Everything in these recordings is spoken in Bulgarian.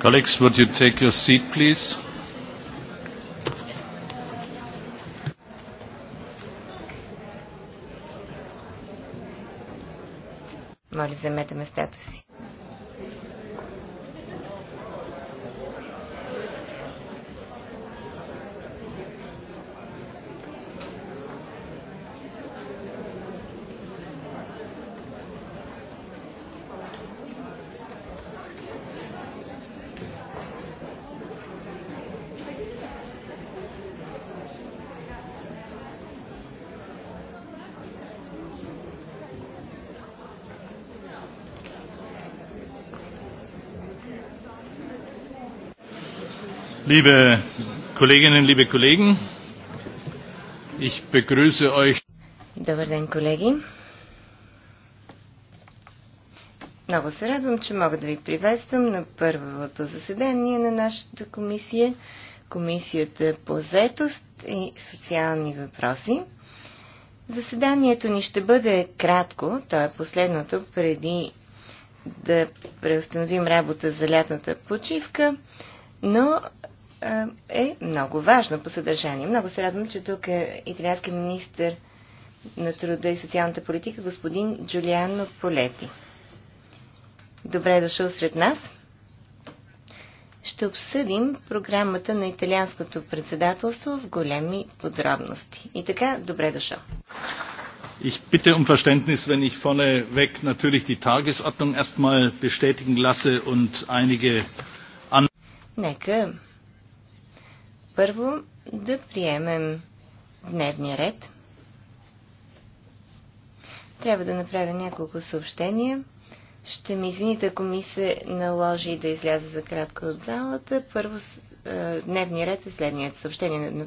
Colleagues, would you take your seat, please? Моля, замете местата си. Liebe Kolleginnen, liebe Kollegen, ich begrüße euch. Добър ден, колеги! Много се радвам, че мога да ви приветствам на първото заседание на нашата комисия, Комисията по заетост и социални въпроси. Заседанието ни ще бъде кратко, то е последното преди да преустановим работа за лятната почивка, но е много важно по съдържание. Много се радвам, че тук е италиански министр на труда и социалната политика, господин Джулиано Полети. Добре е дошъл сред нас. Ще обсъдим програмата на италианското председателство в големи подробности. И така, добре е дошъл. Ich bitte um Verständnis, wenn ich vorneweg natürlich die Tagesordnung erstmal bestätigen lasse und einige първо да приемем дневния ред. Трябва да направя няколко съобщения. Ще ми извините, ако ми се наложи да изляза за кратко от залата. Първо, дневния ред е следният съобщение на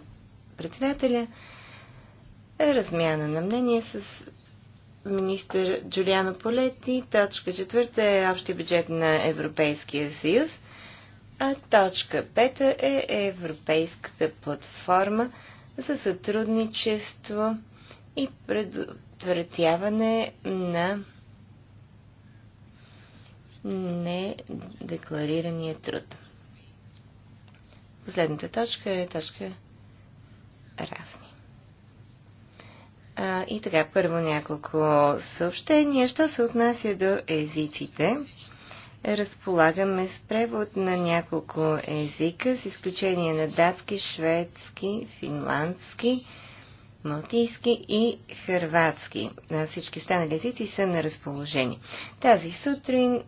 председателя. Е, размяна на мнение с министър Джулиано Полети. Точка четвърта е общи бюджет на Европейския съюз а точка пета е Европейската платформа за сътрудничество и предотвратяване на недекларирания труд. Последната точка е точка разни. А, и така, първо няколко съобщения. Що се отнася до езиците? разполагаме с превод на няколко езика, с изключение на датски, шведски, финландски, малтийски и хърватски. Всички останали езици са на разположение. Тази сутрин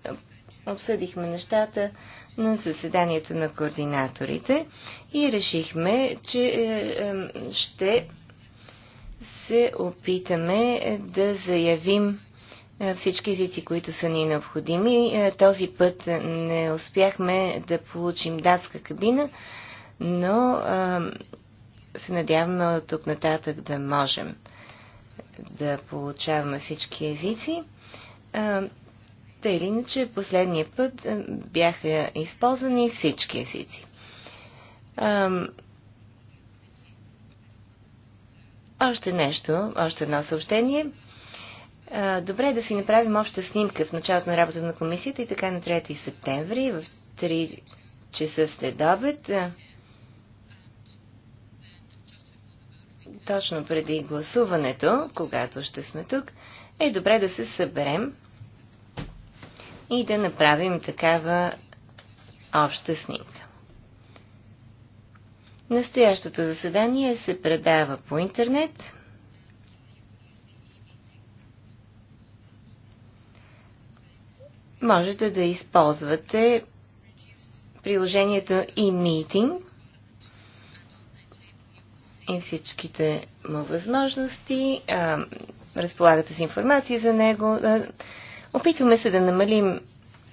обсъдихме нещата на заседанието на координаторите и решихме, че е, е, ще се опитаме да заявим е, всички езици, които са ни необходими. Е, този път не успяхме да получим датска кабина, но е, се надяваме от тук нататък да можем да получаваме всички езици. Та или иначе, последния път бяха използвани всички езици. Още нещо, още едно съобщение – Добре е да си направим обща снимка в началото на работа на комисията и така на 3 септември в 3 часа след обед. Точно преди гласуването, когато ще сме тук, е добре да се съберем и да направим такава обща снимка. Настоящото заседание се предава по интернет. можете да използвате приложението e-meeting и всичките му възможности. разполагате с информация за него. опитваме се да намалим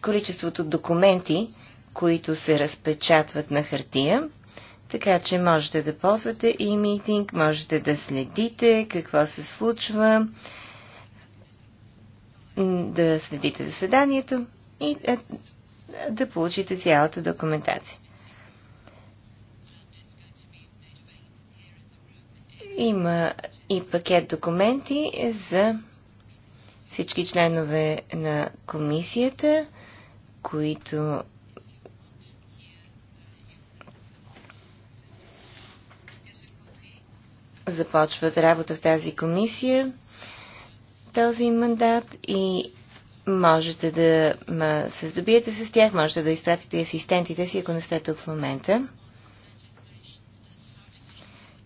количеството документи, които се разпечатват на хартия, така че можете да ползвате e-meeting, можете да следите какво се случва, да следите заседанието и е, да получите цялата документация. Има и пакет документи за всички членове на комисията, които започват работа в тази комисия този мандат и можете да ма, се здобиете с тях, можете да изпратите асистентите си, ако не сте тук в момента.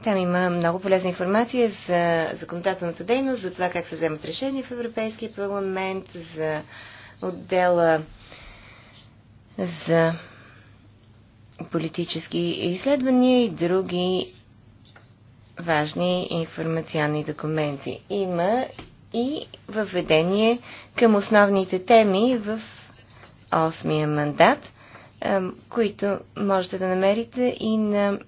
Там има много полезна информация за законодателната дейност, за това как се вземат решения в Европейския парламент, за отдела за политически изследвания и други важни информационни документи. Има и въведение към основните теми в осмия мандат, които можете да намерите и на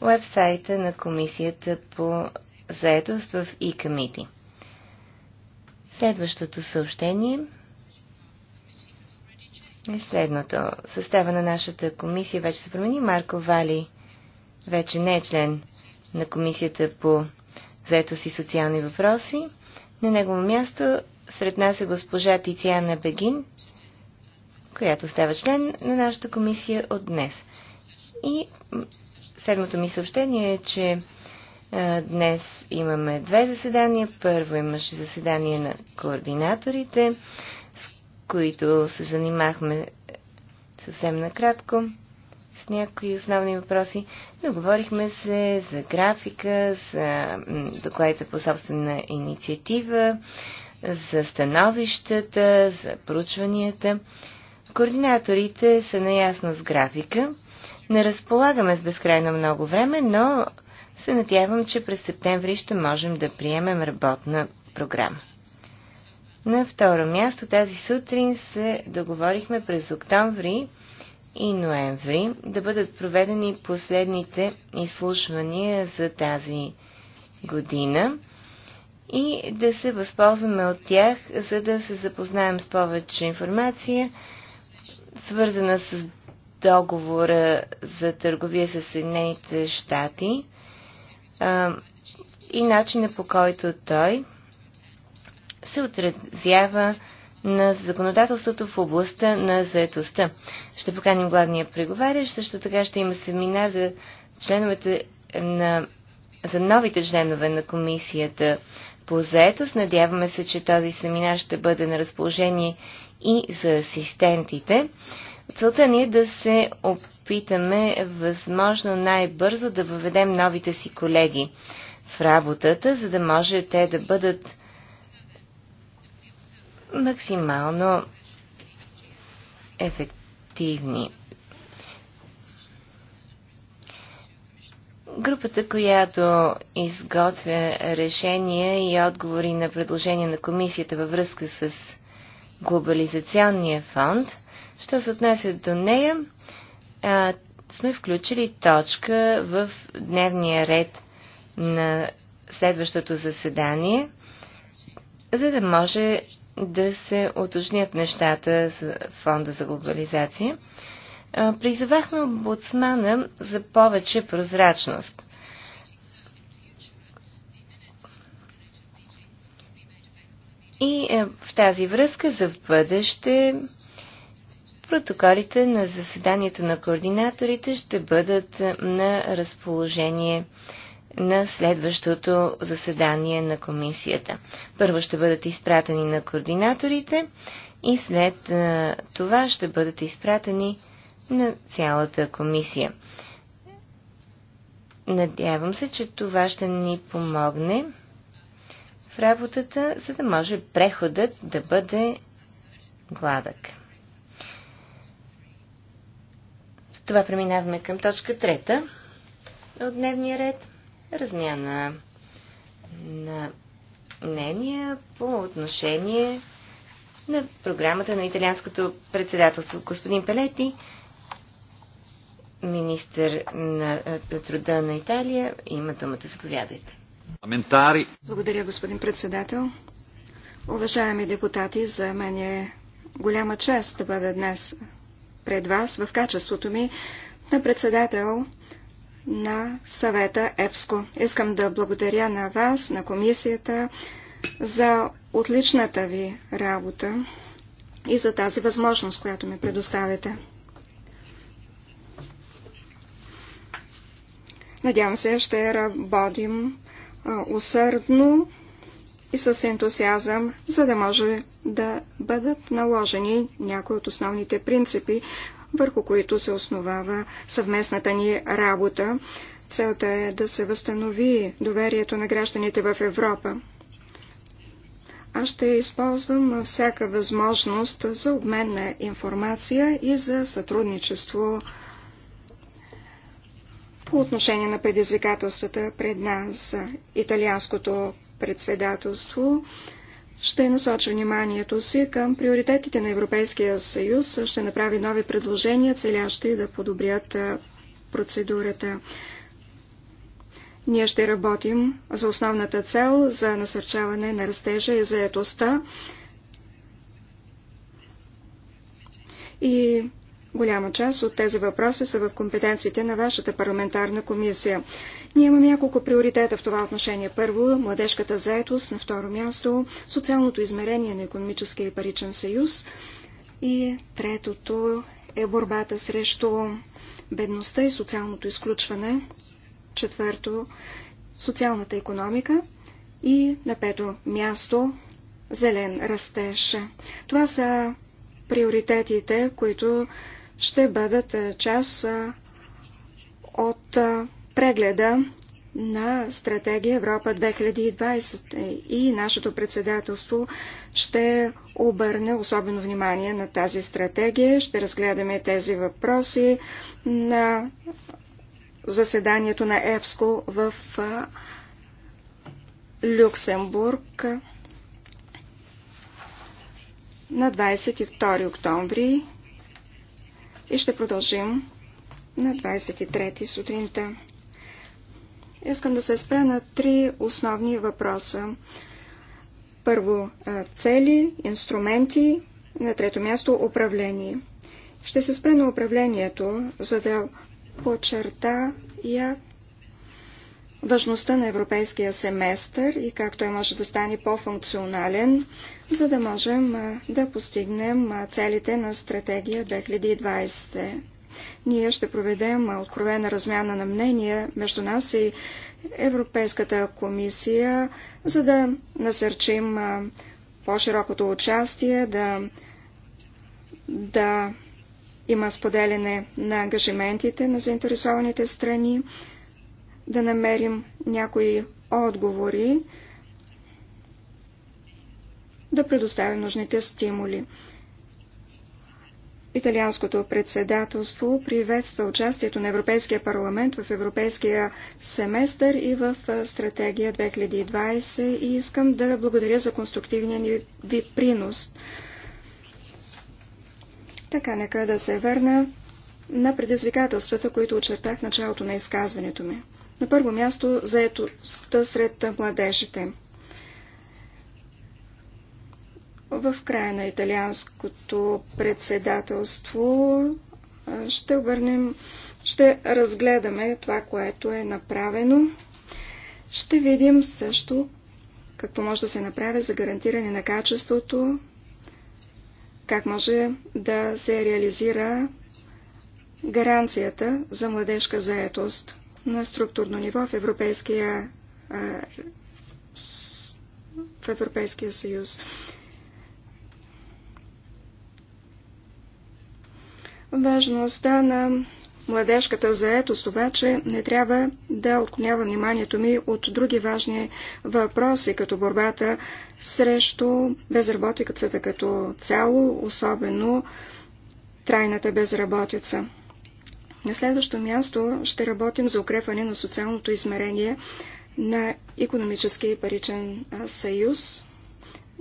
вебсайта на Комисията по заедост в e-committee. Следващото съобщение е следното. Състава на нашата комисия вече се промени. Марко Вали вече не е член на Комисията по заедост и социални въпроси. На негово място сред нас е госпожа Тициана Бегин, която става член на нашата комисия от днес. И седмото ми съобщение е, че а, днес имаме две заседания. Първо имаше заседание на координаторите, с които се занимахме съвсем накратко някои основни въпроси. Договорихме се за графика, за докладите по собствена инициатива, за становищата, за проучванията. Координаторите са наясно с графика. Не разполагаме с безкрайно много време, но се надявам, че през септември ще можем да приемем работна програма. На второ място тази сутрин се договорихме през октомври и ноември да бъдат проведени последните изслушвания за тази година и да се възползваме от тях, за да се запознаем с повече информация, свързана с договора за търговия с Съединените щати и начина по който той се отразява на законодателството в областта на заетостта. Ще поканим главния преговарящ, също така ще има семинар за членовете на за новите членове на комисията по заетост. Надяваме се, че този семинар ще бъде на разположение и за асистентите. Целта ни е да се опитаме възможно най-бързо да въведем новите си колеги в работата, за да може те да бъдат максимално ефективни. Групата, която изготвя решения и отговори на предложения на комисията във връзка с глобализационния фонд, що се отнесе до нея, а, сме включили точка в дневния ред на следващото заседание, за да може да се уточнят нещата с Фонда за глобализация. Призовахме ободсмана за повече прозрачност. И е, в тази връзка за бъдеще протоколите на заседанието на координаторите ще бъдат на разположение на следващото заседание на комисията. Първо ще бъдат изпратени на координаторите и след това ще бъдат изпратени на цялата комисия. Надявам се, че това ще ни помогне в работата, за да може преходът да бъде гладък. С това преминаваме към точка трета от дневния ред размяна на мнения по отношение на програмата на италианското председателство. Господин Пелети, министър на е, труда на Италия, има думата. Заповядайте. Аментари. Благодаря, господин председател. Уважаеми депутати, за мен е голяма чест да бъда днес пред вас в качеството ми на председател на съвета ЕПСКО. Искам да благодаря на вас, на комисията, за отличната ви работа и за тази възможност, която ми предоставяте. Надявам се, ще работим усърдно и с ентусиазъм, за да може да бъдат наложени някои от основните принципи върху които се основава съвместната ни работа. Целта е да се възстанови доверието на гражданите в Европа. Аз ще използвам всяка възможност за обмен на информация и за сътрудничество по отношение на предизвикателствата пред нас. Италианското председателство ще насочи вниманието си към приоритетите на Европейския съюз, ще направи нови предложения, целящи да подобрят процедурата. Ние ще работим за основната цел за насърчаване на растежа и заетостта и голяма част от тези въпроси са в компетенциите на вашата парламентарна комисия. Ние имаме няколко приоритета в това отношение. Първо, младежката заетост, на второ място, социалното измерение на економическия и паричен съюз и третото е борбата срещу бедността и социалното изключване, четвърто социалната економика и на пето място зелен растеж. Това са приоритетите, които ще бъдат част от прегледа на стратегия Европа 2020 и нашето председателство ще обърне особено внимание на тази стратегия. Ще разгледаме тези въпроси на заседанието на ЕПСКО в Люксембург на 22 октомври и ще продължим на 23 сутринта. Искам да се спра на три основни въпроса. Първо, цели, инструменти, на трето място управление. Ще се спра на управлението, за да я важността на европейския семестър и как той може да стане по-функционален, за да можем да постигнем целите на стратегия 2020. Ние ще проведем откровена размяна на мнения между нас и Европейската комисия, за да насърчим по-широкото участие, да, да има споделяне на ангажиментите на заинтересованите страни, да намерим някои отговори, да предоставим нужните стимули. Италианското председателство приветства участието на Европейския парламент в Европейския семестър и в стратегия 2020 и искам да благодаря за конструктивния ни ви принос. Така, нека да се върна на предизвикателствата, които очертах в началото на изказването ми. На първо място заетостта сред младежите. В края на италианското председателство ще обърнем, ще разгледаме това, което е направено. Ще видим също какво може да се направи за гарантиране на качеството, как може да се реализира гаранцията за младежка заетост на структурно ниво в Европейския, в Европейския съюз. Важността на младежката заетост обаче не трябва да отклонява вниманието ми от други важни въпроси, като борбата срещу безработицата като цяло, особено трайната безработица. На следващо място ще работим за укрепване на социалното измерение на економически и паричен съюз,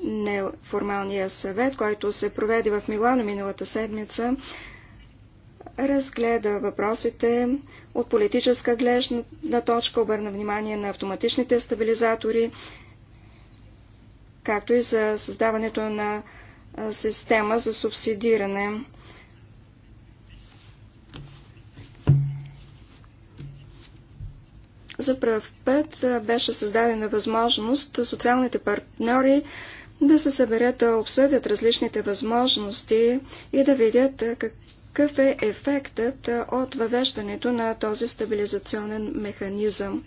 неформалния съвет, който се проведе в Милано миналата седмица, разгледа въпросите от политическа гледна точка, обърна внимание на автоматичните стабилизатори, както и за създаването на система за субсидиране. За пръв път беше създадена възможност социалните партньори да се съберат да обсъдят различните възможности и да видят как какъв е ефектът от въвеждането на този стабилизационен механизъм.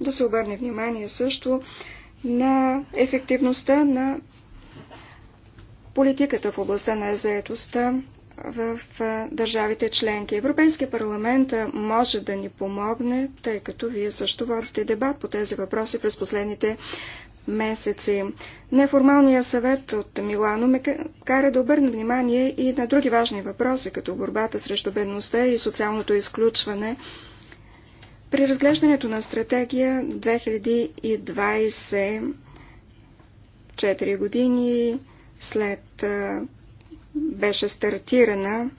Да се обърне внимание също на ефективността на политиката в областта на заетостта в държавите членки. Европейския парламент може да ни помогне, тъй като вие също водите дебат по тези въпроси през последните месеци. Неформалният съвет от Милано ме кара да обърна внимание и на други важни въпроси, като борбата срещу бедността и социалното изключване. При разглеждането на стратегия 2020, 4 години след беше стартирана,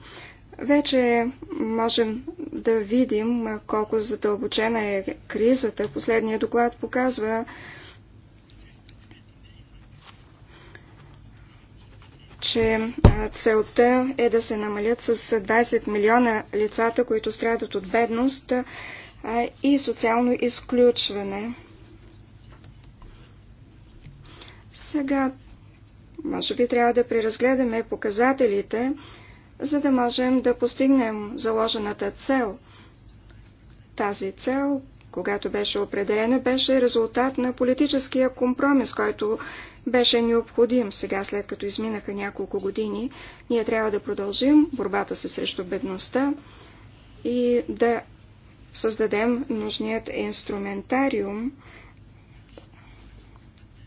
вече можем да видим колко задълбочена е кризата. Последният доклад показва, че целта е да се намалят с 20 милиона лицата, които страдат от бедност и социално изключване. Сега, може би трябва да преразгледаме показателите, за да можем да постигнем заложената цел. Тази цел, когато беше определена, беше резултат на политическия компромис, който беше необходим сега, след като изминаха няколко години. Ние трябва да продължим борбата си срещу бедността и да създадем нужният инструментариум,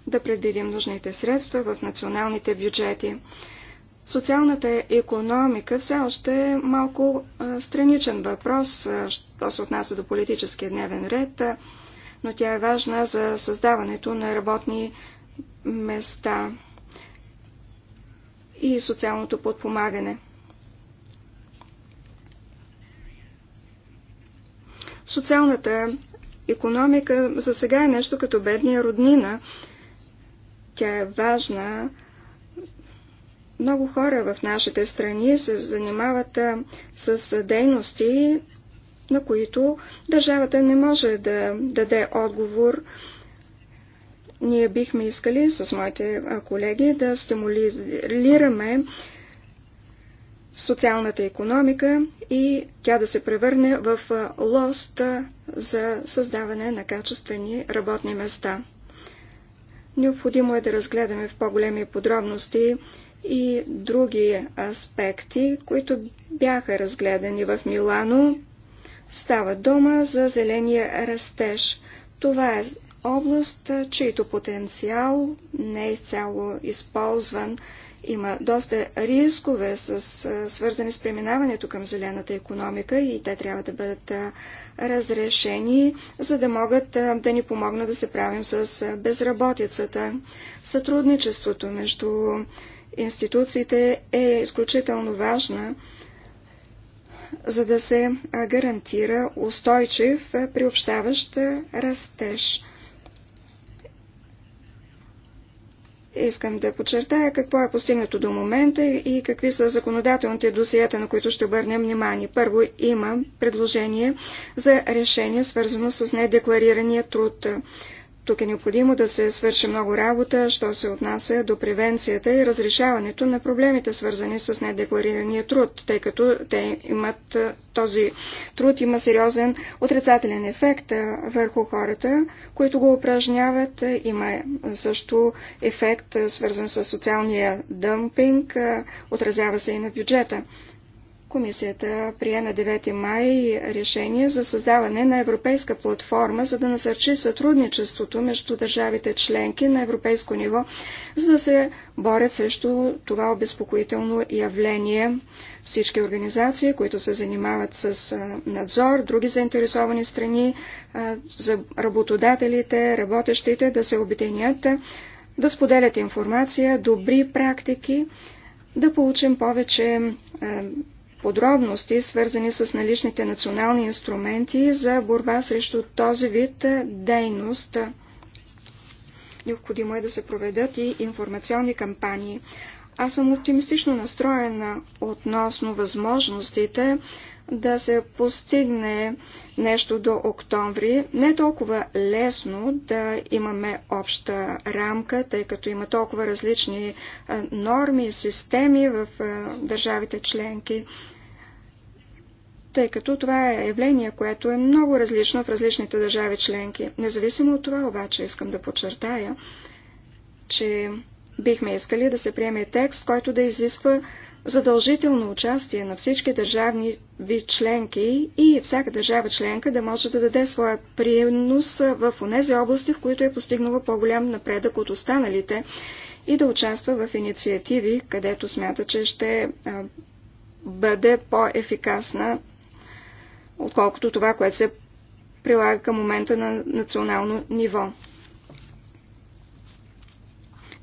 да предвидим нужните средства в националните бюджети. Социалната економика все още е малко страничен въпрос, що се отнася до политическия дневен ред, но тя е важна за създаването на работни места и социалното подпомагане. Социалната економика за сега е нещо като бедния роднина. Тя е важна. Много хора в нашите страни се занимават с дейности, на които държавата не може да даде отговор ние бихме искали с моите колеги да стимулираме социалната економика и тя да се превърне в лост за създаване на качествени работни места. Необходимо е да разгледаме в по-големи подробности и други аспекти, които бяха разгледани в Милано. Става дума за зеления растеж. Това е област, чийто потенциал не е изцяло използван. Има доста рискове, с, свързани с преминаването към зелената економика и те трябва да бъдат разрешени, за да могат да ни помогнат да се правим с безработицата. Сътрудничеството между институциите е изключително важна, за да се гарантира устойчив приобщаващ растеж. Искам да подчертая какво е постигнато до момента и какви са законодателните досиета, на които ще обърнем внимание. Първо има предложение за решение, свързано с недекларирания труд. Тук е необходимо да се свърши много работа, що се отнася до превенцията и разрешаването на проблемите, свързани с недекларирания труд, тъй като те имат този труд има сериозен отрицателен ефект върху хората, които го упражняват. Има също ефект, свързан с социалния дъмпинг, отразява се и на бюджета. Комисията прие на 9 май решение за създаване на европейска платформа, за да насърчи сътрудничеството между държавите членки на европейско ниво, за да се борят срещу това обезпокоително явление. Всички организации, които се занимават с надзор, други заинтересовани страни, за работодателите, работещите да се обединят, да споделят информация, добри практики, да получим повече подробности, свързани с наличните национални инструменти за борба срещу този вид е, дейност. Необходимо е да се проведат и информационни кампании. Аз съм оптимистично настроена относно възможностите да се постигне нещо до октомври. Не е толкова лесно да имаме обща рамка, тъй като има толкова различни норми и системи в държавите членки, тъй като това е явление, което е много различно в различните държави членки. Независимо от това обаче искам да подчертая, че бихме искали да се приеме текст, който да изисква задължително участие на всички държавни ви членки и всяка държава членка да може да даде своя принос в тези области, в които е постигнала по-голям напредък от останалите и да участва в инициативи, където смята, че ще бъде по-ефикасна, отколкото това, което се прилага към момента на национално ниво.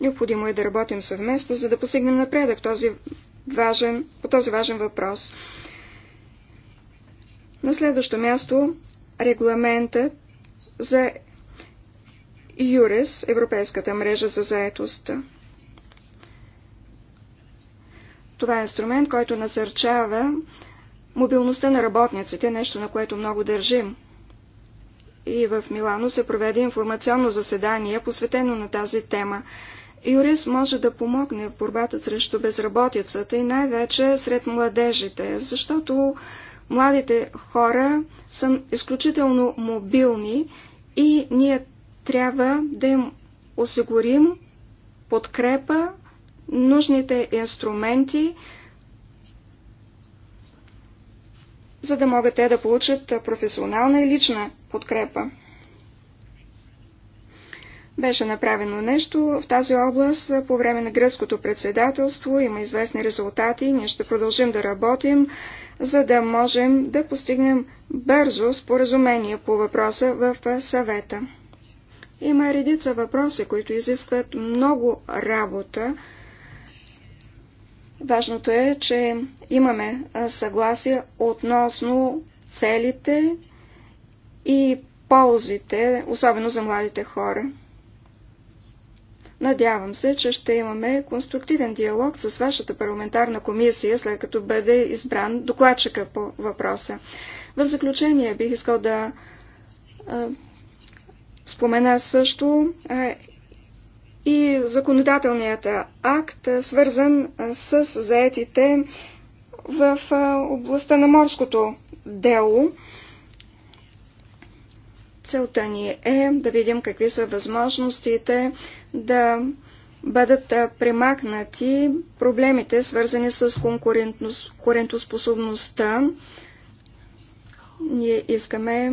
Необходимо е да работим съвместно, за да постигнем напредък този важен, по този важен въпрос. На следващо място регламентът за ЮРЕС, Европейската мрежа за заетост. Това е инструмент, който насърчава мобилността на работниците, нещо на което много държим. И в Милано се проведе информационно заседание, посветено на тази тема. Юрис може да помогне в борбата срещу безработицата и най-вече сред младежите, защото младите хора са изключително мобилни и ние трябва да им осигурим подкрепа, нужните инструменти, за да могат те да получат професионална и лична подкрепа. Беше направено нещо в тази област по време на гръцкото председателство. Има известни резултати. Ние ще продължим да работим, за да можем да постигнем бързо споразумение по въпроса в съвета. Има редица въпроси, които изискват много работа. Важното е, че имаме съгласие относно целите и ползите, особено за младите хора. Надявам се, че ще имаме конструктивен диалог с вашата парламентарна комисия, след като бъде избран докладчика по въпроса. В заключение бих искал да а, спомена също а, и законодателният акт, свързан с заетите в областта на морското дело. Целта ни е да видим какви са възможностите да бъдат премахнати проблемите, свързани с конкурентоспособността. Ние искаме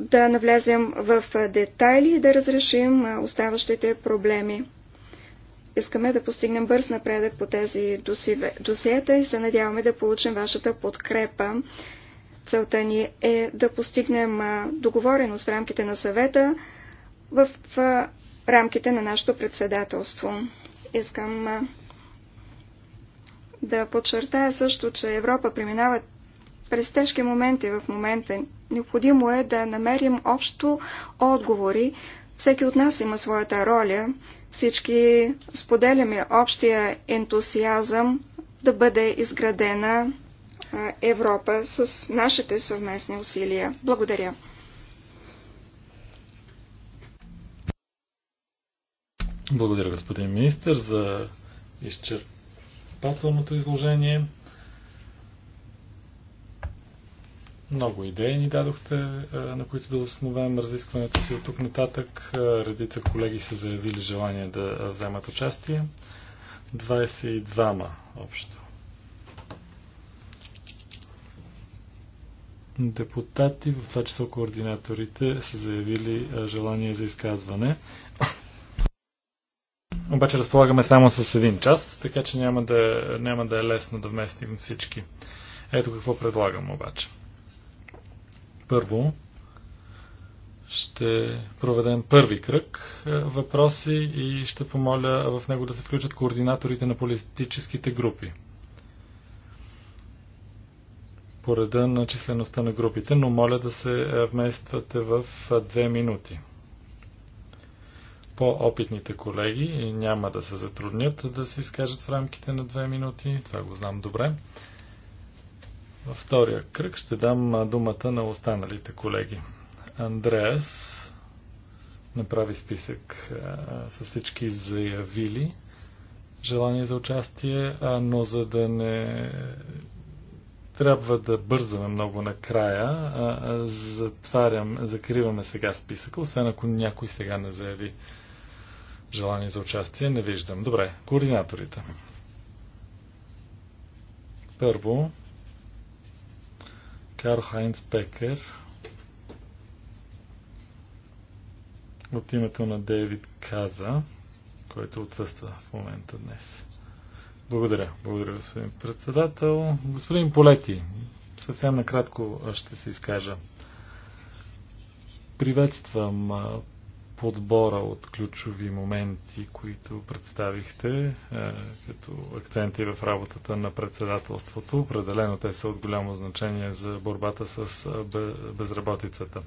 да навлезем в детайли и да разрешим оставащите проблеми. Искаме да постигнем бърз напредък по тези досиета и се надяваме да получим вашата подкрепа. Целта ни е да постигнем договореност в рамките на съвета в рамките на нашето председателство. Искам да подчертая също, че Европа преминава през тежки моменти в момента. Необходимо е да намерим общо отговори. Всеки от нас има своята роля. Всички споделяме общия ентусиазъм да бъде изградена Европа с нашите съвместни усилия. Благодаря. Благодаря, господин министр, за изчерпателното изложение. Много идеи ни дадохте, на които да основем разискването си от тук нататък. Редица колеги са заявили желание да вземат участие. 22-ма общо. Депутати, в това число координаторите, са заявили желание за изказване. Обаче разполагаме само с един час, така че няма да, няма да е лесно да вместим всички. Ето какво предлагам обаче. Първо, ще проведем първи кръг е, въпроси и ще помоля в него да се включат координаторите на политическите групи. По реда на числеността на групите, но моля да се е, вмествате в е, две минути. По-опитните колеги няма да се затруднят да се изкажат в рамките на две минути. Това го знам добре. Във втория кръг ще дам думата на останалите колеги. Андреас направи списък с всички заявили желание за участие, но за да не трябва да бързаме много накрая, затварям, закриваме сега списъка, освен ако някой сега не заяви Желание за участие не виждам. Добре, координаторите. Първо, Карл Хайнц Пекер от името на Дейвид Каза, който отсъства в момента днес. Благодаря. Благодаря, господин председател. Господин Полети, съвсем накратко ще се изкажа. Приветствам подбора от ключови моменти, които представихте е, като акценти в работата на председателството. Определено те са от голямо значение за борбата с е, безработицата.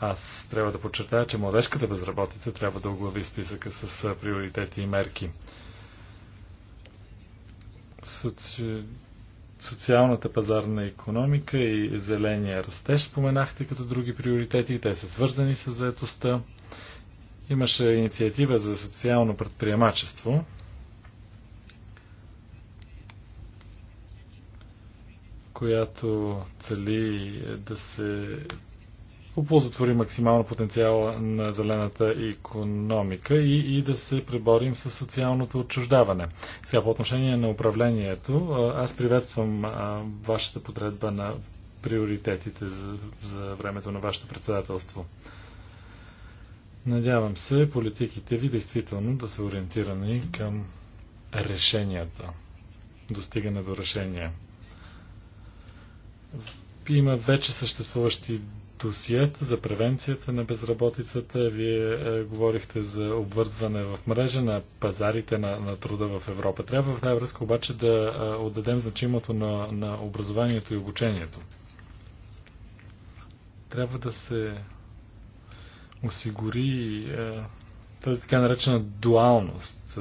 Аз трябва да подчертая, че младежката безработица трябва да оглави списъка с е, приоритети и мерки. Соци социалната пазарна економика и зеления растеж споменахте като други приоритети. Те са свързани с заетостта. Имаше инициатива за социално предприемачество. която цели да се оползотвори максимално потенциала на зелената економика и, и да се преборим с социалното отчуждаване. Сега по отношение на управлението, аз приветствам а, вашата подредба на приоритетите за, за времето на вашето председателство. Надявам се политиките ви действително да са ориентирани към решенията, достигане до решения. Има вече съществуващи досиета за превенцията на безработицата. Вие е, говорихте за обвързване в мрежа на пазарите на, на труда в Европа. Трябва в тази връзка обаче да е, отдадем значимото на, на образованието и обучението. Трябва да се осигури е, тази така наречена дуалност е,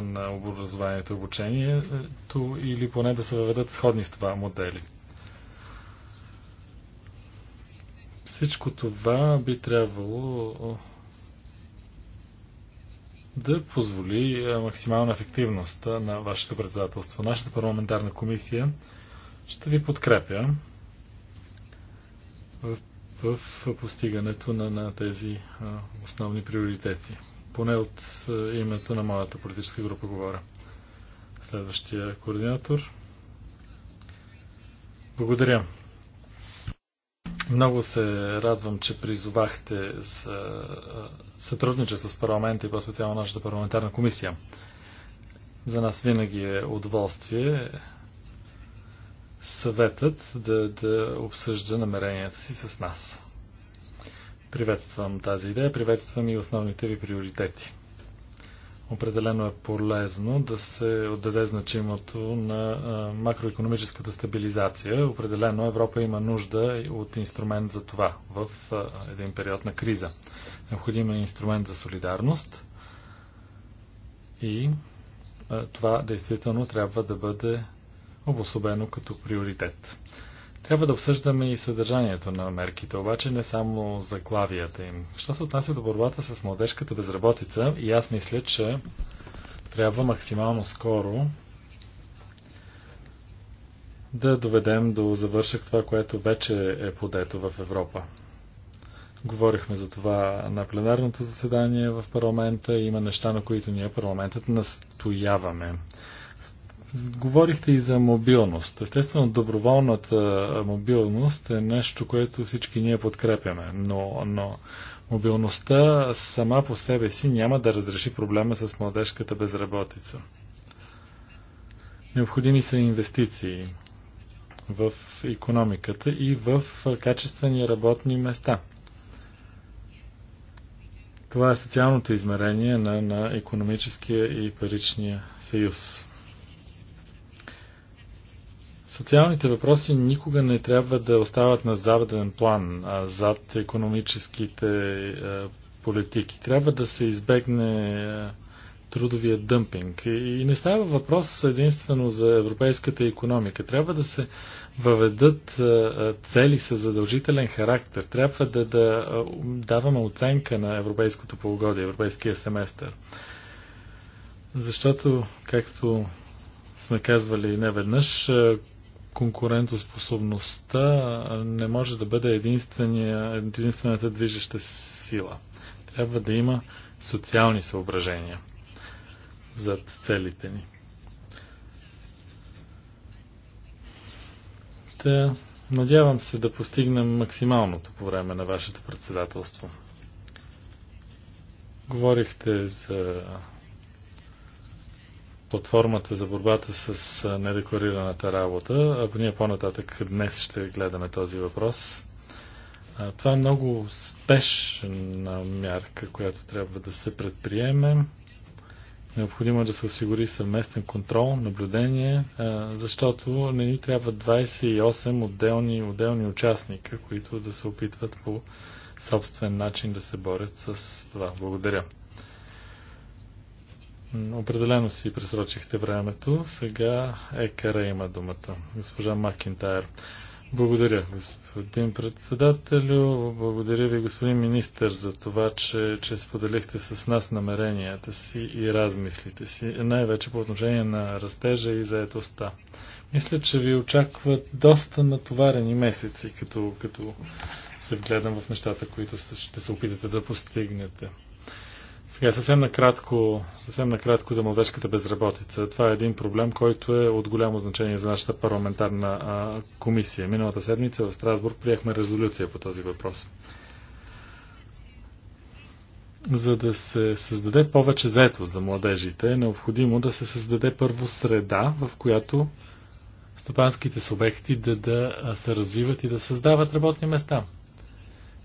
на образованието и обучението или поне да се въведат сходни с това модели. Всичко това би трябвало да позволи максимална ефективност на вашето председателство. Нашата парламентарна комисия ще ви подкрепя в, в постигането на, на тези а, основни приоритети. Поне от а, името на моята политическа група говоря. Следващия координатор. Благодаря. Много се радвам, че призовахте за сътрудничество с парламента и по-специално нашата парламентарна комисия. За нас винаги е удоволствие съветът да, да обсъжда намеренията си с нас. Приветствам тази идея, приветствам и основните ви приоритети определено е полезно да се отдаде значимото на макроекономическата стабилизация. Определено Европа има нужда от инструмент за това в един период на криза. Необходим е инструмент за солидарност и това действително трябва да бъде обособено като приоритет. Трябва да обсъждаме и съдържанието на мерките, обаче не само заглавията им. Що се отнася до борбата с младежката безработица, и аз мисля, че трябва максимално скоро да доведем до завършък това, което вече е подето в Европа. Говорихме за това на пленарното заседание в парламента. Има неща, на които ние парламентът настояваме. Говорихте и за мобилност. Естествено, доброволната мобилност е нещо, което всички ние подкрепяме, но, но мобилността сама по себе си няма да разреши проблема с младежката безработица. Необходими са инвестиции в економиката и в качествени работни места. Това е социалното измерение на, на економическия и паричния съюз. Социалните въпроси никога не трябва да остават на заден план, а зад економическите политики. Трябва да се избегне трудовия дъмпинг. И не става въпрос единствено за европейската економика. Трябва да се въведат цели с задължителен характер. Трябва да, да даваме оценка на европейското полугодие, европейския семестър. Защото, както сме казвали неведнъж, конкурентоспособността не може да бъде единствената движеща сила. Трябва да има социални съображения зад целите ни. Та, надявам се да постигнем максималното по време на вашето председателство. Говорихте за платформата за борбата с недекларираната работа. Ако ние по-нататък днес ще гледаме този въпрос, това е много спешна мярка, която трябва да се предприеме. Необходимо е да се осигури съвместен контрол, наблюдение, защото не ни трябва 28 отделни, отделни участника, които да се опитват по собствен начин да се борят с това. Благодаря. Определено си пресрочихте времето. Сега Екара има думата. Госпожа Макинтайр. Благодаря, господин председателю. Благодаря ви, господин министр, за това, че, че споделихте с нас намеренията си и размислите си, най-вече по отношение на растежа и заетостта. Мисля, че ви очакват доста натоварени месеци, като, като се вгледам в нещата, които ще се опитате да постигнете. Сега съвсем накратко, съвсем накратко за младежката безработица. Това е един проблем, който е от голямо значение за нашата парламентарна а, комисия. Миналата седмица в Страсбург приехме резолюция по този въпрос. За да се създаде повече заетост за младежите, е необходимо да се създаде първо среда, в която стопанските субекти да, да се развиват и да създават работни места –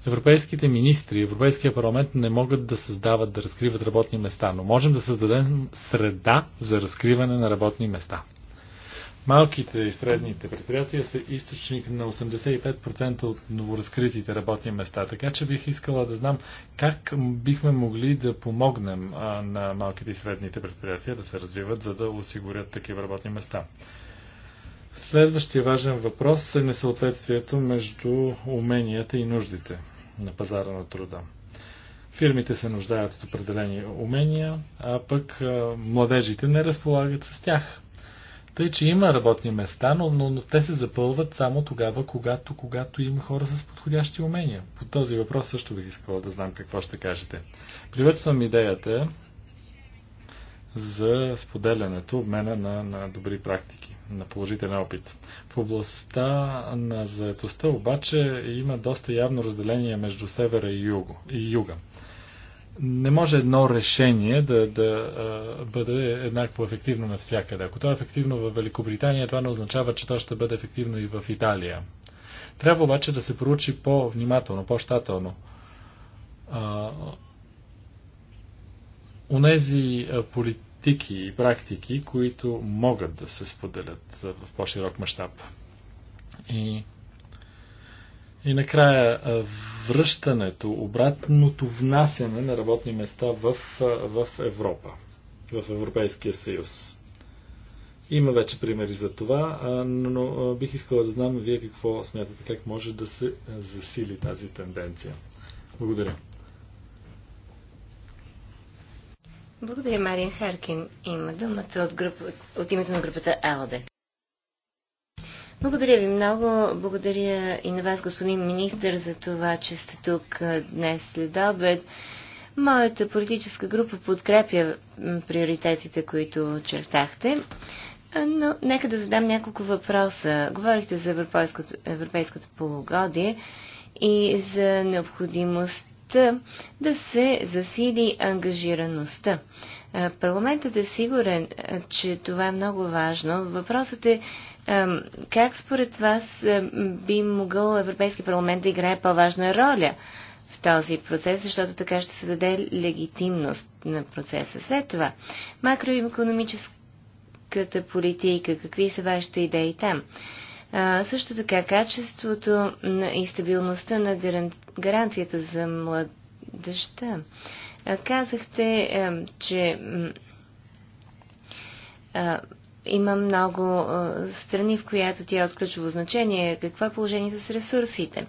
Европейските министри, Европейския парламент не могат да създават, да разкриват работни места, но можем да създадем среда за разкриване на работни места. Малките и средните предприятия са източник на 85% от новоразкритите работни места, така че бих искала да знам как бихме могли да помогнем на малките и средните предприятия да се развиват, за да осигурят такива работни места. Следващия важен въпрос е несъответствието между уменията и нуждите на пазара на труда. Фирмите се нуждаят от определени умения, а пък младежите не разполагат с тях. Тъй, че има работни места, но, но, но те се запълват само тогава, когато, когато има хора с подходящи умения. По този въпрос също бих искала да знам какво ще кажете. Приветствам идеята за споделянето, обмена на, на добри практики, на положителен опит. В областта на заетостта обаче има доста явно разделение между севера и, юго, и юга. Не може едно решение да, да а, бъде еднакво ефективно навсякъде. Ако то е ефективно в Великобритания, това не означава, че то ще бъде ефективно и в Италия. Трябва обаче да се проучи по-внимателно, по-щателно онези политики и практики, които могат да се споделят в по-широк мащаб. И, и накрая връщането, обратното внасяне на работни места в, в Европа, в Европейския съюз. Има вече примери за това, но бих искала да знам вие какво смятате, как може да се засили тази тенденция. Благодаря. Благодаря, Мария Харкин. Има думата от, груп... от името на групата АЛДЕ. Благодаря ви много. Благодаря и на вас, господин министр, за това, че сте тук днес след обед. Моята политическа група подкрепя приоритетите, които чертахте. Но нека да задам няколко въпроса. Говорихте за европейското, европейското полугодие и за необходимост да се засили ангажираността. Парламентът е сигурен, че това е много важно. Въпросът е как според вас би могъл Европейски парламент да играе по-важна роля в този процес, защото така ще се даде легитимност на процеса. След това, макроекономическата политика, какви са вашите идеи там? също така качеството и стабилността на гаранцията за младеща. казахте, че има много страни, в която тя е от ключово значение. Какво е положението с ресурсите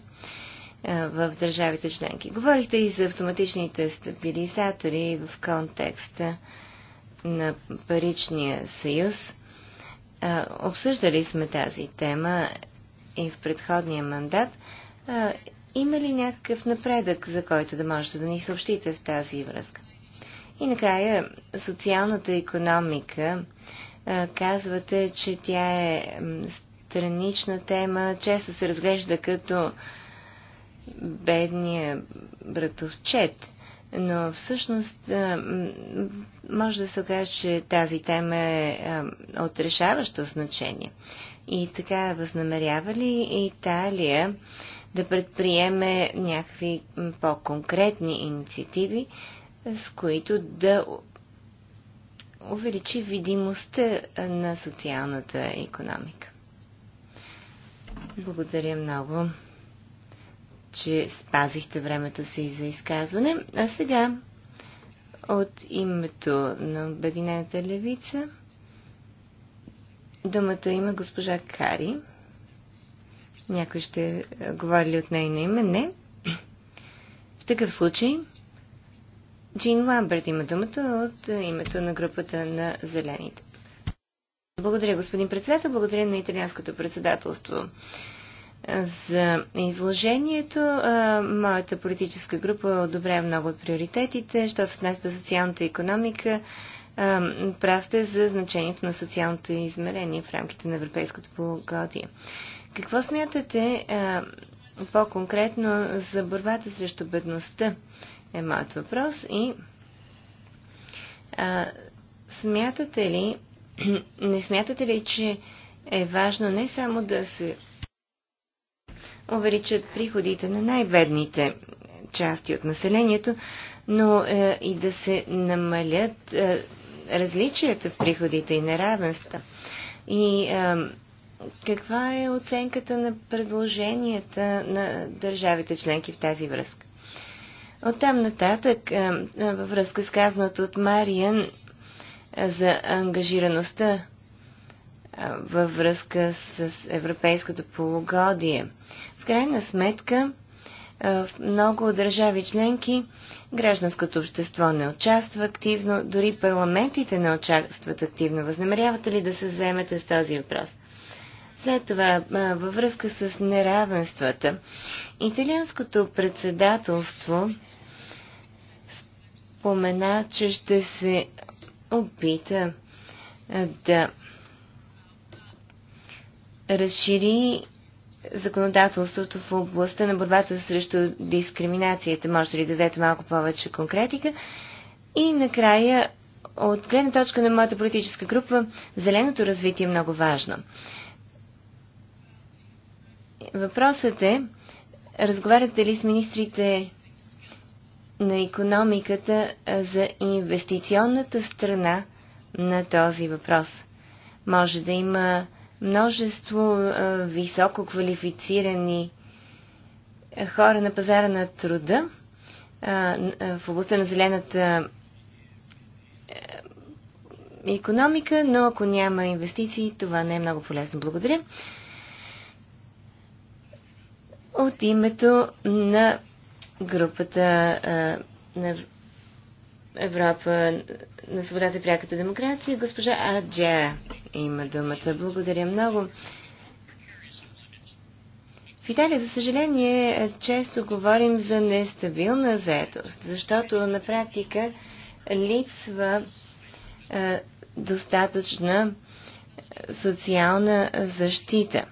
в държавите членки? Говорихте и за автоматичните стабилизатори в контекста на паричния съюз. Обсъждали сме тази тема и в предходния мандат. Има ли някакъв напредък, за който да можете да ни съобщите в тази връзка? И накрая, социалната економика. Казвате, че тя е странична тема, често се разглежда като бедния братовчет но всъщност може да се окаже, че тази тема е от решаващо значение. И така, възнамерява ли Италия да предприеме някакви по-конкретни инициативи, с които да увеличи видимостта на социалната економика? Благодаря много че спазихте времето си за изказване. А сега от името на Обединената левица думата има госпожа Кари. Някой ще говори ли от нейно име? Не. В такъв случай Джин Ламберт има думата от името на групата на зелените. Благодаря, господин председател. Благодаря на италианското председателство за изложението. Моята политическа група одобрява много от приоритетите. Що се отнася до социалната економика, прав сте за значението на социалното измерение в рамките на европейското полугодие. Какво смятате по-конкретно за борбата срещу бедността е моят въпрос и а, смятате ли, не смятате ли, че е важно не само да се увеличат приходите на най-бедните части от населението, но е, и да се намалят е, различията в приходите и неравенства. И е, каква е оценката на предложенията на държавите членки в тази връзка? От там нататък, е, е във връзка с казаното от Мариан е, за ангажираността е, във връзка с европейското полугодие, в крайна сметка, е, в много държави членки гражданското общество не участва активно, дори парламентите не участват активно. Възнамерявате ли да се заемете с този въпрос? След това, е, във връзка с неравенствата, италианското председателство спомена, че ще се опита е, да разшири законодателството в областта на борбата срещу дискриминацията. Може ли да дадете малко повече конкретика? И накрая, от гледна точка на моята политическа група, зеленото развитие е много важно. Въпросът е, разговаряте ли с министрите на економиката за инвестиционната страна на този въпрос? Може да има множество високо квалифицирани хора на пазара на труда в областта на зелената економика, но ако няма инвестиции, това не е много полезно. Благодаря. От името на групата на Европа на свободата и пряката демокрация. Госпожа Аджа има думата. Благодаря много. В Италия, за съжаление, често говорим за нестабилна заетост, защото на практика липсва е, достатъчна е, социална защита.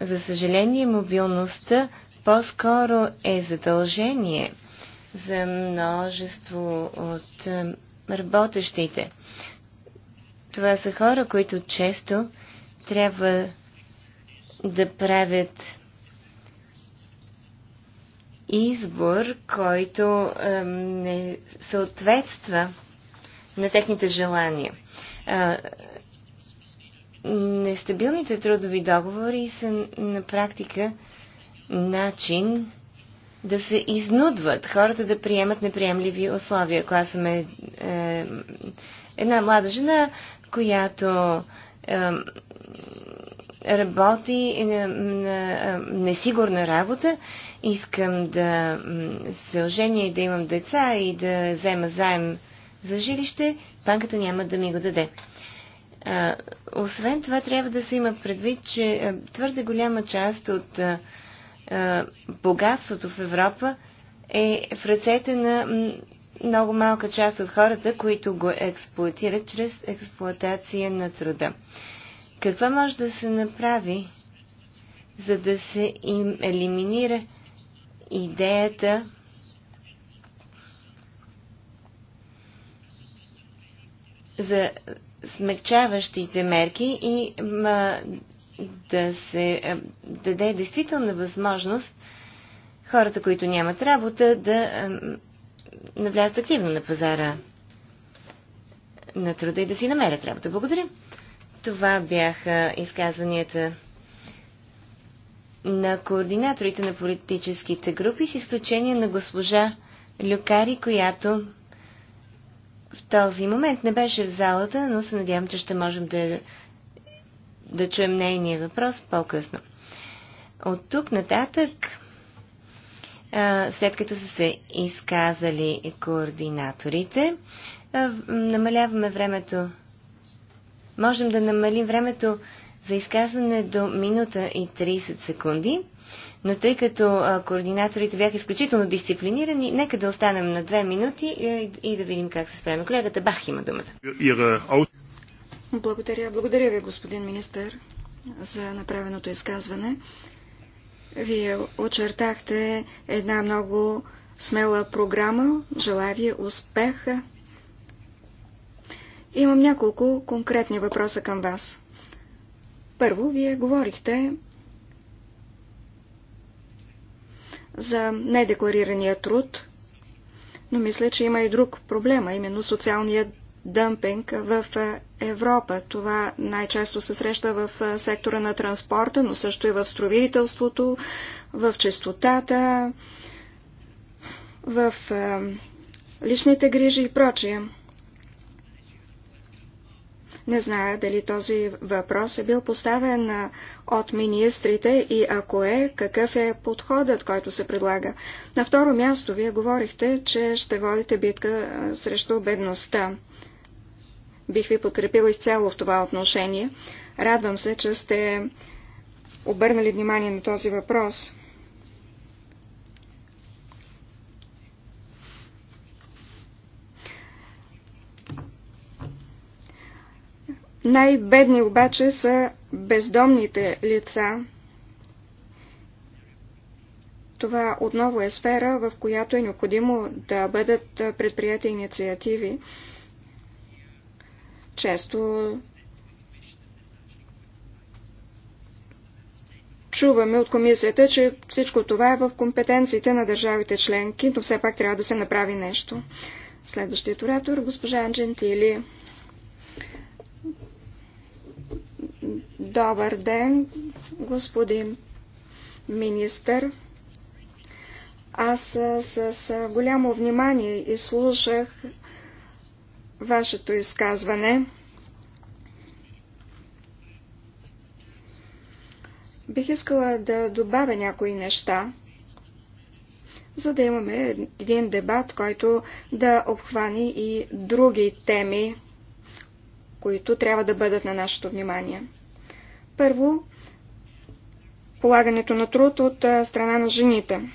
За съжаление, мобилността по-скоро е задължение за множество от е, работещите. Това са хора, които често трябва да правят избор, който е, не съответства на техните желания. Е, нестабилните трудови договори са на практика начин да се изнудват хората да приемат неприемливи условия. Ако аз съм е, е, една млада жена, която е, работи на, на е, несигурна работа, искам да се оженя и да имам деца и да взема заем за жилище, банката няма да ми го даде. А, е, освен това, трябва да се има предвид, че е, твърде голяма част от а, е, богатството в Европа е в ръцете на много малка част от хората, които го експлуатират чрез експлуатация на труда. Какво може да се направи, за да се им елиминира идеята за смягчаващите мерки и да се е, даде действителна възможност хората, които нямат работа, да е, навлязат активно на пазара на труда и да си намерят работа. Благодаря. Това бяха изказванията на координаторите на политическите групи, с изключение на госпожа Люкари, която в този момент не беше в залата, но се надявам, че ще можем да да чуем нейния въпрос по-късно. От тук нататък, след като са се изказали координаторите, намаляваме времето. Можем да намалим времето за изказване до минута и 30 секунди, но тъй като координаторите бяха изключително дисциплинирани, нека да останем на 2 минути и да видим как се справим. Колегата Бах има думата. Благодаря. Благодаря ви, господин министър, за направеното изказване. Вие очертахте една много смела програма. Желая ви успеха. Имам няколко конкретни въпроса към вас. Първо, вие говорихте за недекларирания труд, но мисля, че има и друг проблем, а именно социалният дъмпинг в е, Европа. Това най-често се среща в е, сектора на транспорта, но също и в строителството, в чистотата, в е, личните грижи и прочие. Не зная дали този въпрос е бил поставен от министрите и ако е, какъв е подходът, който се предлага. На второ място, вие говорихте, че ще водите битка срещу бедността. Бих ви подкрепила изцяло в това отношение. Радвам се, че сте обърнали внимание на този въпрос. Най-бедни обаче са бездомните лица. Това отново е сфера, в която е необходимо да бъдат предприяти инициативи. Често чуваме от комисията, че всичко това е в компетенциите на държавите членки, но все пак трябва да се направи нещо. Следващият оратор, госпожа Анджентили. Добър ден, господин министър. Аз с, с голямо внимание изслушах вашето изказване. Бих искала да добавя някои неща, за да имаме един дебат, който да обхвани и други теми, които трябва да бъдат на нашето внимание. Първо, полагането на труд от страна на жените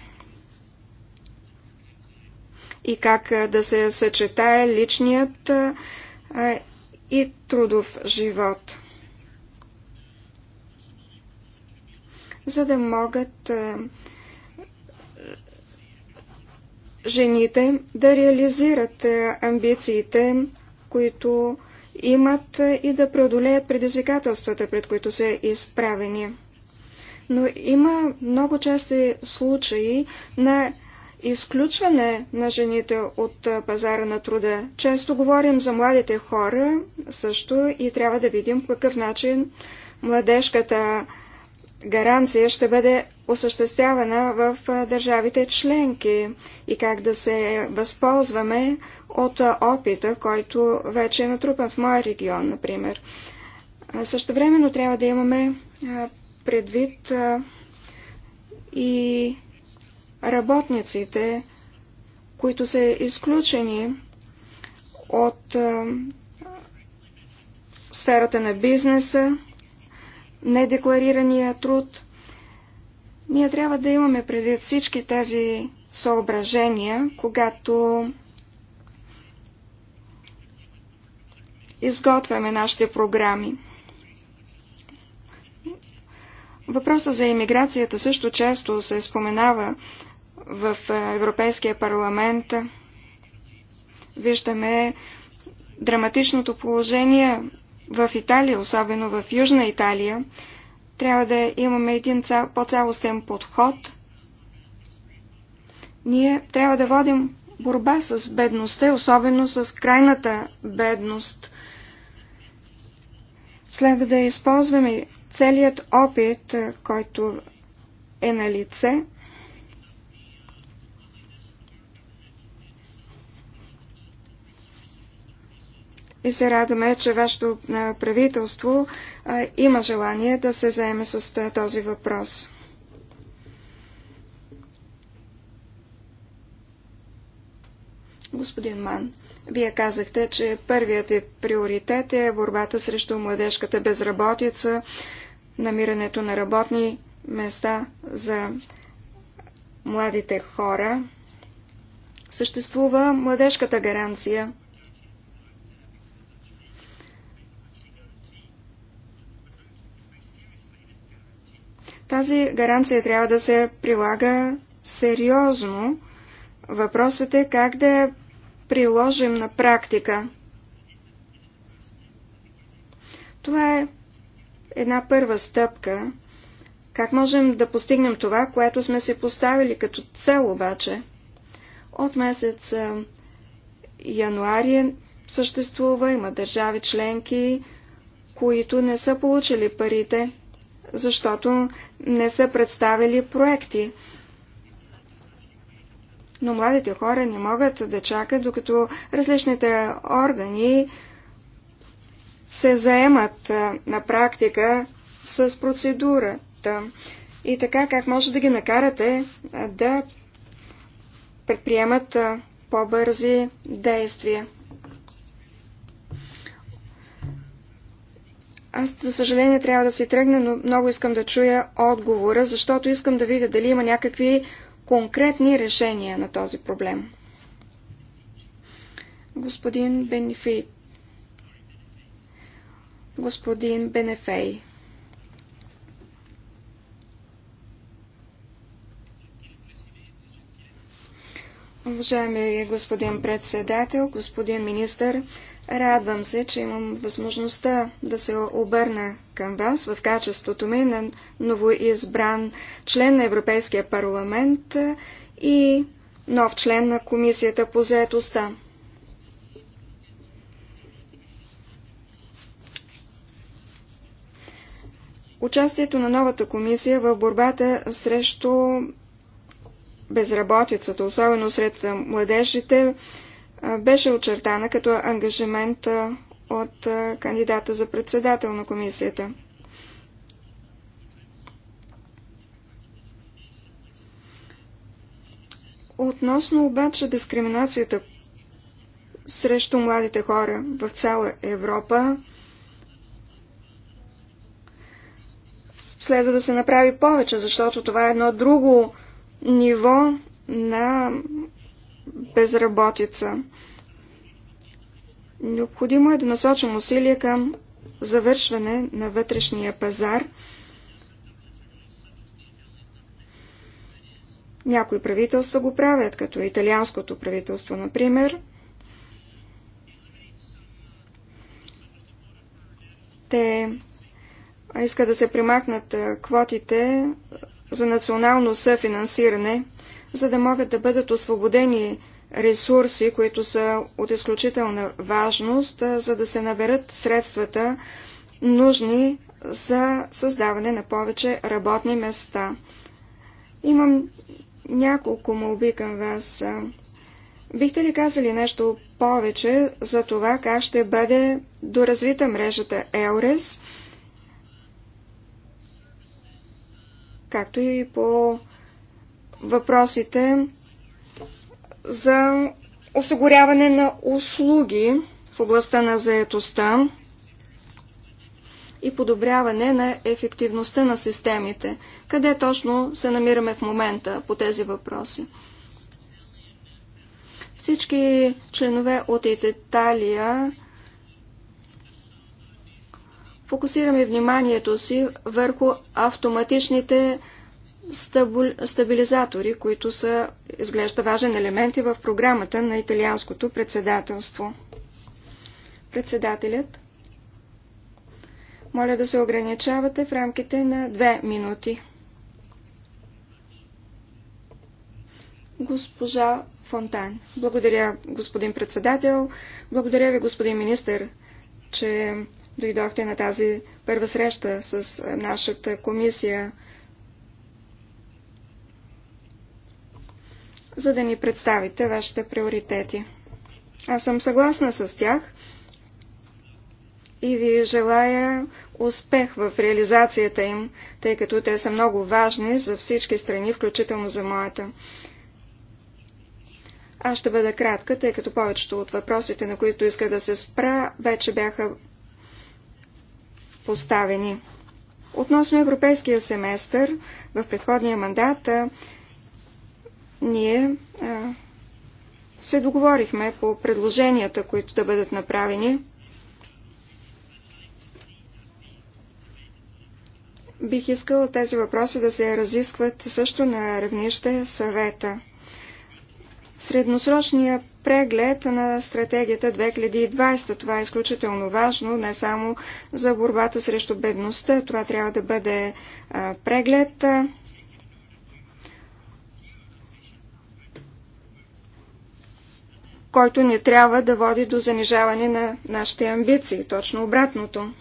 и как да се съчетае личният и трудов живот. За да могат жените да реализират амбициите, които имат и да преодолеят предизвикателствата, пред които са изправени. Но има много чести случаи на изключване на жените от пазара на труда. Често говорим за младите хора също и трябва да видим по какъв начин младежката гаранция ще бъде осъществявана в държавите членки и как да се възползваме от опита, който вече е натрупан в моя регион, например. Също времено трябва да имаме предвид и работниците, които са изключени от а, сферата на бизнеса, недекларирания труд. Ние трябва да имаме предвид всички тези съображения, когато изготвяме нашите програми. Въпросът за иммиграцията също често се споменава в Европейския парламент виждаме драматичното положение в Италия, особено в Южна Италия. Трябва да имаме един по-цялостен подход. Ние трябва да водим борба с бедността, особено с крайната бедност. Следва да използваме целият опит, който е на лице и се радваме, че вашето правителство има желание да се заеме с този въпрос. Господин Ман, вие казахте, че първият ви приоритет е борбата срещу младежката безработица, намирането на работни места за младите хора. Съществува младежката гаранция – Тази гаранция трябва да се прилага сериозно. Въпросът е как да я приложим на практика. Това е една първа стъпка. Как можем да постигнем това, което сме се поставили като цел обаче? От месец януари е, съществува, има държави членки, които не са получили парите, защото не са представили проекти. Но младите хора не могат да чакат, докато различните органи се заемат на практика с процедурата. И така, как може да ги накарате да предприемат по-бързи действия? Аз, за съжаление, трябва да си тръгна, но много искам да чуя отговора, защото искам да видя дали има някакви конкретни решения на този проблем. Господин Бенефей. Господин Бенефей. Уважаеми господин председател, господин министър, Радвам се, че имам възможността да се обърна към вас в качеството ми на новоизбран член на Европейския парламент и нов член на Комисията по заетостта. Участието на новата комисия в борбата срещу безработицата, особено сред младежите, беше очертана като ангажимент от кандидата за председател на комисията. Относно обаче дискриминацията срещу младите хора в цяла Европа, следва да се направи повече, защото това е едно друго ниво на безработица. Необходимо е да насочим усилия към завършване на вътрешния пазар. Някои правителства го правят, като италианското правителство, например. Те искат да се примахнат квотите за национално съфинансиране – за да могат да бъдат освободени ресурси, които са от изключителна важност, за да се наберат средствата нужни за създаване на повече работни места. Имам няколко молби към вас. Бихте ли казали нещо повече за това как ще бъде доразвита мрежата ЕОРЕС, както и по въпросите за осигуряване на услуги в областта на заетостта и подобряване на ефективността на системите. Къде точно се намираме в момента по тези въпроси? Всички членове от Италия фокусираме вниманието си върху автоматичните стабилизатори, които са, изглежда, важен елемент и в програмата на италианското председателство. Председателят, моля да се ограничавате в рамките на две минути. Госпожа Фонтан. Благодаря, господин председател. Благодаря ви, господин министър, че дойдохте на тази първа среща с нашата комисия. за да ни представите вашите приоритети. Аз съм съгласна с тях и ви желая успех в реализацията им, тъй като те са много важни за всички страни, включително за моята. Аз ще бъда кратка, тъй като повечето от въпросите, на които иска да се спра, вече бяха поставени. Относно европейския семестър, в предходния мандат ние а, се договорихме по предложенията, които да бъдат направени. Бих искал тези въпроси да се разискват също на равнище съвета. Средносрочния преглед на стратегията 2020. Това е изключително важно, не само за борбата срещу бедността. Това трябва да бъде а, преглед, а, който не трябва да води до занижаване на нашите амбиции. Точно обратното.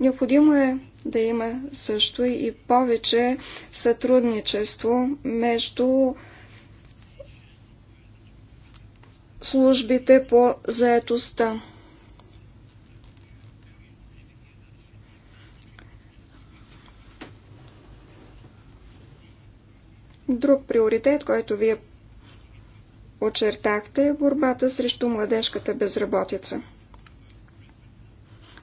Необходимо е да има също и повече сътрудничество между службите по заетостта. Друг приоритет, който вие очертахте, борбата срещу младежката безработица.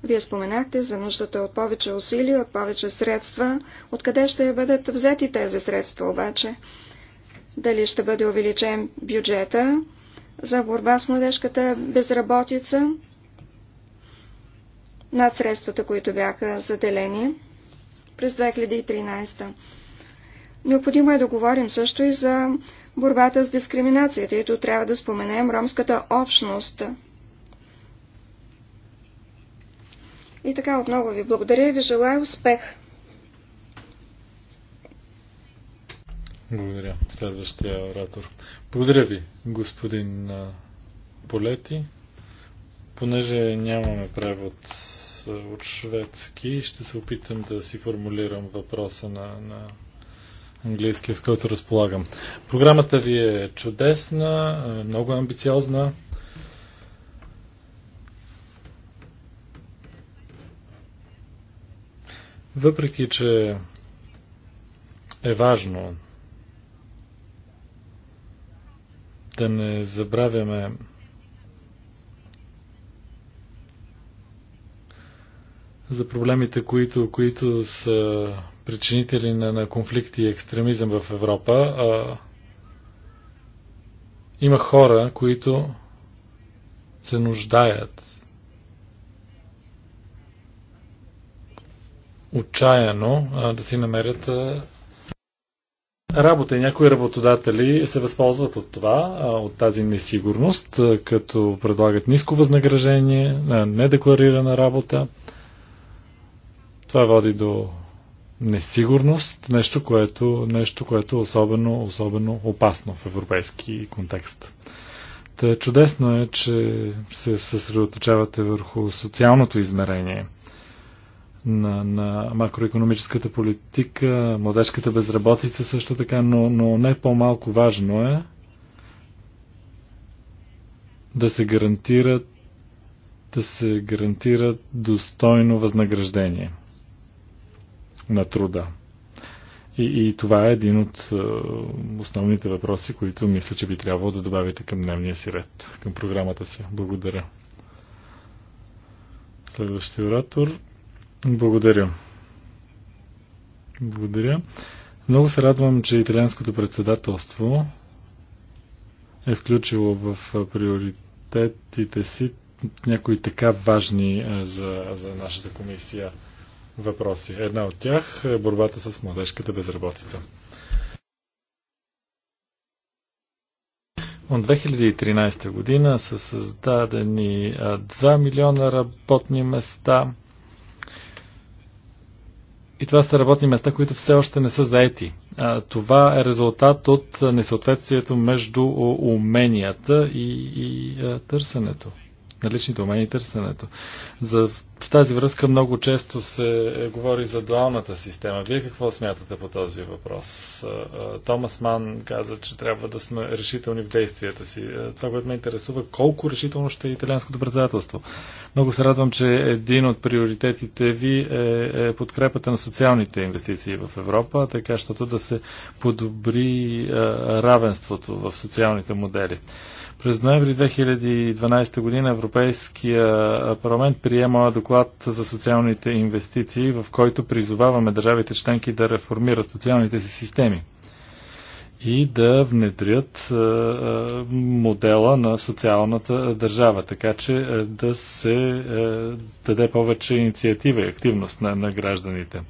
Вие споменахте за нуждата от повече усилия, от повече средства. Откъде ще бъдат взети тези средства обаче? Дали ще бъде увеличен бюджета за борба с младежката безработица над средствата, които бяха заделени през 2013. Необходимо е да говорим също и за борбата с дискриминацията. Ето трябва да споменем ромската общност. И така отново ви благодаря и ви желая успех. Благодаря. Следващия оратор. Благодаря ви, господин Полети. Понеже нямаме превод от шведски, ще се опитам да си формулирам въпроса на, на английския, с който разполагам. Програмата ви е чудесна, е, много амбициозна. Въпреки, че е важно да не забравяме за проблемите, които, които са причинители на, на конфликти и екстремизъм в Европа. А, има хора, които се нуждаят отчаяно а, да си намерят а, работа. И някои работодатели се възползват от това, а, от тази несигурност, а, като предлагат ниско възнаграждение, недекларирана работа. Това води до несигурност, нещо, което, нещо, което е особено, особено опасно в европейски контекст. Та чудесно е, че се съсредоточавате върху социалното измерение на, на макроекономическата политика, младежката безработица също така, но, но не по-малко важно е да се гарантират да се гарантира достойно възнаграждение – на труда. И, и това е един от е, основните въпроси, които мисля, че би трябвало да добавите към дневния си ред, към програмата си. Благодаря. Следващия оратор. Благодаря. Благодаря. Много се радвам, че италианското председателство е включило в е, приоритетите си някои така важни е, за, за нашата комисия въпроси. Една от тях е борбата с младежката безработица. От 2013 година са създадени 2 милиона работни места. И това са работни места, които все още не са заети. Това е резултат от несъответствието между уменията и, и търсенето личните умения и търсенето. За, в тази връзка много често се е, говори за дуалната система. Вие какво смятате по този въпрос? Томас Ман каза, че трябва да сме решителни в действията си. Това, което ме интересува, колко решително ще е италианското председателство. Много се радвам, че един от приоритетите ви е, е подкрепата на социалните инвестиции в Европа, така щото да се подобри равенството в социалните модели. През ноември 2012 година Европейския парламент приема доклад за социалните инвестиции, в който призоваваме държавите членки да реформират социалните си системи и да внедрят модела на социалната държава, така че да се даде повече инициатива и активност на, на гражданите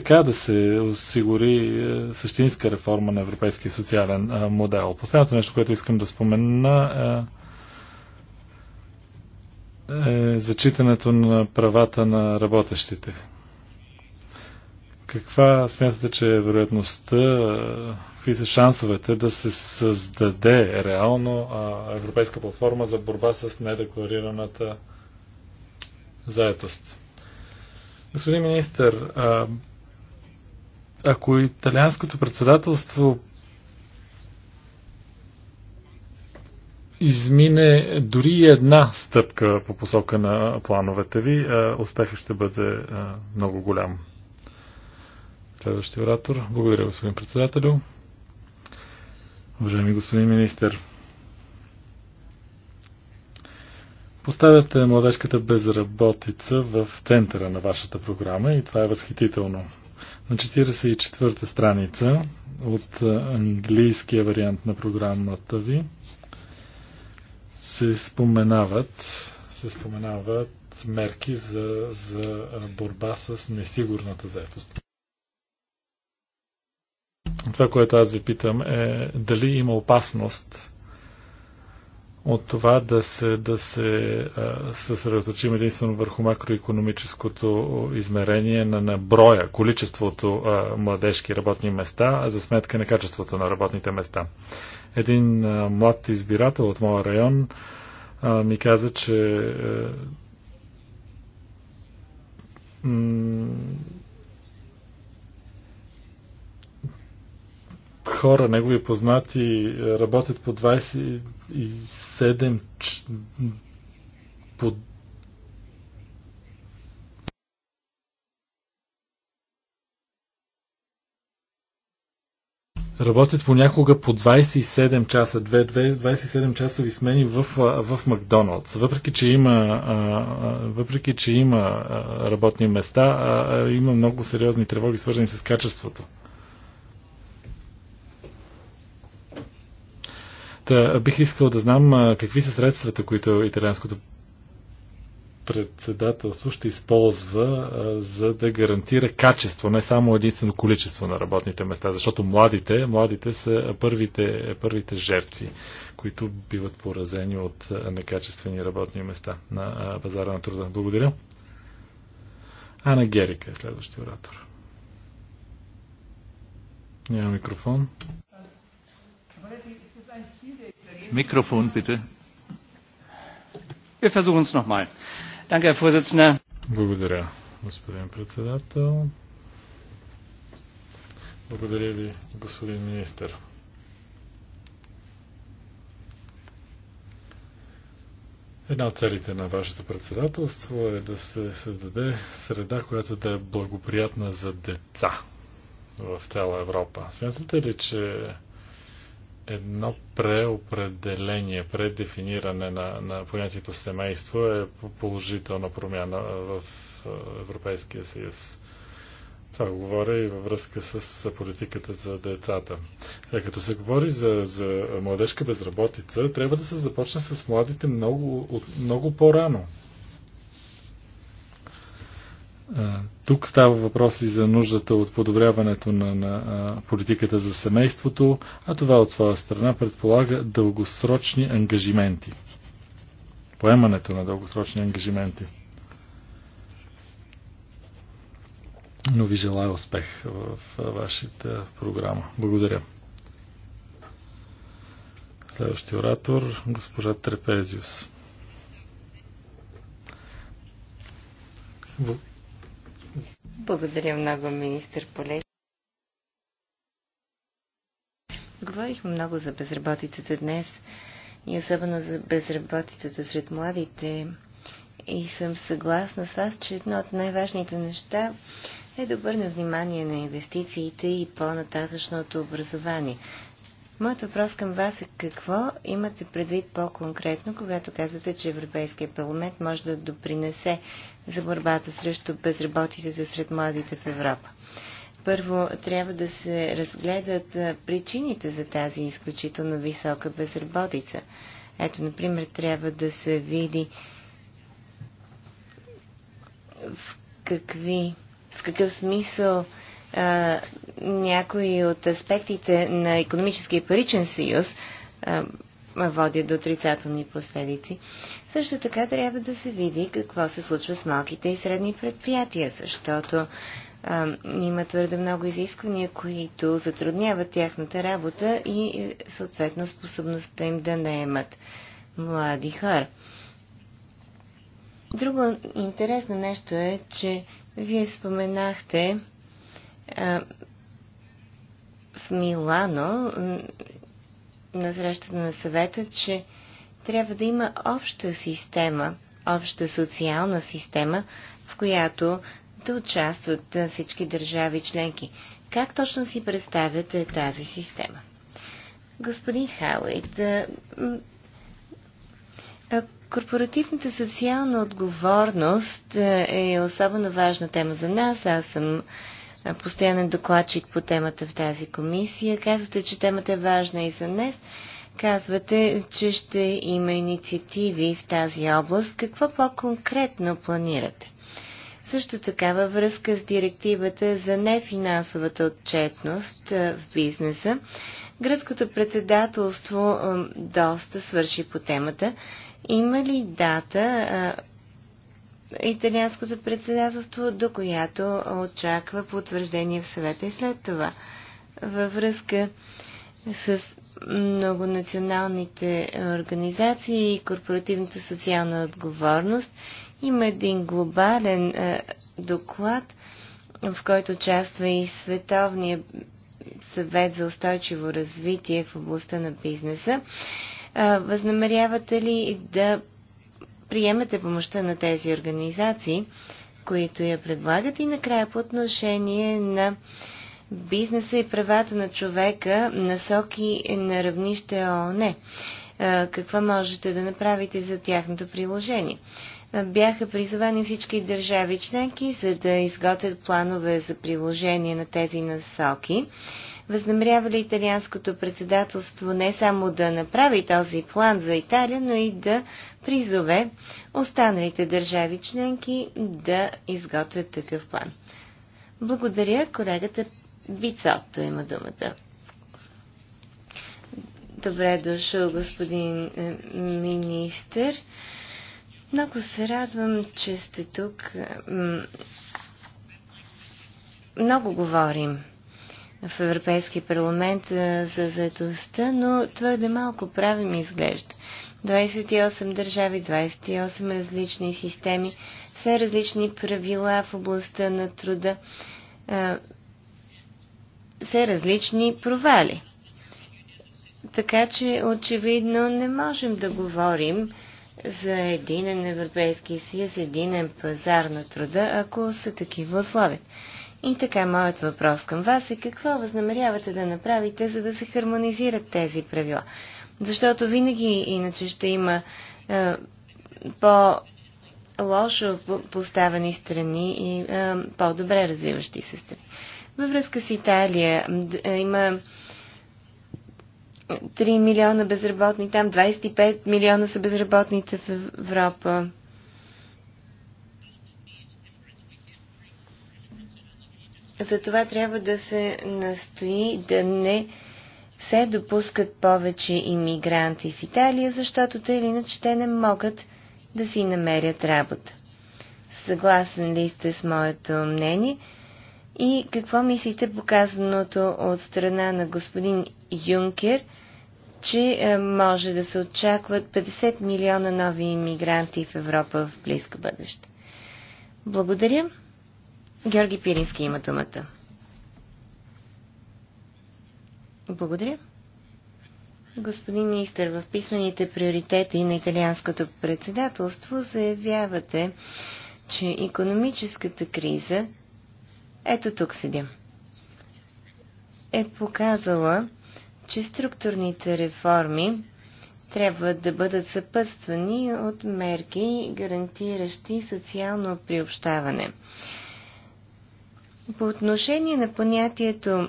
така да се осигури е, същинска реформа на европейския социален е, модел. Последното нещо, което искам да спомена е, е зачитането на правата на работещите. Каква смятате, че е вероятността, какви са шансовете да се създаде реално европейска платформа за борба с недекларираната заетост? Господин министр, ако италианското председателство измине дори една стъпка по посока на плановете ви, успехът ще бъде много голям. Следващия оратор. Благодаря, господин председателю. Уважаеми господин министр, поставяте младежката безработица в центъра на вашата програма и това е възхитително. На 44-та страница от английския вариант на програмата ви се споменават, се споменават мерки за, за борба с несигурната заетост. Това, което аз ви питам е дали има опасност от това да се, да се съсредоточим единствено върху макроекономическото измерение на, на броя, количеството а, младежки работни места за сметка на качеството на работните места. Един а, млад избирател от моя район а, ми каза, че а, хора, негови познати, е, работят по 27 по работят понякога по 27 часа, 2, 27 часови смени в, в Макдоналдс. Въпреки, че има, въпреки, че има работни места, има много сериозни тревоги, свързани с качеството. Та, бих искал да знам какви са средствата, които италианското председателство ще използва, а, за да гарантира качество, не само единствено количество на работните места, защото младите, младите са първите, първите жертви, които биват поразени от некачествени работни места на пазара на труда. Благодаря. Ана Герика е следващия оратор. Няма микрофон. Добре, Mikrofon bitte. Wir versuchen es nochmal. Danke, Herr Vorsitzender. Благодаря, господин председател. Благодаря ви, господин министър. Една от целите на вашето председателство е да се създаде среда, която да е благоприятна за деца в цяла Европа. Смятате ли, че едно преопределение, предефиниране на, на понятието семейство е положителна промяна в Европейския съюз. Това говоря и във връзка с политиката за децата. Сега, като се говори за, за младежка безработица, трябва да се започне с младите много, много по-рано. Тук става въпрос и за нуждата от подобряването на, на политиката за семейството, а това от своя страна предполага дългосрочни ангажименти. Поемането на дългосрочни ангажименти. Но ви желая успех в вашата програма. Благодаря. Следващия оратор, госпожа Трепезиус. Благодаря много, министър Поле. Говорихме много за безработицата днес и особено за безработицата сред младите. И съм съгласна с вас, че едно от най-важните неща е да обърне внимание на инвестициите и по-нататъчното образование. Моят въпрос към вас е какво имате предвид по-конкретно, когато казвате, че Европейския парламент може да допринесе за борбата срещу безработицата сред младите в Европа? Първо, трябва да се разгледат причините за тази изключително висока безработица. Ето, например, трябва да се види в, какви, в какъв смисъл някои от аспектите на економическия паричен съюз а, водят до отрицателни последици. Също така трябва да се види какво се случва с малките и средни предприятия, защото а, има твърде много изисквания, които затрудняват тяхната работа и е, съответно способността им да наемат млади хора. Друго интересно нещо е, че вие споменахте е, в Милано на срещата на съвета, че трябва да има обща система, обща социална система, в която да участват е, всички държави членки. Как точно си представяте тази система? Господин Хауит, е, корпоративната социална отговорност е особено важна тема за нас. Аз съм постоянен докладчик по темата в тази комисия. Казвате, че темата е важна и за днес. Казвате, че ще има инициативи в тази област. Какво по-конкретно планирате? Също така във връзка с директивата за нефинансовата отчетност в бизнеса, гръцкото председателство доста свърши по темата. Има ли дата, италианското председателство, до която очаква потвърждение в съвета и след това. Във връзка с многонационалните организации и корпоративната социална отговорност има един глобален е, доклад, в който участва и Световния съвет за устойчиво развитие в областта на бизнеса. Е, възнамерявате ли да приемате помощта на тези организации, които я предлагат и накрая по отношение на бизнеса и правата на човека насоки на равнище ООН. Какво можете да направите за тяхното приложение? Бяха призовани всички държави членки, за да изготвят планове за приложение на тези насоки. Възнамерява ли италианското председателство не само да направи този план за Италия, но и да призове останалите държави членки да изготвят такъв план. Благодаря, колегата Бицотто има думата. Добре е дошъл, господин е, министр. Много се радвам, че сте тук. Е, много говорим в Европейския парламент е, за заедостта, но твърде малко правим изглежда. 28 държави, 28 различни системи, все различни правила в областта на труда, все различни провали. Така че очевидно не можем да говорим за единен Европейски съюз, единен пазар на труда, ако са такива условия. И така, моят въпрос към вас е какво възнамерявате да направите, за да се хармонизират тези правила? Защото винаги иначе ще има а, е, по-лошо поставени страни и е, по-добре развиващи се страни. Във връзка с Италия е, има 3 милиона безработни там, 25 милиона са безработните в Европа. За това трябва да се настои да не се допускат повече иммигранти в Италия, защото те или иначе те не могат да си намерят работа. Съгласен ли сте с моето мнение? И какво мислите показаното от страна на господин Юнкер, че е, може да се очакват 50 милиона нови иммигранти в Европа в близко бъдеще? Благодаря. Георги Пирински има думата. Благодаря. Господин министр, в писмените приоритети на италианското председателство заявявате, че економическата криза, ето тук седя, е показала, че структурните реформи трябва да бъдат съпътствани от мерки, гарантиращи социално приобщаване. По отношение на понятието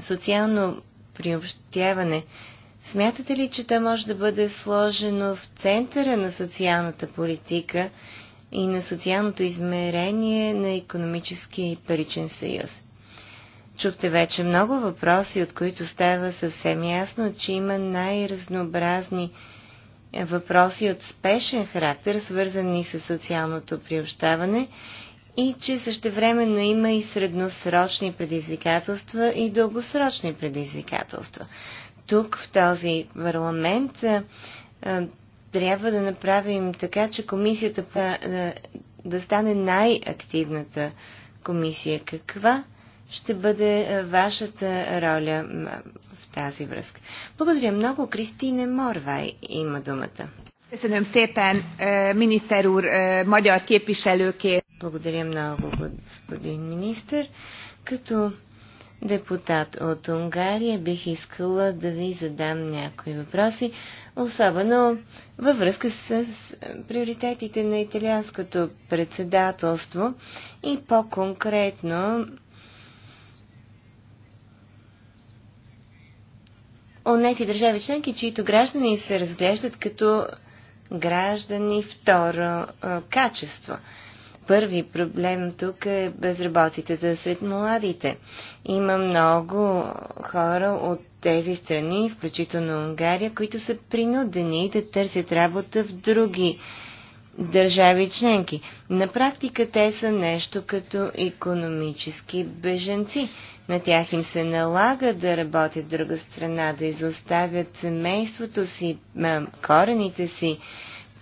социално приобщяване. Смятате ли, че то може да бъде сложено в центъра на социалната политика и на социалното измерение на економическия и паричен съюз? Чухте вече много въпроси, от които става съвсем ясно, че има най-разнообразни въпроси от спешен характер, свързани с социалното приобщаване и че същевременно има и средносрочни предизвикателства и дългосрочни предизвикателства. Тук, в този парламент, трябва да направим така, че комисията да, стане най-активната комисия. Каква ще бъде вашата роля в тази връзка? Благодаря много. Кристина Морвай има думата. Köszönöm szépen, miniszter е, úr, е, magyar képviselőként. Благодаря много, господин министр. Като депутат от Унгария бих искала да ви задам някои въпроси, особено във връзка с приоритетите на италианското председателство и по-конкретно онези държави членки, чието граждани се разглеждат като граждани второ качество първи проблем тук е безработицата сред младите. Има много хора от тези страни, включително Унгария, които са принудени да търсят работа в други държави членки. На практика те са нещо като економически беженци. На тях им се налага да работят в друга страна, да изоставят семейството си, корените си,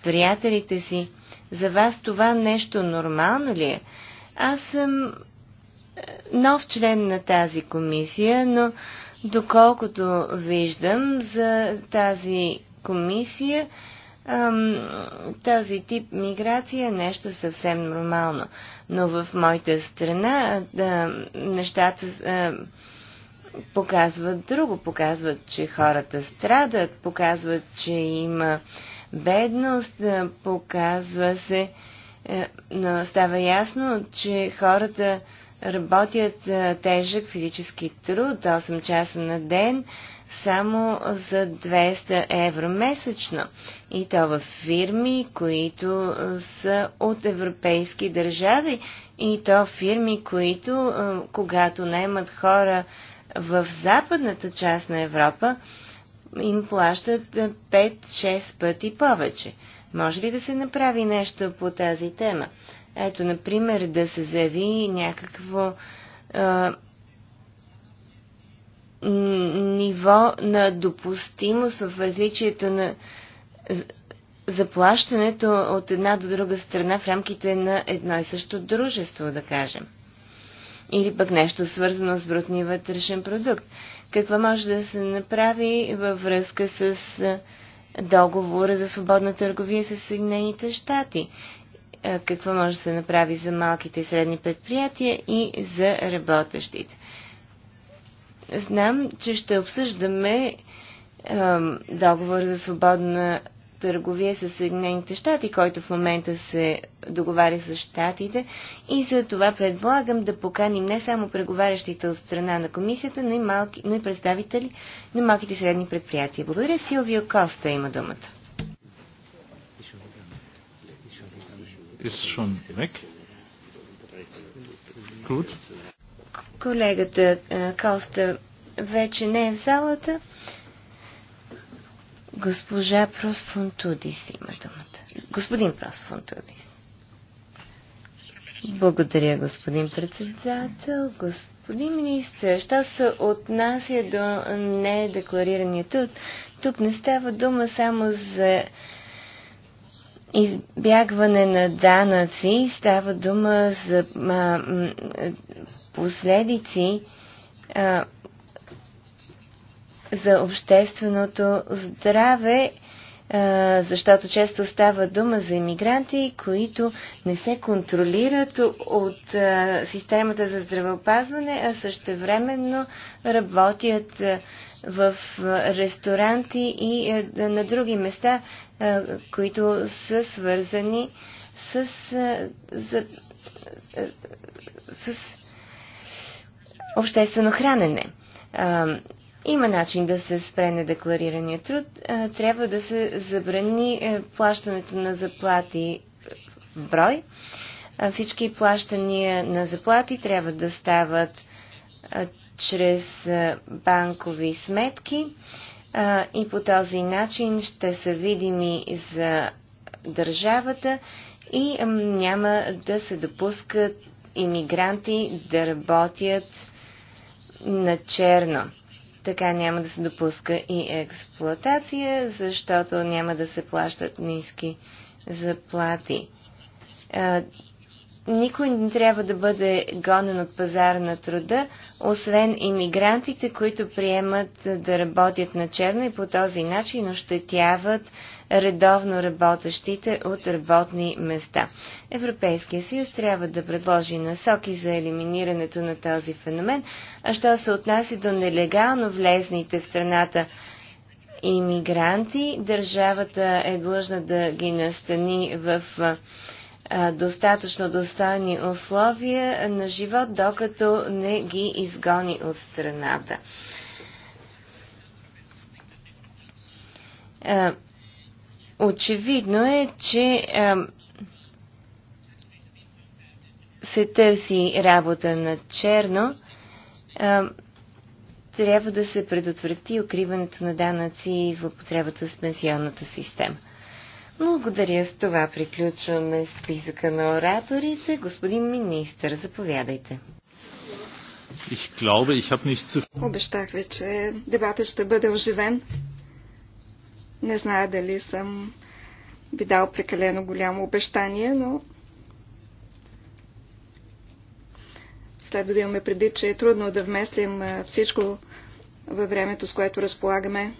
приятелите си за вас това нещо нормално ли е? Аз съм е, нов член на тази комисия, но доколкото виждам за тази комисия, този тип миграция е нещо съвсем нормално. Но в моята страна да, нещата а, показват друго. Показват, че хората страдат, показват, че има бедност, показва се, е, но става ясно, че хората работят тежък физически труд, 8 часа на ден, само за 200 евро месечно. И то в фирми, които са от европейски държави. И то фирми, които, когато наймат хора в западната част на Европа, им плащат 5-6 е, пъти повече. Може ли да се направи нещо по тази тема? Ето, например, да се заяви някакво а, е, ниво на допустимост в различията на заплащането от една до друга страна в рамките на едно и също дружество, да кажем. Или пък нещо свързано с брутния вътрешен продукт какво може да се направи във връзка с договора за свободна търговия с Съединените щати, какво може да се направи за малките и средни предприятия и за работещите. Знам, че ще обсъждаме договор за свободна търговия с Съединените щати, който в момента се договаря с щатите. И за това предлагам да поканим не само преговарящите от страна на комисията, но и, малки, но и представители на малките и средни предприятия. Благодаря. Силвио Коста има думата. Колегата е, Коста вече не е в залата. Госпожа Тудис има думата. Господин Тудис. Благодаря, господин председател. Господин министр, що се отнася до недекларирания труд, тук не става дума само за избягване на данъци, става дума за а, последици а, за общественото здраве, защото често става дума за иммигранти, които не се контролират от системата за здравеопазване, а същевременно работят в ресторанти и на други места, които са свързани с, с обществено хранене. Има начин да се спре недекларирания труд. Е, трябва да се забрани е, плащането на заплати в брой. Всички плащания на заплати трябва да стават е, чрез банкови сметки и по този начин ще са видими за държавата и няма да се допускат иммигранти да работят на черно. Така няма да се допуска и експлоатация, защото няма да се плащат ниски заплати никой не трябва да бъде гонен от пазара на труда, освен иммигрантите, които приемат да работят на черно и по този начин ощетяват редовно работещите от работни места. Европейския съюз трябва да предложи насоки за елиминирането на този феномен, а що се отнася до нелегално влезните в страната иммигранти, държавата е длъжна да ги настани в достатъчно достойни условия на живот, докато не ги изгони от страната. Очевидно е, че се търси работа на черно, трябва да се предотврати укриването на данъци и злопотребата с пенсионната система. Благодаря. С това приключваме списъка на ораторите. Господин министр, заповядайте. Ich glaube, ich habe nicht zu... Обещах ви, че дебатът ще бъде оживен. Не зная дали съм ви дал прекалено голямо обещание, но следва да имаме преди, че е трудно да вместим всичко във времето, с което разполагаме.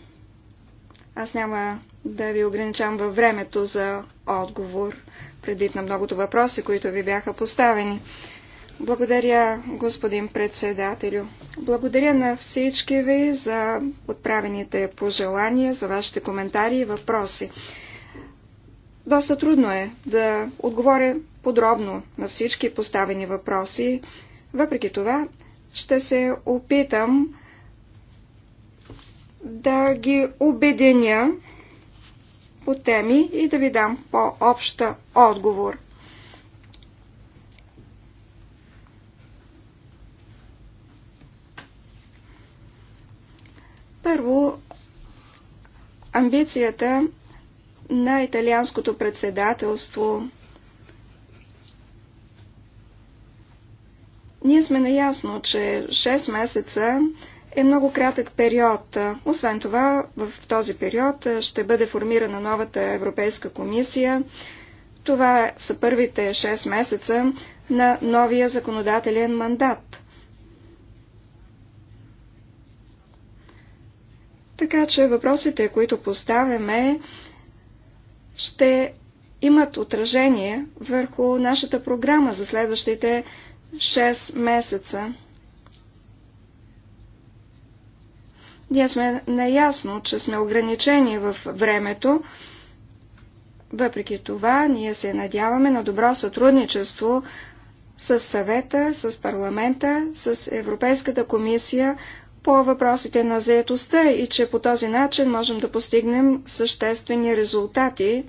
Аз няма да ви ограничам във времето за отговор, предвид на многото въпроси, които ви бяха поставени. Благодаря, господин председателю. Благодаря на всички ви за отправените пожелания, за вашите коментари и въпроси. Доста трудно е да отговоря подробно на всички поставени въпроси. Въпреки това, ще се опитам да ги обединя няколко теми и да ви дам по-обща отговор. Първо, амбицията на италианското председателство. Ние сме наясно, че 6 месеца е много кратък период. Освен това, в този период ще бъде формирана новата Европейска комисия. Това са първите 6 месеца на новия законодателен мандат. Така че въпросите, които поставяме, ще имат отражение върху нашата програма за следващите 6 месеца. Ние сме наясно, че сме ограничени в времето. Въпреки това, ние се надяваме на добро сътрудничество с съвета, с парламента, с Европейската комисия по въпросите на заетостта и че по този начин можем да постигнем съществени резултати.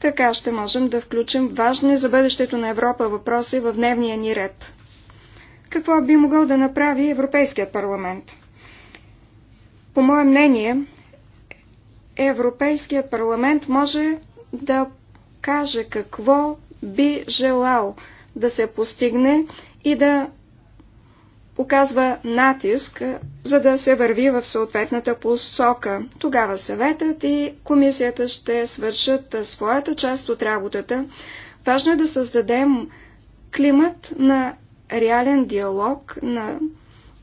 Така ще можем да включим важни за бъдещето на Европа въпроси в дневния ни ред какво би могъл да направи Европейският парламент. По мое мнение, Европейският парламент може да каже какво би желал да се постигне и да оказва натиск, за да се върви в съответната посока. Тогава съветът и комисията ще свършат своята част от работата. Важно е да създадем климат на реален диалог, на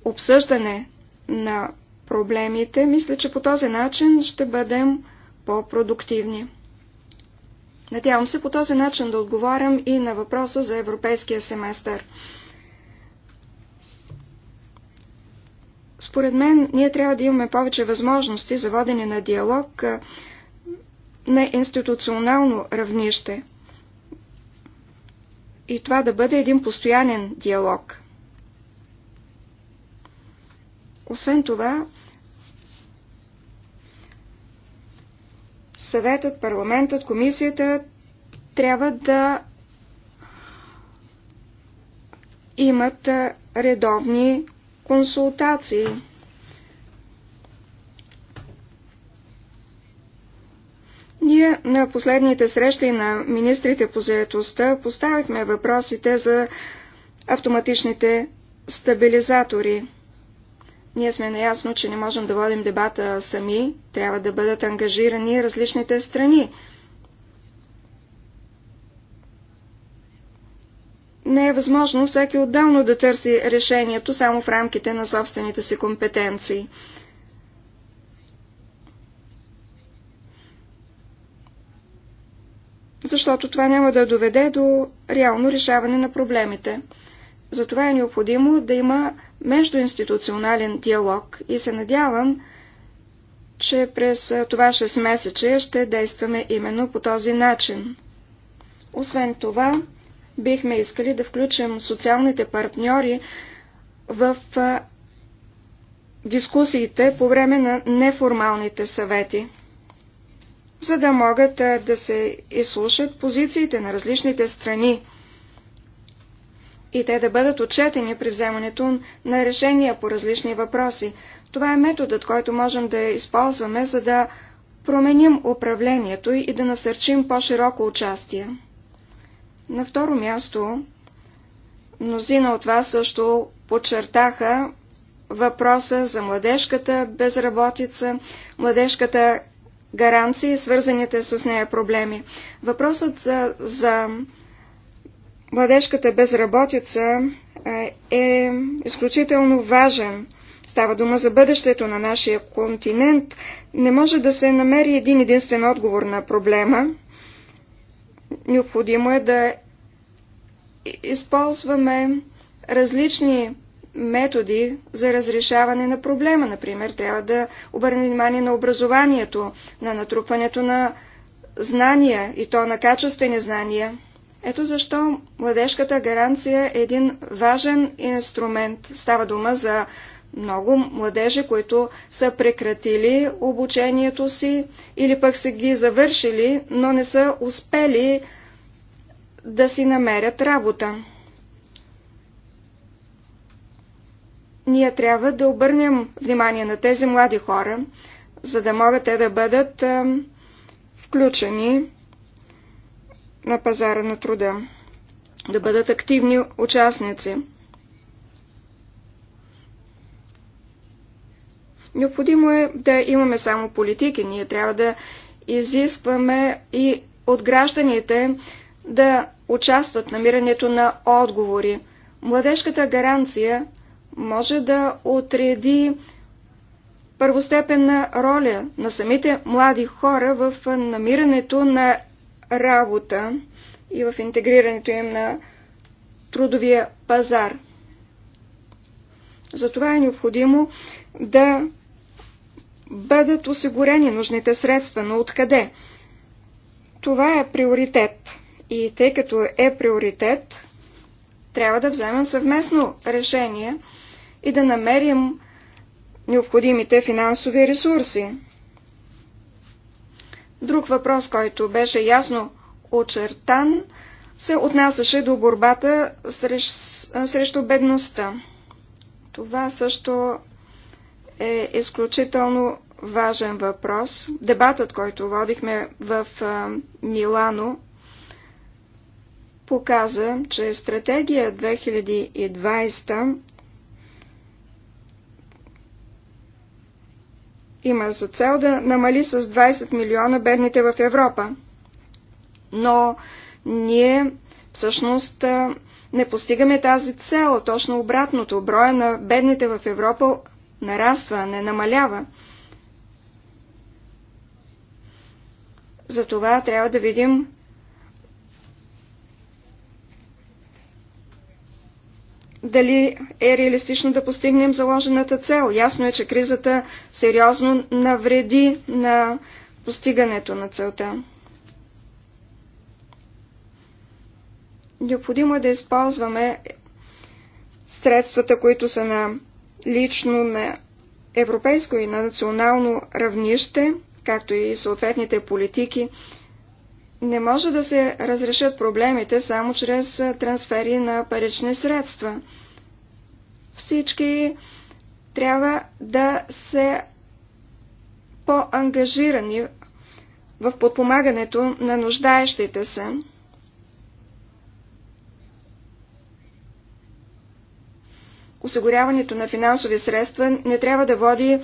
обсъждане на проблемите, мисля, че по този начин ще бъдем по-продуктивни. Надявам се по този начин да отговарям и на въпроса за европейския семестър. Според мен, ние трябва да имаме повече възможности за водене на диалог на институционално равнище – и това да бъде един постоянен диалог. Освен това, съветът, парламентът, комисията трябва да имат редовни консултации. Ние на последните срещи на министрите по заедостта поставихме въпросите за автоматичните стабилизатори. Ние сме наясно, че не можем да водим дебата сами, трябва да бъдат ангажирани различните страни. Не е възможно всеки отдално да търси решението само в рамките на собствените си компетенции. защото това няма да доведе до реално решаване на проблемите. Затова е необходимо да има междуинституционален диалог и се надявам, че през това 6 месече ще действаме именно по този начин. Освен това, бихме искали да включим социалните партньори в дискусиите по време на неформалните съвети за да могат да се изслушат позициите на различните страни и те да бъдат отчетени при вземането на решения по различни въпроси. Това е методът, който можем да използваме, за да променим управлението и да насърчим по-широко участие. На второ място, мнозина от вас също подчертаха въпроса за младежката безработица, младежката гаранции свързаните с нея проблеми. Въпросът за, за младежката безработица е изключително важен. Става дума за бъдещето на нашия континент. Не може да се намери един единствен отговор на проблема. Необходимо е да използваме различни методи за разрешаване на проблема. Например, трябва да обърнем внимание на образованието, на натрупването на знания и то на качествени знания. Ето защо младежката гаранция е един важен инструмент. Става дума за много младежи, които са прекратили обучението си или пък са ги завършили, но не са успели да си намерят работа. ние трябва да обърнем внимание на тези млади хора, за да могат те да бъдат включени на пазара на труда, да бъдат активни участници. Необходимо е да имаме само политики. Ние трябва да изискваме и от гражданите да участват в намирането на отговори. Младежката гаранция може да отреди първостепенна роля на самите млади хора в намирането на работа и в интегрирането им на трудовия пазар. Затова е необходимо да бъдат осигурени нужните средства, но откъде? Това е приоритет. И тъй като е приоритет, трябва да вземем съвместно решение – и да намерим необходимите финансови ресурси. Друг въпрос, който беше ясно очертан, се отнасяше до борбата срещ, срещу бедността. Това също е изключително важен въпрос. Дебатът, който водихме в Милано, показа, че стратегия 2020 има за цел да намали с 20 милиона бедните в Европа. Но ние всъщност не постигаме тази цел, точно обратното. Броя на бедните в Европа нараства, не намалява. Затова трябва да видим дали е реалистично да постигнем заложената цел. Ясно е, че кризата сериозно навреди на постигането на целта. Необходимо е да използваме средствата, които са на лично на европейско и на национално равнище, както и съответните политики, не може да се разрешат проблемите само чрез трансфери на парични средства. Всички трябва да се по-ангажирани в подпомагането на нуждаещите се. Осигуряването на финансови средства не трябва да води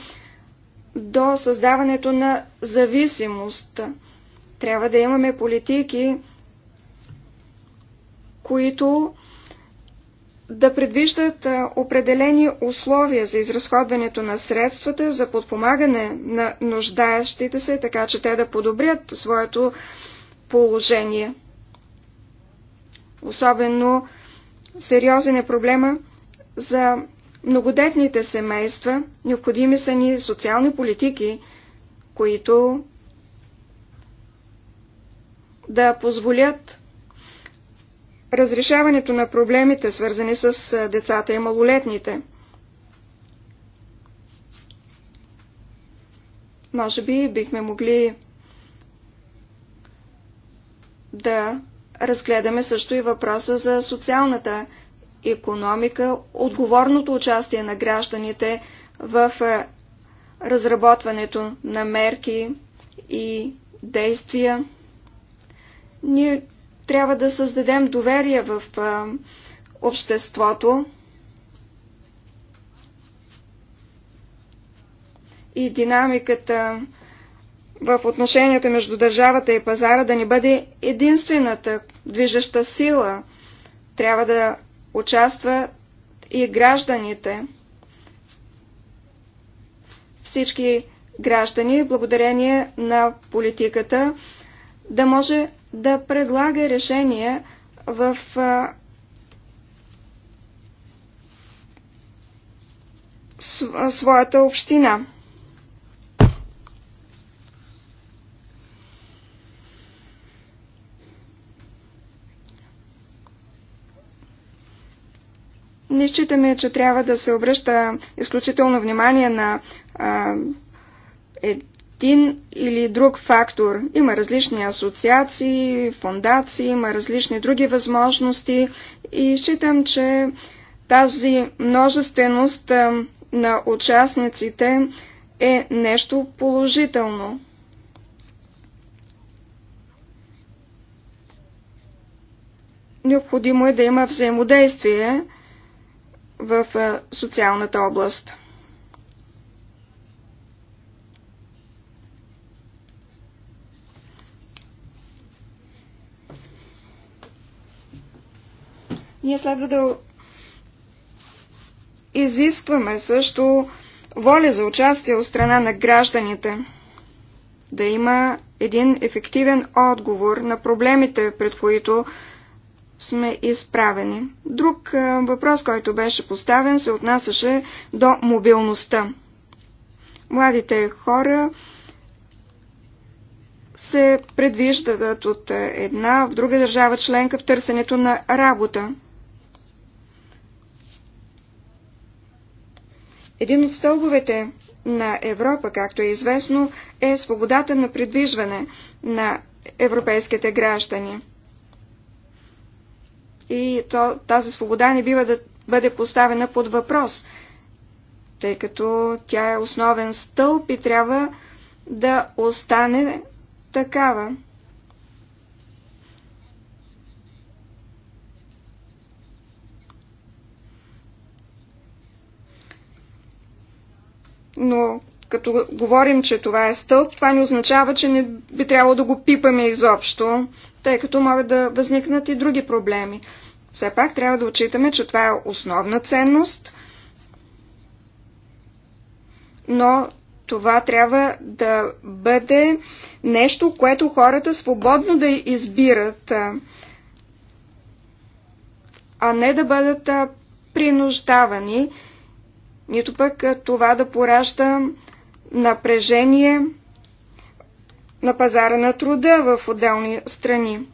до създаването на зависимост – трябва да имаме политики, които да предвиждат определени условия за изразходването на средствата, за подпомагане на нуждаещите се, така че те да подобрят своето положение. Особено сериозен е проблема за многодетните семейства. Необходими са ни социални политики, които да позволят разрешаването на проблемите, свързани с децата и малолетните. Може би бихме могли да разгледаме също и въпроса за социалната економика, отговорното участие на гражданите в разработването на мерки и действия. Ние трябва да създадем доверие в обществото. И динамиката в отношенията между държавата и пазара да не бъде единствената движеща сила. Трябва да участват и гражданите. Всички граждани, благодарение на политиката, да може да предлага решения в своята община. Не считаме, че трябва да се обръща изключително внимание на а, е, един или друг фактор. Има различни асоциации, фундации, има различни други възможности и считам, че тази множественост на участниците е нещо положително. Необходимо е да има взаимодействие в социалната област. Ние следва да изискваме също воля за участие от страна на гражданите. Да има един ефективен отговор на проблемите, пред които сме изправени. Друг въпрос, който беше поставен, се отнасяше до мобилността. Младите хора се предвиждат от една в друга държава членка в търсенето на работа. Един от стълбовете на Европа, както е известно, е свободата на придвижване на европейските граждани. И то, тази свобода не бива да бъде поставена под въпрос, тъй като тя е основен стълб и трябва да остане такава. но като говорим, че това е стълб, това не означава, че не би трябвало да го пипаме изобщо, тъй като могат да възникнат и други проблеми. Все пак трябва да отчитаме, че това е основна ценност, но това трябва да бъде нещо, което хората свободно да избират, а не да бъдат принуждавани нито пък това да поражда напрежение на пазара на труда в отделни страни.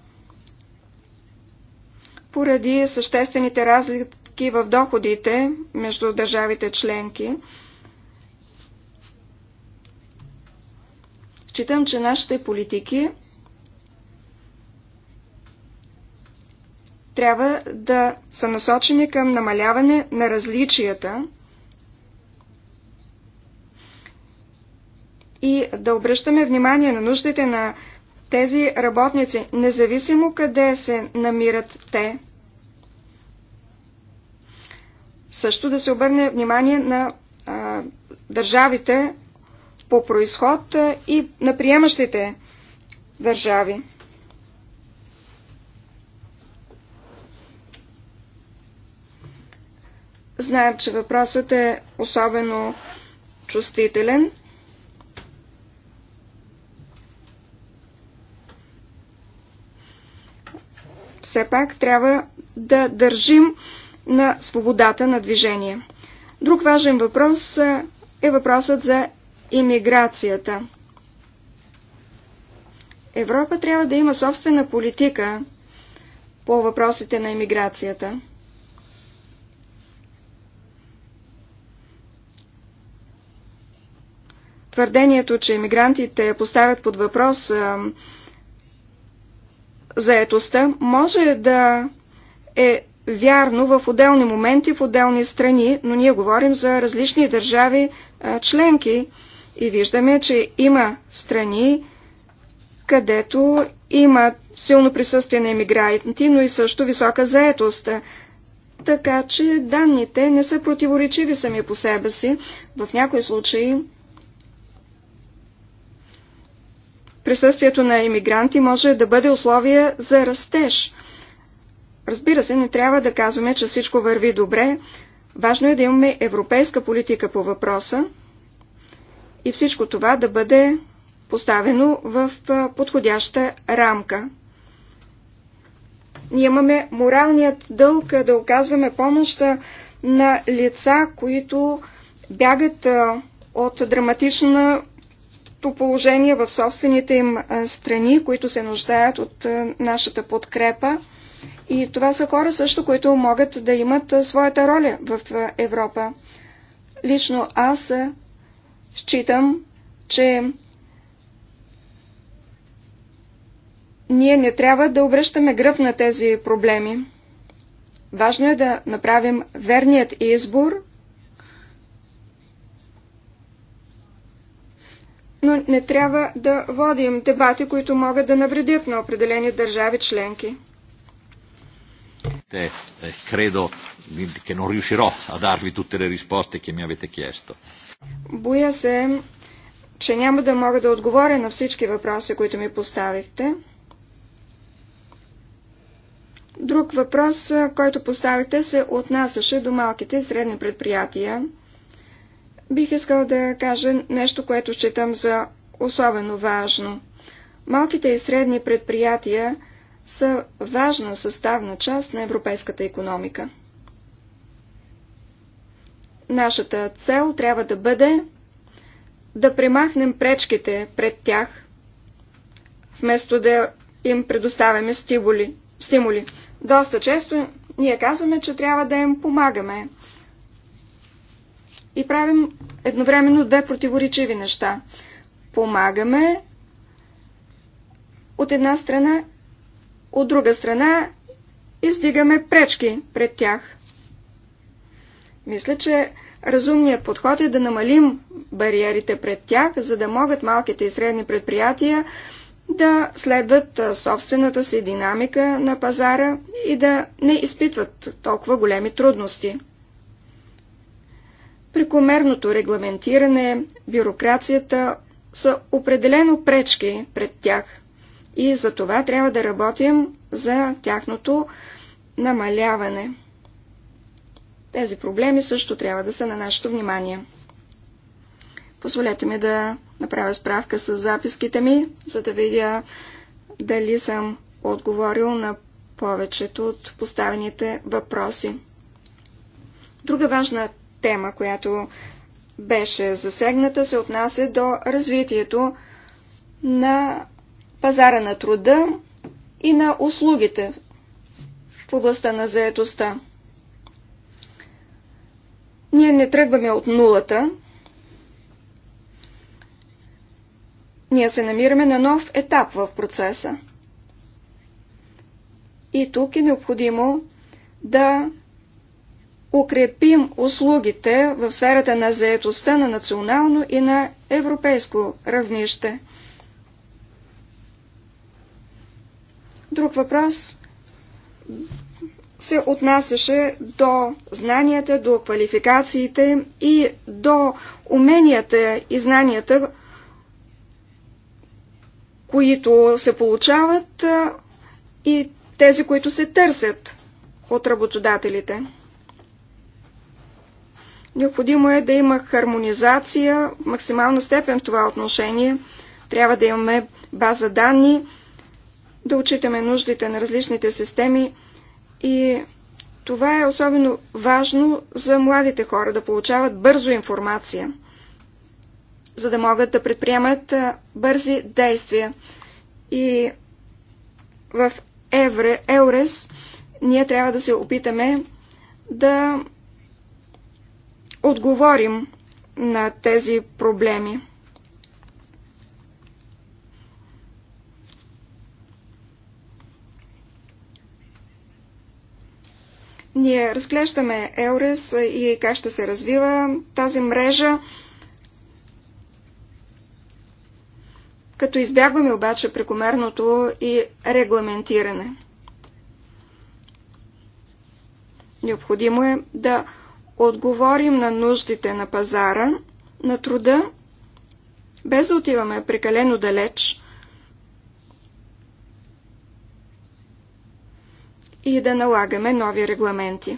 Поради съществените разлики в доходите между държавите членки, считам, че нашите политики трябва да са насочени към намаляване на различията – и да обръщаме внимание на нуждите на тези работници, независимо къде се намират те. Също да се обърне внимание на а, държавите по происход и на приемащите държави. Знаем, че въпросът е особено чувствителен – все пак трябва да държим на свободата на движение. Друг важен въпрос е въпросът за иммиграцията. Европа трябва да има собствена политика по въпросите на иммиграцията. Твърдението, че иммигрантите поставят под въпрос заетостта може да е вярно в отделни моменти, в отделни страни, но ние говорим за различни държави членки и виждаме, че има страни, където има силно присъствие на емигранти, но и също висока заетост. Така че данните не са противоречиви сами по себе си. В някои случаи присъствието на иммигранти може да бъде условие за растеж. Разбира се, не трябва да казваме, че всичко върви добре. Важно е да имаме европейска политика по въпроса и всичко това да бъде поставено в подходяща рамка. Ние имаме моралният дълг да оказваме помощ на лица, които бягат от драматична по положение в собствените им страни, които се нуждаят от нашата подкрепа. И това са хора също, които могат да имат своята роля в Европа. Лично аз считам, че ние не трябва да обръщаме гръб на тези проблеми. Важно е да направим верният избор но не трябва да водим дебати, които могат да навредят на определени държави членки. Те, е, credo che non riuscirò a darvi tutte le risposte che mi avete chiesto. Боя се, че няма да мога да отговоря на всички въпроси, които ми поставихте. Друг въпрос, който поставихте, се отнасяше до малките и средни предприятия. Бих искал да кажа нещо, което считам за особено важно. Малките и средни предприятия са важна съставна част на европейската економика. Нашата цел трябва да бъде да премахнем пречките пред тях, вместо да им предоставяме стимули. стимули. Доста често ние казваме, че трябва да им помагаме, и правим едновременно две противоречиви неща. Помагаме от една страна, от друга страна издигаме пречки пред тях. Мисля, че разумният подход е да намалим бариерите пред тях, за да могат малките и средни предприятия да следват собствената си динамика на пазара и да не изпитват толкова големи трудности. Прекомерното регламентиране, бюрокрацията са определено пречки пред тях и за това трябва да работим за тяхното намаляване. Тези проблеми също трябва да са на нашето внимание. Позволете ми да направя справка с записките ми, за да видя дали съм отговорил на повечето от поставените въпроси. Друга важна тема, която беше засегната, се отнася до развитието на пазара на труда и на услугите в областта на заетостта. Ние не тръгваме от нулата. Ние се намираме на нов етап в процеса. И тук е необходимо да укрепим услугите в сферата на заетостта на национално и на европейско равнище. Друг въпрос се отнасяше до знанията, до квалификациите и до уменията и знанията, които се получават и тези, които се търсят от работодателите. Необходимо е да има хармонизация в максимална степен в това отношение. Трябва да имаме база данни, да отчитаме нуждите на различните системи и това е особено важно за младите хора да получават бързо информация, за да могат да предприемат бързи действия. И в Еврес ние трябва да се опитаме да отговорим на тези проблеми. Ние разглеждаме Еурес и как ще се развива тази мрежа. като избягваме обаче прекомерното и регламентиране. Необходимо е да отговорим на нуждите на пазара, на труда, без да отиваме прекалено далеч и да налагаме нови регламенти.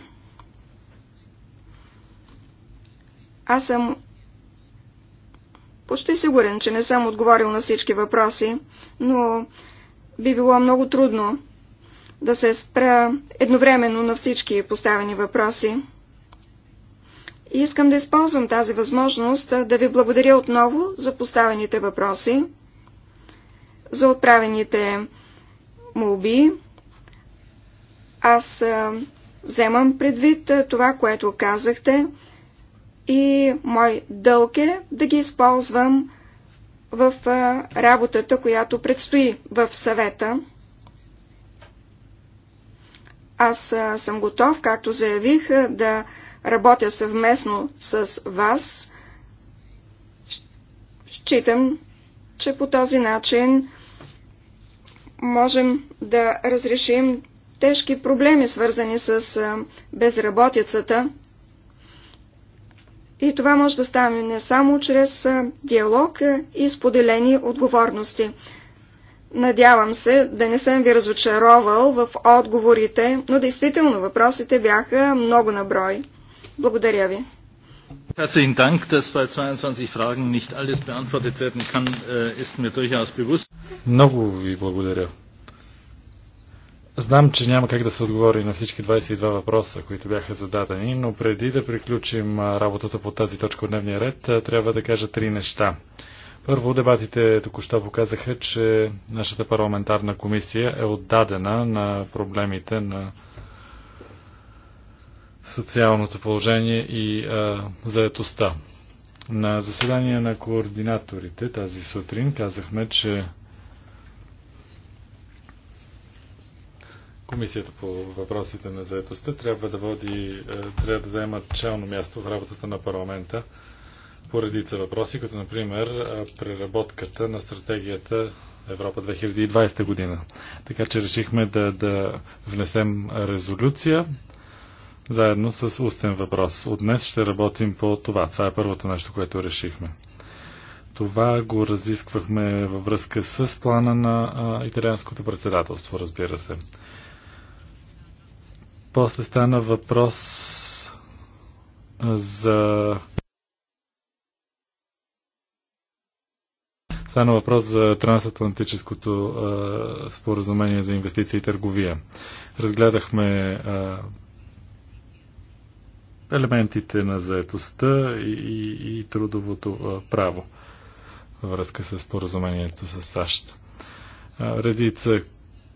Аз съм почти сигурен, че не съм отговорил на всички въпроси, но би било много трудно да се спра едновременно на всички поставени въпроси. И искам да използвам тази възможност да ви благодаря отново за поставените въпроси, за отправените молби. Аз вземам предвид това, което казахте и мой дълг е да ги използвам в работата, която предстои в съвета. Аз съм готов, както заявих, да работя съвместно с вас. Считам, че по този начин можем да разрешим тежки проблеми, свързани с безработицата. И това може да стане не само чрез диалог и споделени отговорности. Надявам се да не съм ви разочаровал в отговорите, но действително въпросите бяха много на брой. Благодаря ви. Herzlichen Dank, dass bei 22 Fragen nicht alles beantwortet werden kann, äh, ist mir durchaus bewusst. Много ви благодаря. Знам, че няма как да се отговори на всички 22 въпроса, които бяха зададени, но преди да приключим работата по тази точка от дневния ред, трябва да кажа три неща. Първо, дебатите току-що показаха, че нашата парламентарна комисия е отдадена на проблемите на социалното положение и а, заетостта. На заседание на координаторите тази сутрин казахме, че Комисията по въпросите на заетостта трябва да води, трябва да заема челно място в работата на парламента по редица въпроси, като например преработката на стратегията Европа 2020 година. Така че решихме да, да внесем резолюция заедно с устен въпрос. От днес ще работим по това. Това е първото нещо, което решихме. Това го разисквахме във връзка с плана на а, италианското председателство, разбира се. После стана въпрос за. Стана въпрос за трансатлантическото а, споразумение за инвестиции и търговия. Разгледахме а, елементите на заетостта и, и, и трудовото право във връзка с поразумението с САЩ. Редица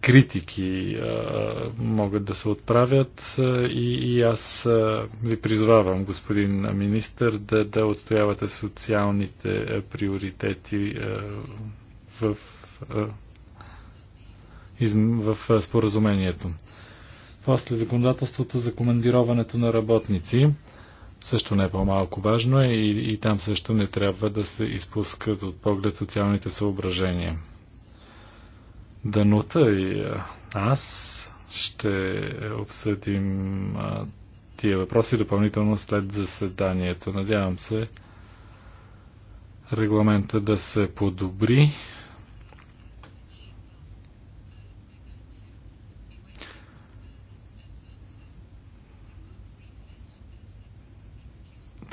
критики а, могат да се отправят а, и, и аз а, ви призвавам, господин министр, да, да отстоявате социалните а, приоритети а, в, а, в споразумението. После законодателството за командироването на работници също не е по-малко важно е и, и там също не трябва да се изпускат от поглед социалните съображения. Данута и аз ще обсъдим а, тия въпроси допълнително след заседанието. Надявам се регламента да се подобри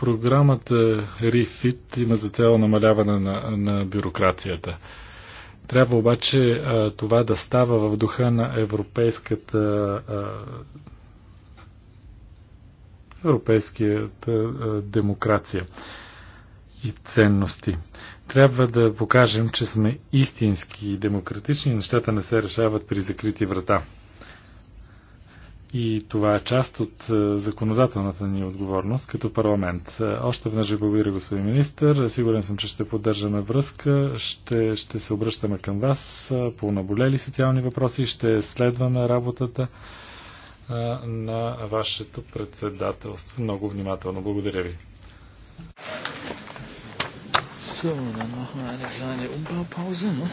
Програмата REFIT има за цел намаляване на, на бюрокрацията. Трябва обаче а, това да става в духа на европейската а, европейската а, демокрация и ценности. Трябва да покажем, че сме истински и демократични, нещата не се решават при закрити врата. И това е част от е, законодателната ни отговорност като парламент. Е, още веднъж ви благодаря, господин министр. Сигурен съм, че ще поддържаме връзка. Ще, ще се обръщаме към вас е, по наболели социални въпроси. Ще следваме работата на вашето председателство. Много внимателно. Благодаря ви. So, dann machen wir eine kleine Umbaupause. Ne?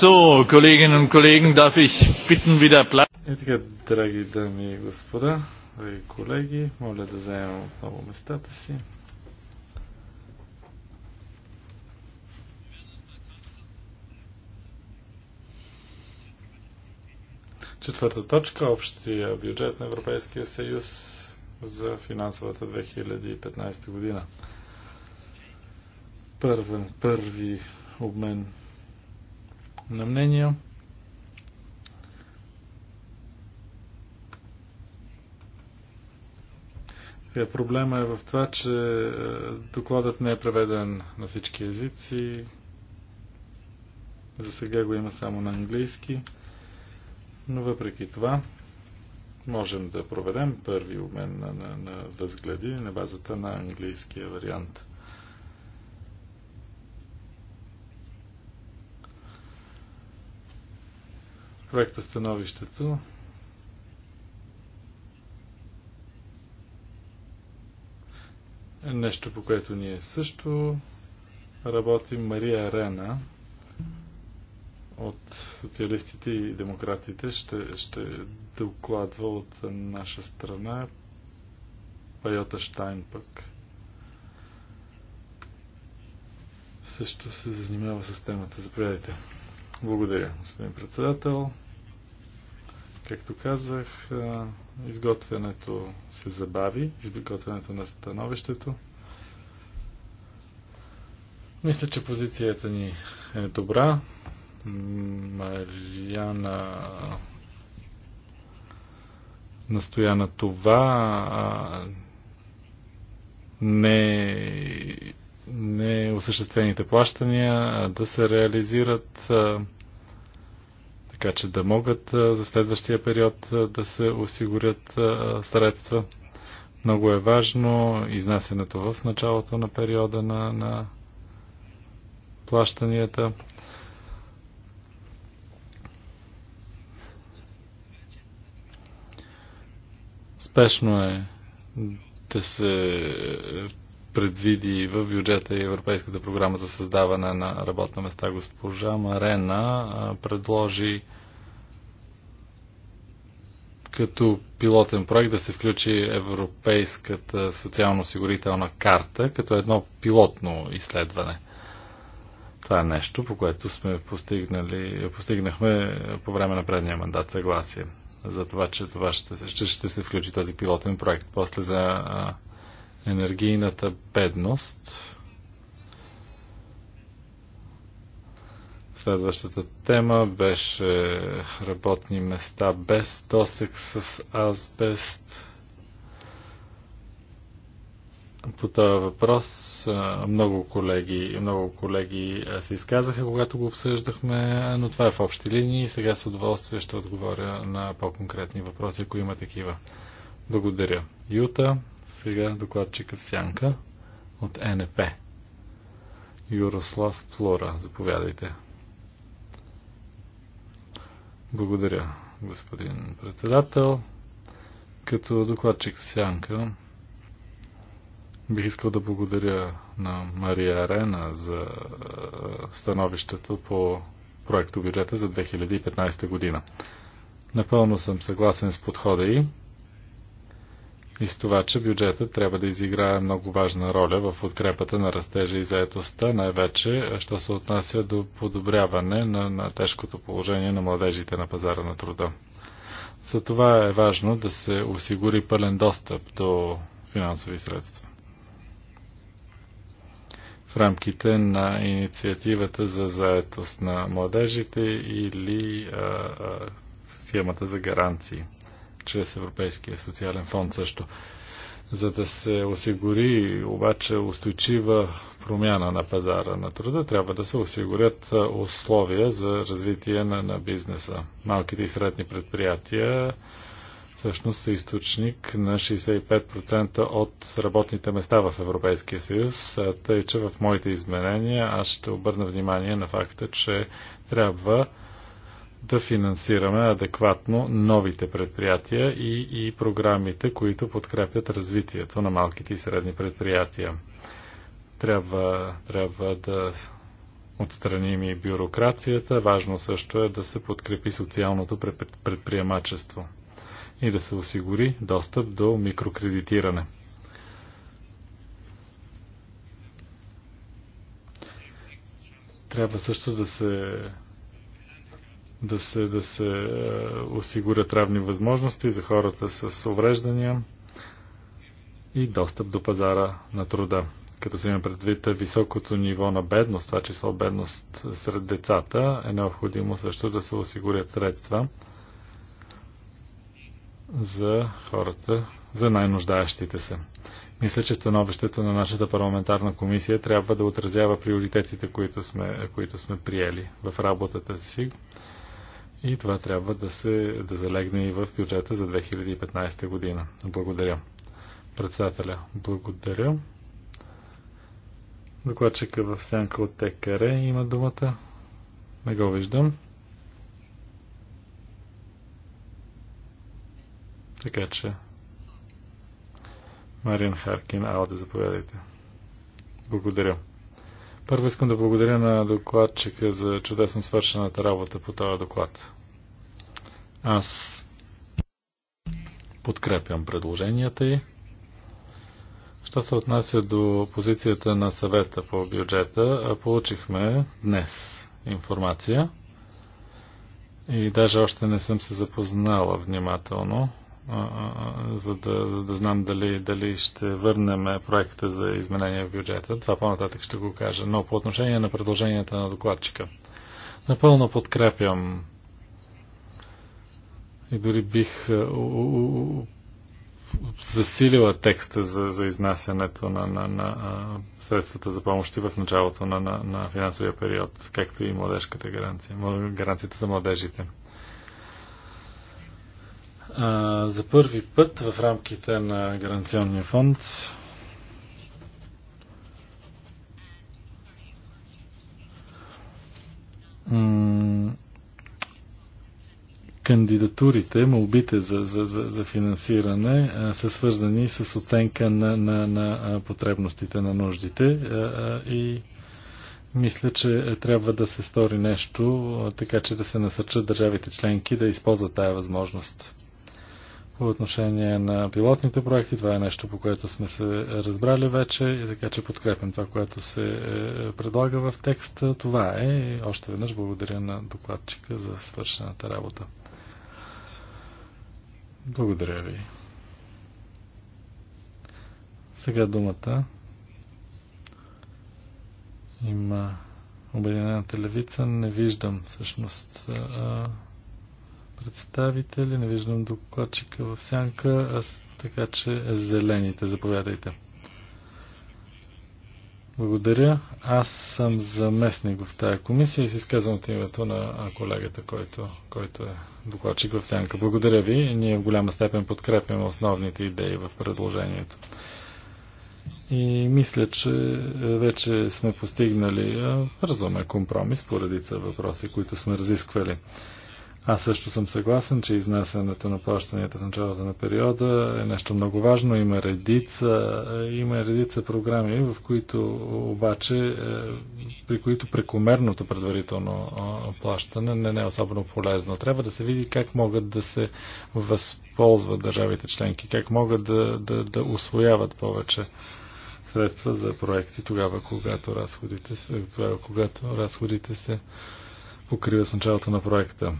So, Kolleginnen und Kollegen, darf ich bitten, wieder Platz. И така, дами и колеги, моля да заемем отново местата си. Четвърта точка – общия бюджет на Европейския съюз за финансовата 2015 година. първи обмен на мнения. Сега проблема е в това, че е, докладът не е преведен на всички езици. За сега го има само на английски. Но въпреки това, можем да проведем първи обмен на, на, на възгледи на базата на английския вариант. проекта становището. Нещо, по което ние също работим. Мария Арена от социалистите и демократите ще, ще докладва от наша страна Пайота Штайн пък. Също се занимава с темата. Заповядайте. Благодаря, господин председател. Както казах, изготвянето се забави, изготвянето на становището. Мисля, че позицията ни е добра. Марияна настоя на това. Не неосъществените плащания да се реализират така че да могат за следващия период да се осигурят средства. Много е важно изнасянето в началото на периода на, на плащанията. Спешно е да се предвиди в бюджета и Европейската програма за създаване на работна места. Госпожа Марена предложи като пилотен проект да се включи Европейската социално-осигурителна карта като едно пилотно изследване. Това е нещо, по което сме постигнали, постигнахме по време на предния мандат съгласие за това, че това ще, ще, ще се включи този пилотен проект. После за енергийната бедност. Следващата тема беше работни места без досек с азбест. По този въпрос много колеги, много колеги се изказаха, когато го обсъждахме, но това е в общи линии. Сега с удоволствие ще отговоря на по-конкретни въпроси, ако има такива. Благодаря. Юта, сега докладчика в сянка от НП. Юрослав Плора, заповядайте. Благодаря, господин председател. Като докладчик в сянка бих искал да благодаря на Мария Арена за е, становището по проекто бюджета за 2015 година. Напълно съм съгласен с подхода и и с това, че бюджетът трябва да изиграе много важна роля в подкрепата на растежа и заетостта, най-вече, що се отнася до подобряване на, на тежкото положение на младежите на пазара на труда. За това е важно да се осигури пълен достъп до финансови средства. В рамките на инициативата за заетост на младежите или а, а, схемата за гаранции чрез Европейския социален фонд също. За да се осигури обаче устойчива промяна на пазара на труда, трябва да се осигурят условия за развитие на, на бизнеса. Малките и средни предприятия всъщност са източник на 65% от работните места в Европейския съюз, тъй че в моите изменения аз ще обърна внимание на факта, че трябва да финансираме адекватно новите предприятия и, и програмите, които подкрепят развитието на малките и средни предприятия. Трябва, трябва да отстраним и бюрокрацията. Важно също е да се подкрепи социалното предприемачество и да се осигури достъп до микрокредитиране. Трябва също да се да се, да се е, осигурят равни възможности за хората с увреждания и достъп до пазара на труда. Като се има предвид високото ниво на бедност, това число бедност сред децата, е необходимо също да се осигурят средства за хората, за най-нуждаещите се. Мисля, че становището на нашата парламентарна комисия трябва да отразява приоритетите, които сме, които сме приели в работата си и това трябва да се да залегне и в бюджета за 2015 година. Благодаря. Председателя, благодаря. Докладчика в сянка от ТКР има думата. Не го виждам. Така че. Марин Харкин, ауде, заповядайте. Благодаря. Първо искам да благодаря на докладчика за чудесно свършената работа по този доклад. Аз подкрепям предложенията й. Що се отнася до позицията на съвета по бюджета, получихме днес информация и даже още не съм се запознала внимателно за да, за да знам дали, дали ще върнем проекта за изменение в бюджета. Това по-нататък ще го кажа. Но по отношение на предложенията на докладчика. Напълно подкрепям и дори бих засилила текста за, за изнасянето на, на, на средствата за помощи в началото на, на, на финансовия период, както и младежката гаранция, гаранцията за младежите. За първи път в рамките на Гаранционния фонд кандидатурите, молбите за, за, за, за финансиране а, са свързани с оценка на, на, на потребностите, на нуждите а, а, и мисля, че трябва да се стори нещо, така че да се насърчат държавите членки да използват тая възможност. В отношение на пилотните проекти, това е нещо, по което сме се разбрали вече и така, че подкрепям това, което се е, предлага в текста. Това е и още веднъж благодаря на докладчика за свършената работа. Благодаря ви. Сега думата има Обединената левица. Не виждам всъщност е, е, представители, не виждам докладчика в сянка, аз, така че зелените, заповядайте. Благодаря. Аз съм заместник в тая комисия и се изказвам от името на колегата, който, който е докладчик в сянка. Благодаря ви. Ние в голяма степен подкрепяме основните идеи в предложението. И мисля, че е, вече сме постигнали е, разумен компромис по редица въпроси, които сме разисквали. Аз също съм съгласен, че изнасянето на плащанията в началото на периода е нещо много важно. Има редица, има редица програми, в които обаче, е, при които прекомерното предварително плащане не е особено полезно. Трябва да се види как могат да се възползват държавите членки, как могат да, да, да освояват повече средства за проекти тогава, когато разходите, тогава, когато разходите се покриват в началото на проекта.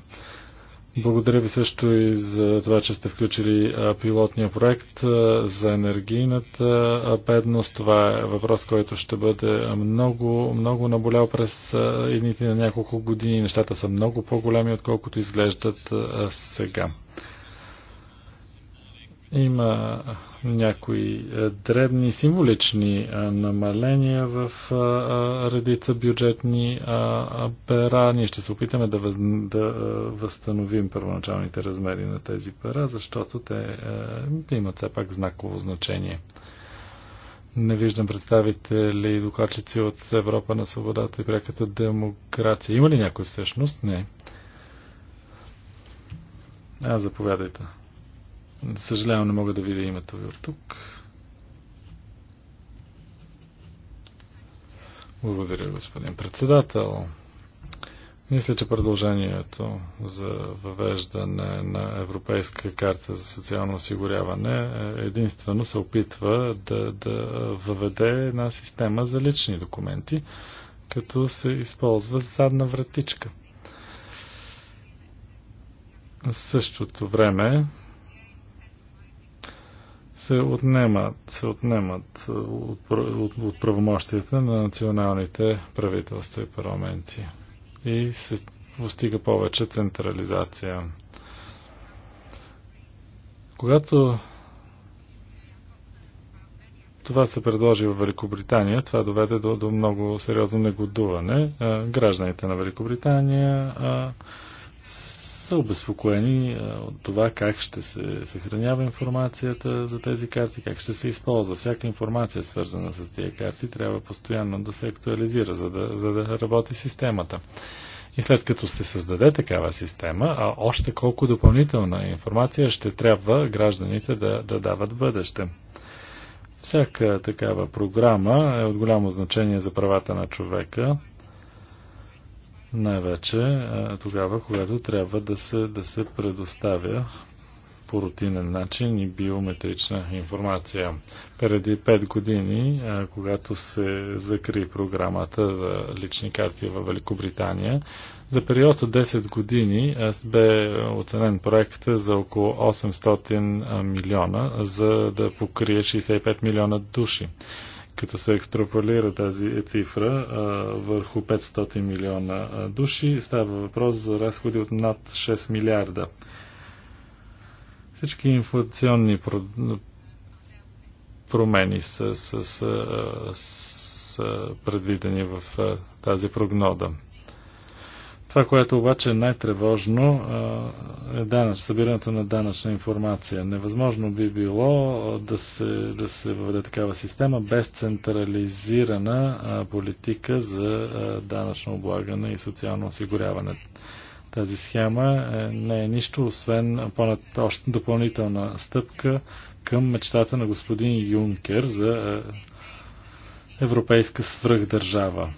Благодаря ви също и за това, че сте включили пилотния проект за енергийната бедност. Това е въпрос, който ще бъде много, много наболял през едните на няколко години. Нещата са много по-големи, отколкото изглеждат сега. Има някои е, дребни символични е, намаления в е, редица бюджетни пера. Ние ще се опитаме да, въз... да възстановим първоначалните размери на тези пера, защото те имат все пак знаково значение. Не виждам представители и докладчици от Европа на свободата и пряката демокрация. Има ли някой всъщност? Не. А, заповядайте. Съжалявам, не мога да видя името ви от тук. Благодаря, господин председател. Мисля, че продължението за въвеждане на Европейска карта за социално осигуряване единствено се опитва да, да въведе една система за лични документи, като се използва задна вратичка. В същото време се отнемат, се отнемат е, от, от, от правомощията на националните правителства и парламенти и се постига повече централизация. Когато това се предложи в Великобритания, това доведе до, до много сериозно негодуване. Е, гражданите на Великобритания е, са обезпокоени е, от това как ще се съхранява информацията за тези карти, как ще се използва. Всяка информация, свързана с тези карти, трябва постоянно да се актуализира, за да, за да работи системата. И след като се създаде такава система, а още колко допълнителна информация ще трябва гражданите да, да дават бъдеще. Всяка такава програма е от голямо значение за правата на човека, най-вече е, тогава, когато трябва да се, да се предоставя по рутинен начин и биометрична информация. Преди 5 години, е, когато се закри програмата за лични карти в Великобритания, за период от 10 години е, бе оценен проект за около 800 милиона, за да покрие 65 милиона души като се екстраполира тази цифра а, върху 500 милиона души, става въпрос за разходи от над 6 милиарда. Всички инфлационни про... промени са, са, са, са предвидени в тази прогноза. Това, което обаче е най-тревожно, е данъч, събирането на данъчна информация. Невъзможно би било да се, да се въведе такава система без централизирана политика за данъчно облагане и социално осигуряване. Тази схема е, не е нищо, освен още допълнителна стъпка към мечтата на господин Юнкер за е, европейска свръхдържава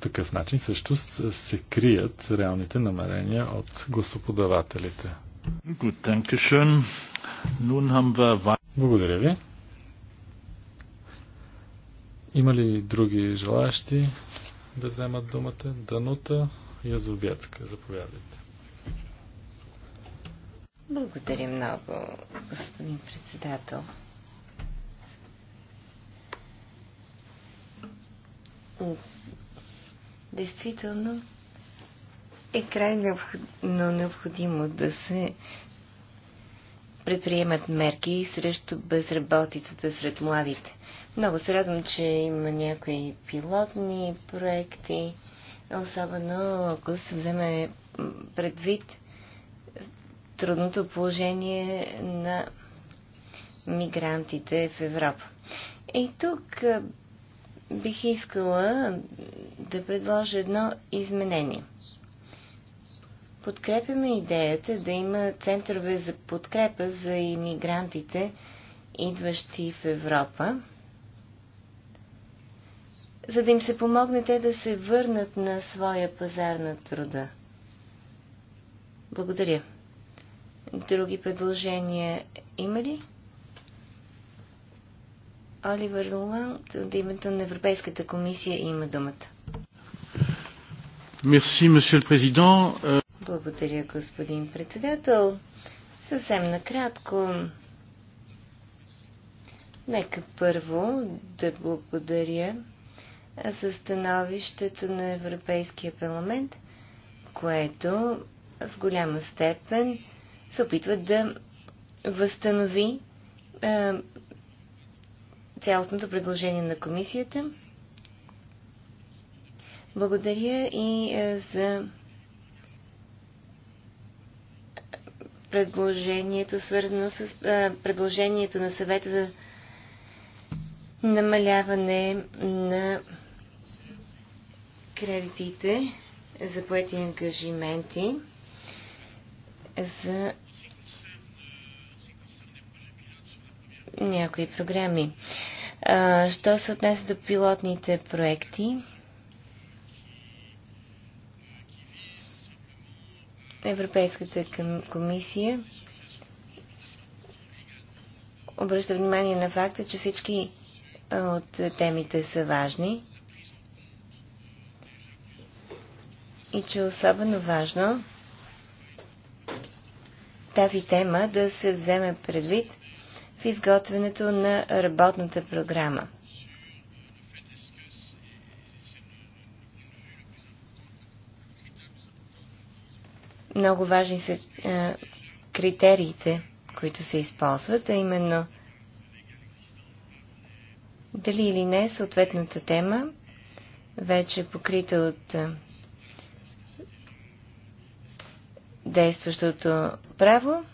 такъв начин също се крият реалните намерения от гласоподавателите. Благодаря ви. Има ли други желаящи да вземат думата? Данута Язовецка, заповядайте. Благодаря много, господин председател действително е крайно необходимо да се предприемат мерки срещу безработицата сред младите. Много се радвам, че има някои пилотни проекти, особено ако се вземе предвид трудното положение на мигрантите в Европа. И тук бих искала да предложа едно изменение. Подкрепяме идеята да има центрове за подкрепа за иммигрантите, идващи в Европа, за да им се помогне те да се върнат на своя пазар на труда. Благодаря. Други предложения има ли? Оливер Луланд от името на Европейската комисия има думата. Мерси, месье президент. Благодаря, господин председател. Съвсем накратко. Нека първо да благодаря за становището на Европейския парламент, което в голяма степен се опитва да възстанови цялостното предложение на комисията. Благодаря и е, за предложението, свързано с е, предложението на съвета за намаляване на кредитите за поети ангажименти за някои програми. Що се отнесе до пилотните проекти? Европейската комисия обръща внимание на факта, че всички от темите са важни и че е особено важно тази тема да се вземе предвид изготвянето на работната програма. Много важни са е, критериите, които се използват, а именно дали или не съответната тема вече е покрита от е, действащото право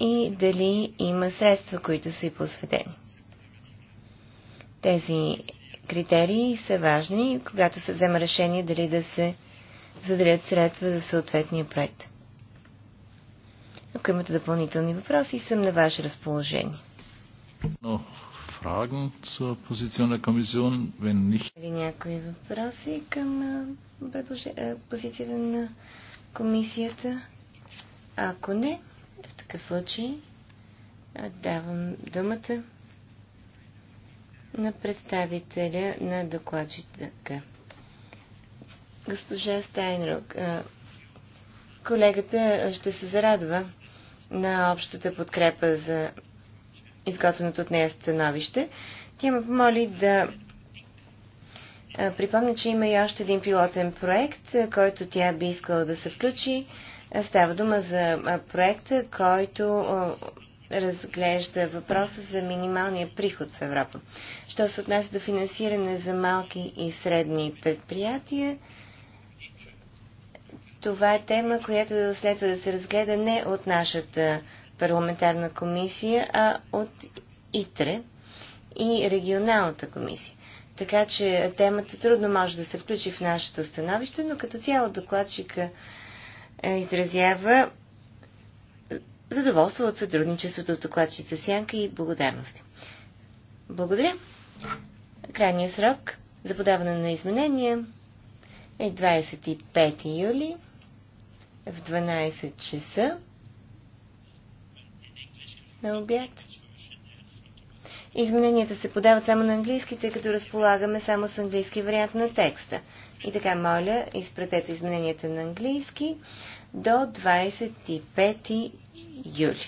и дали има средства, които са и посветени. Тези критерии са важни, когато се взема решение дали да се заделят средства за съответния проект. Ако имате допълнителни въпроси, съм на ваше разположение. Но Fragen zur Position der Kommission? Wenn Или някои въпроси към предложи... позицията на комисията? Ако не, такъв случай давам думата на представителя на докладчика. Госпожа Стайнрук, колегата ще се зарадва на общата подкрепа за изготвеното от нея становище. Тя ме помоли да припомня, че има и още един пилотен проект, който тя би искала да се включи Става дума за проекта, който разглежда въпроса за минималния приход в Европа. Що се отнася до финансиране за малки и средни предприятия, това е тема, която следва да се разгледа не от нашата парламентарна комисия, а от ИТРЕ и регионалната комисия. Така че темата трудно може да се включи в нашето становище, но като цяло докладчика е, изразява задоволство от сътрудничеството от докладчица Сянка и благодарности. Благодаря. Крайният срок за подаване на изменения е 25 юли в 12 часа на обяд. Измененията се подават само на английски, тъй като разполагаме само с английски вариант на текста. И така, моля, изпратете измененията на английски до 25 юли.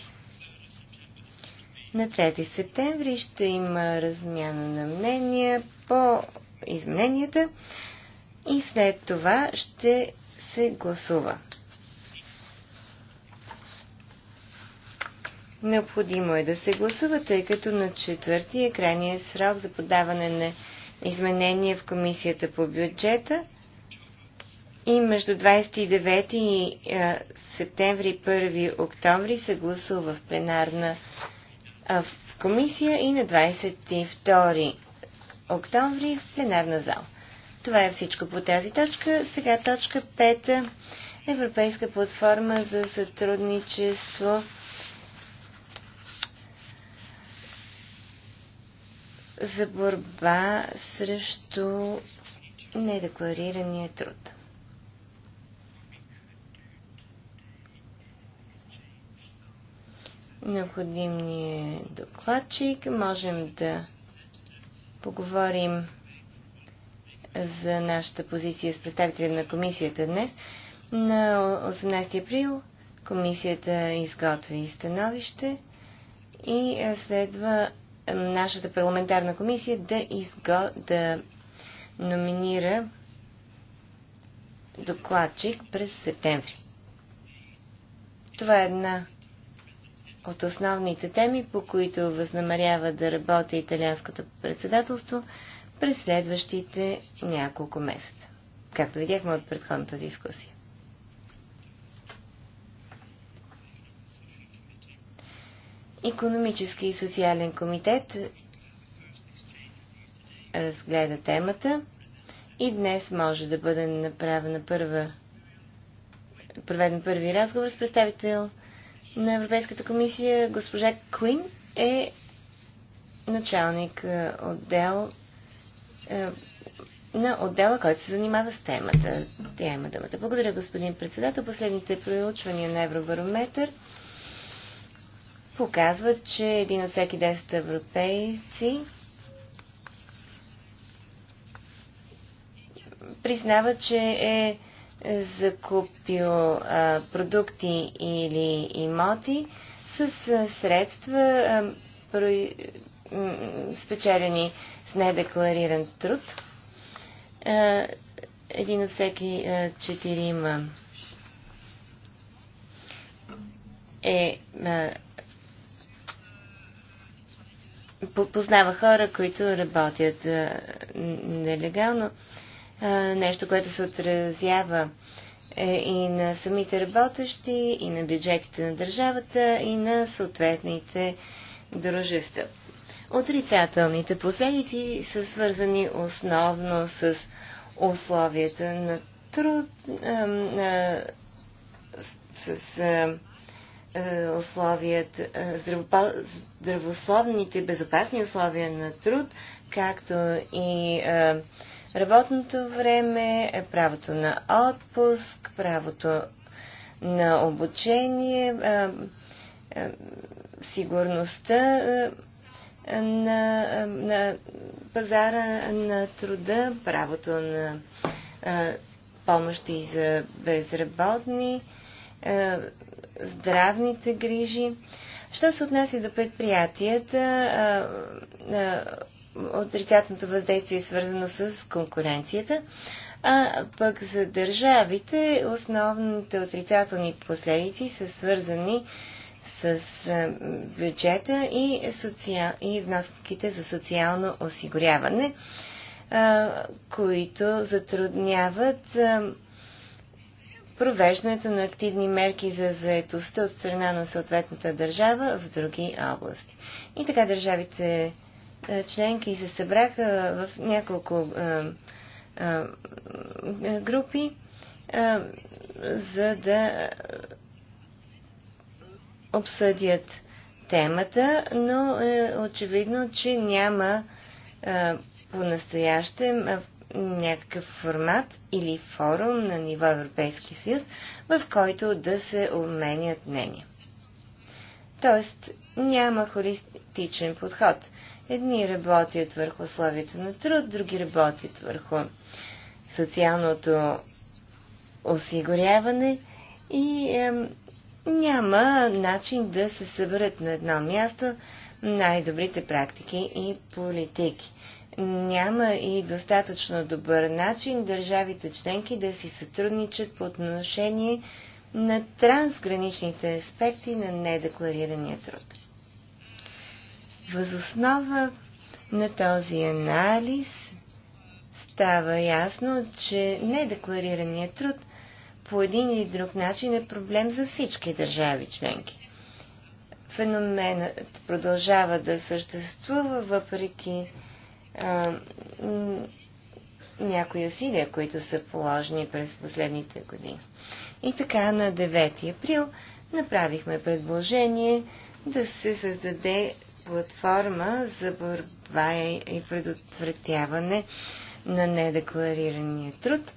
На 3 септември ще има размяна на мнения по измененията и след това ще се гласува. Необходимо е да се гласува, тъй като на четвъртия е крайния срок за подаване на изменения в комисията по бюджета и между 29 и е, септември 1 октомври се гласува в пленарна е, в комисия и на 22 октомври в пленарна зала. Това е всичко по тази точка. Сега точка 5. Европейска платформа за сътрудничество за борба срещу недекларирания труд. Необходим ни е докладчик. Можем да поговорим за нашата позиция с представителя на комисията днес. На 18 април комисията изготви становище и следва нашата парламентарна комисия да, изго, да номинира докладчик през септември. Това е една от основните теми, по които възнамерява да работи италианското председателство през следващите няколко месеца, както видяхме от предходната дискусия. Економически и социален комитет разгледа темата и днес може да бъде направена първа проведен първи разговор с представител на Европейската комисия. Госпожа Куин е началник отдел на отдела, който се занимава с темата. Тя има думата. Благодаря, господин председател. Последните проучвания на Евробарометър показват, че един от всеки 10 европейци признава, че е закупил а, продукти или имоти с а, средства, а, про... спечелени с недеклариран труд. А, един от всеки а, четирима е а, познава хора, които работят нелегално. Нещо, което се отразява е и на самите работещи, и на бюджетите на държавата, и на съответните дружества. Отрицателните последици са свързани основно с условията на труд, с е, условият, е, здравословните, безопасни условия на труд, както и е, работното време, правото на отпуск, правото на обучение, сигурността на, на пазара на труда, правото на помощи за безработни, здравните грижи. Що се отнася до предприятията, отрицателното въздействие е свързано с конкуренцията, а пък за държавите основните отрицателни последици са свързани с бюджета и, социал... и вноските за социално осигуряване, които затрудняват провеждането на активни мерки за заетостта от страна на съответната държава в други области. И така държавите е, членки се събраха в няколко е, е, групи, за да обсъдят темата, но е очевидно, че няма по-настоящем някакъв формат или форум на ниво Европейски съюз, в който да се обменят мнения. Тоест, няма холистичен подход. Едни работят върху условията на труд, други работят върху социалното осигуряване и е, няма начин да се съберат на едно място най-добрите практики и политики няма и достатъчно добър начин държавите членки да си сътрудничат по отношение на трансграничните аспекти на недекларирания труд. Възоснова на този анализ става ясно, че недекларираният труд по един или друг начин е проблем за всички държави членки. Феноменът продължава да съществува въпреки а, някои усилия, които са положени през последните години. И така на 9 април направихме предложение да се създаде платформа за борба и предотвратяване на недекларирания труд,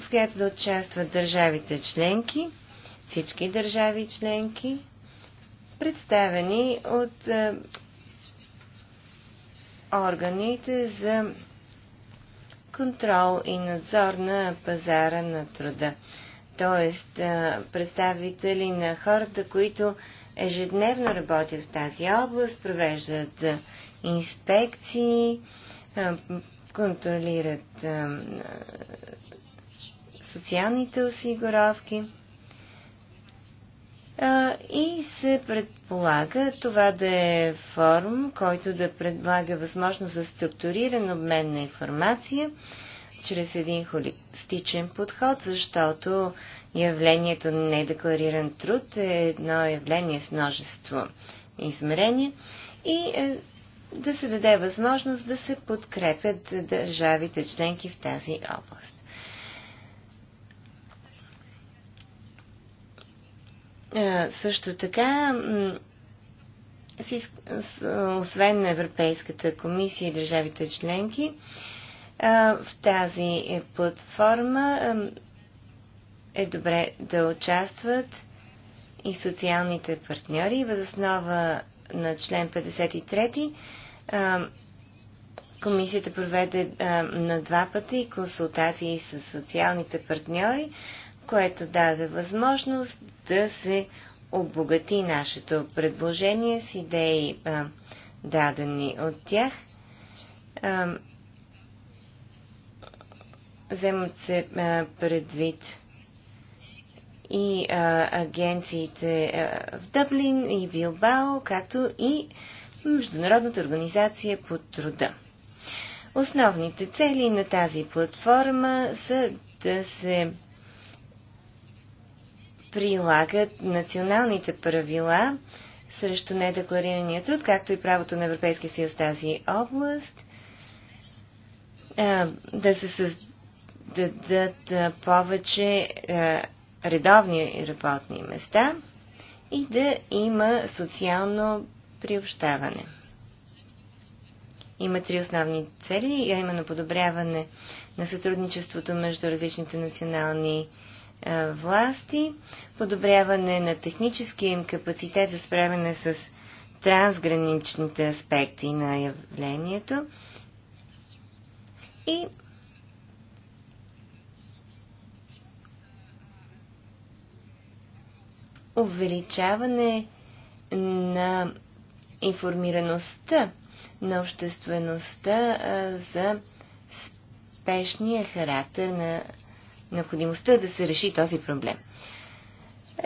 в която да участват държавите членки, всички държави членки, представени от органите за контрол и надзор на пазара на труда. Тоест, представители на хората, които ежедневно работят в тази област, провеждат инспекции, контролират социалните осигуровки и се предполага това да е форум, който да предлага възможност за структуриран обмен на информация чрез един холистичен подход, защото явлението на недеклариран труд е едно явление с множество измерения и е, да се даде възможност да се подкрепят държавите членки в тази област. Е, също така, е, освен на Европейската комисия и държавите членки, е, в тази платформа е добре да участват и социалните партньори. Възоснова на член 53 комисията проведе на два пъти консултации с социалните партньори което даде възможност да се обогати нашето предложение с идеи, а, дадени от тях. А, вземат се а, предвид и а, агенциите а, в Дъблин и Билбао, както и Международната организация по труда. Основните цели на тази платформа са да се прилагат националните правила срещу недекларирания труд, както и правото на Европейския съюз в тази област, да се създадат повече редовни работни места и да има социално приобщаване. Има три основни цели, а именно подобряване на сътрудничеството между различните национални власти, подобряване на техническия им капацитет за справяне с трансграничните аспекти на явлението и увеличаване на информираността на обществеността за спешния характер на необходимостта да се реши този проблем.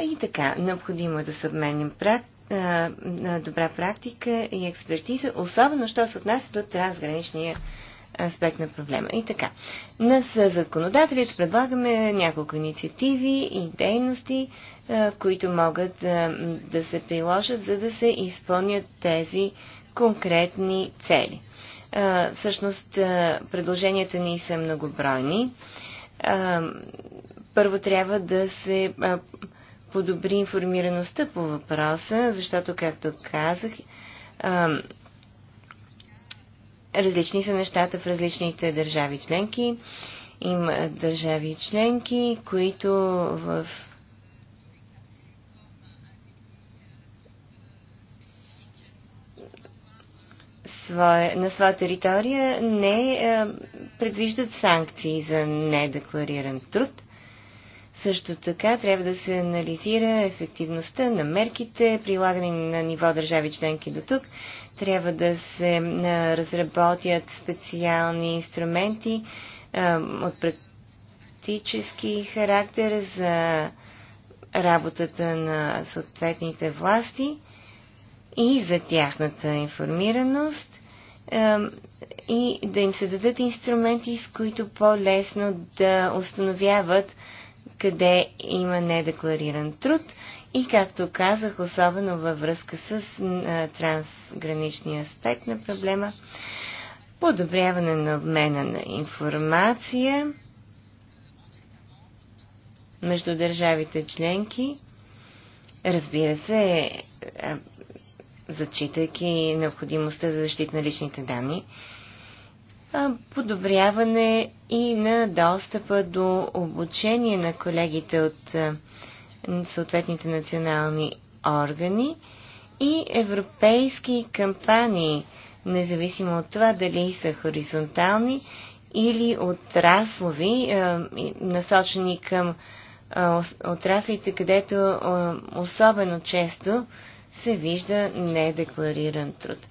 И така, необходимо е да се обменим прак, добра практика и експертиза, особено що се отнася до трансграничния аспект на проблема. И така, на законодателите предлагаме няколко инициативи и дейности, които могат да се приложат, за да се изпълнят тези конкретни цели. Всъщност, предложенията ни са многобройни а, първо трябва да се а, подобри информираността по въпроса, защото, както казах, а, различни са нещата в различните държави членки. Има държави членки, които в своя, на своя територия не е, предвиждат санкции за недеклариран труд. Също така трябва да се анализира ефективността на мерките, прилагани на ниво държави членки до тук. Трябва да се е, разработят специални инструменти е, от практически характер за работата на съответните власти – и за тяхната информираност и да им се дадат инструменти, с които по-лесно да установяват къде има недеклариран труд и, както казах, особено във връзка с трансграничния аспект на проблема, подобряване на обмена на информация между държавите членки. Разбира се, зачитайки необходимостта за защита на личните данни, подобряване и на достъпа до обучение на колегите от съответните национални органи и европейски кампании, независимо от това дали са хоризонтални или отраслови, насочени към отраслите, където особено често се вижда недеклариран труд.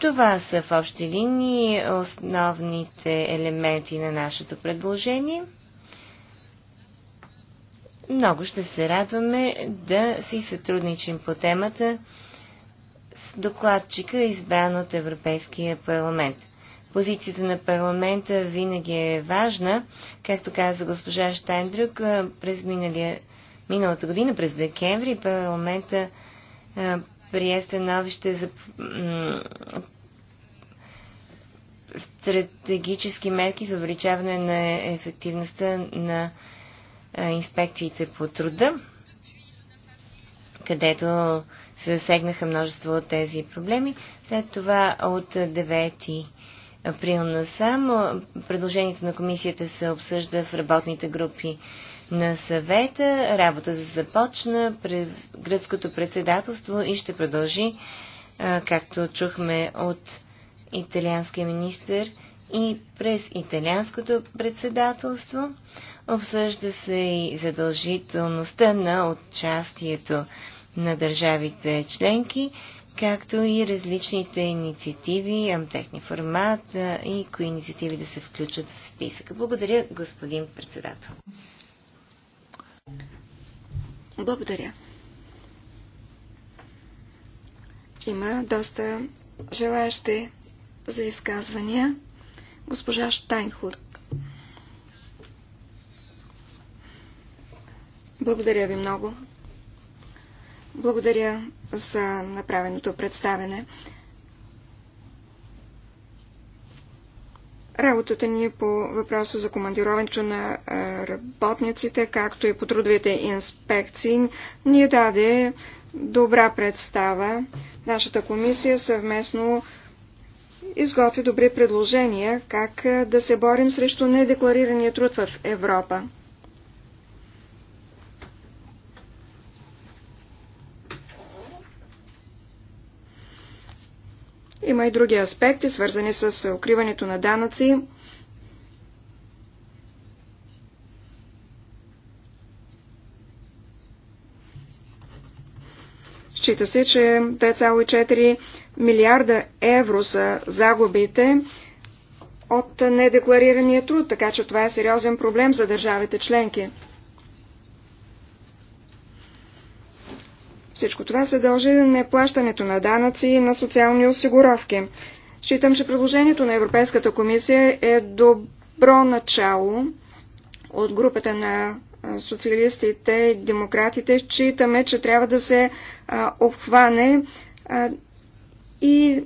Това са в общи линии основните елементи на нашето предложение. Много ще се радваме да си сътрудничим по темата с докладчика, избран от Европейския парламент. Позицията на парламента винаги е важна. Както каза госпожа Штайндрюк, през миналия, миналата година, през декември, парламента е, прие становище за стратегически мерки за увеличаване на ефективността на е, инспекциите по труда, където се засегнаха множество от тези проблеми. След това от 9 април насам е, предложението на комисията се обсъжда в работните групи на съвета. Работа се започна през гръцкото председателство и ще продължи, както чухме от италианския министр и през италианското председателство. Обсъжда се и задължителността на участието на държавите членки, както и различните инициативи, амтехни формат и кои инициативи да се включат в списъка. Благодаря, господин председател. Благодаря. Има доста желаящи за изказвания. Госпожа Штайнхург. Благодаря ви много. Благодаря за направеното представене. Работата ни е по въпроса за командироването на работниците, както и по трудовите инспекции, ни даде добра представа. Нашата комисия съвместно изготви добри предложения как да се борим срещу недекларирания труд в Европа. Има и други аспекти, свързани с укриването на данъци. Счита се, че 2,4 милиарда евро са загубите от недекларирания труд, така че това е сериозен проблем за държавите членки. Всичко това се дължи на неплащането на данъци и на социални осигуровки. Считам, че предложението на Европейската комисия е добро начало от групата на социалистите и демократите. Считаме, че трябва да се обхване и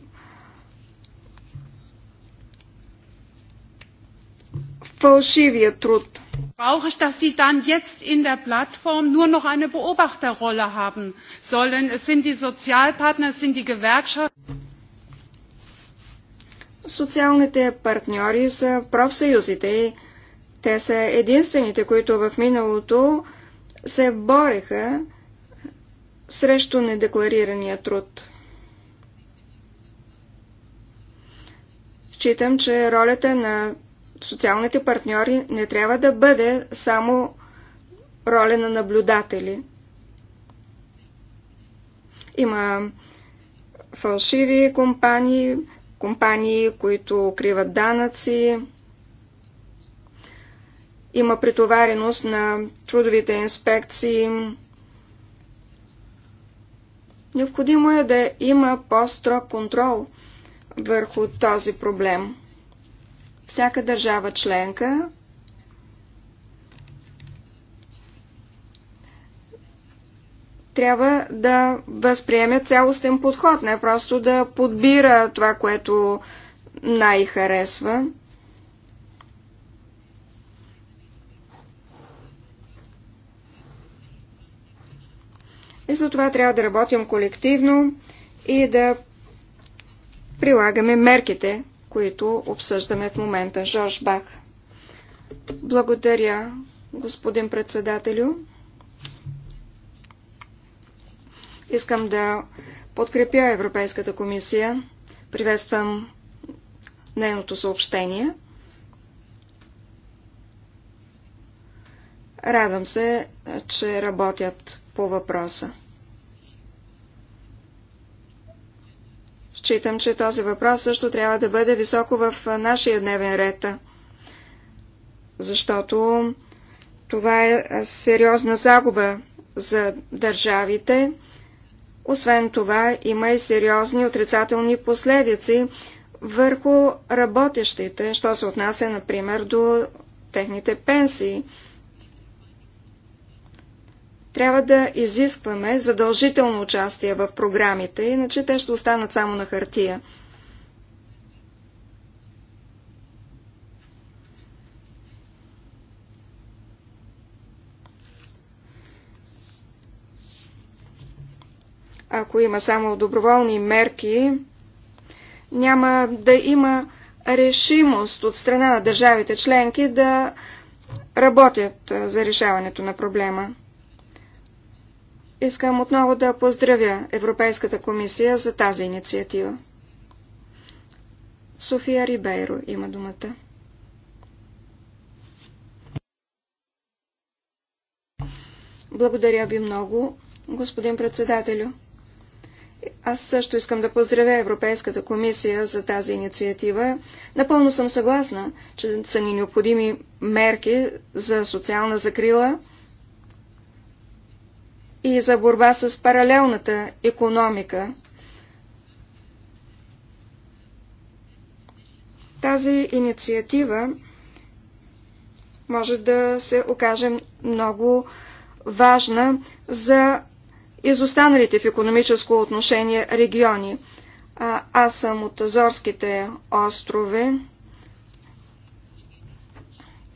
фалшивия труд brauche ich, dass Sie dann jetzt in der Plattform nur noch eine Beobachterrolle haben sollen. Es sind die Sozialpartner, es sind die Gewerkschaften. Социалните партньори са профсъюзите. Те са единствените, които в миналото се бореха срещу недекларирания труд. Считам, че ролята на социалните партньори не трябва да бъде само роля на наблюдатели. Има фалшиви компании, компании, които укриват данъци. Има притовареност на трудовите инспекции. Необходимо е да има по-строг контрол върху този проблем всяка държава членка трябва да възприеме цялостен подход, не просто да подбира това, което най-харесва. И за това трябва да работим колективно и да прилагаме мерките, които обсъждаме в момента. Жорж Бах. Благодаря, господин председателю. Искам да подкрепя Европейската комисия. Приветствам нейното съобщение. Радвам се, че работят по въпроса. Считам, че този въпрос също трябва да бъде високо в нашия дневен ред, защото това е сериозна загуба за държавите. Освен това, има и сериозни отрицателни последици върху работещите, що се отнася, например, до техните пенсии трябва да изискваме задължително участие в програмите, иначе те ще останат само на хартия. Ако има само доброволни мерки, няма да има решимост от страна на държавите членки да работят за решаването на проблема. Искам отново да поздравя Европейската комисия за тази инициатива. София Рибейро има думата. Благодаря ви много, господин председателю. Аз също искам да поздравя Европейската комисия за тази инициатива. Напълно съм съгласна, че са ни необходими мерки за социална закрила – и за борба с паралелната економика. Тази инициатива може да се окаже много важна за изостаналите в економическо отношение региони. А, аз съм от Азорските острови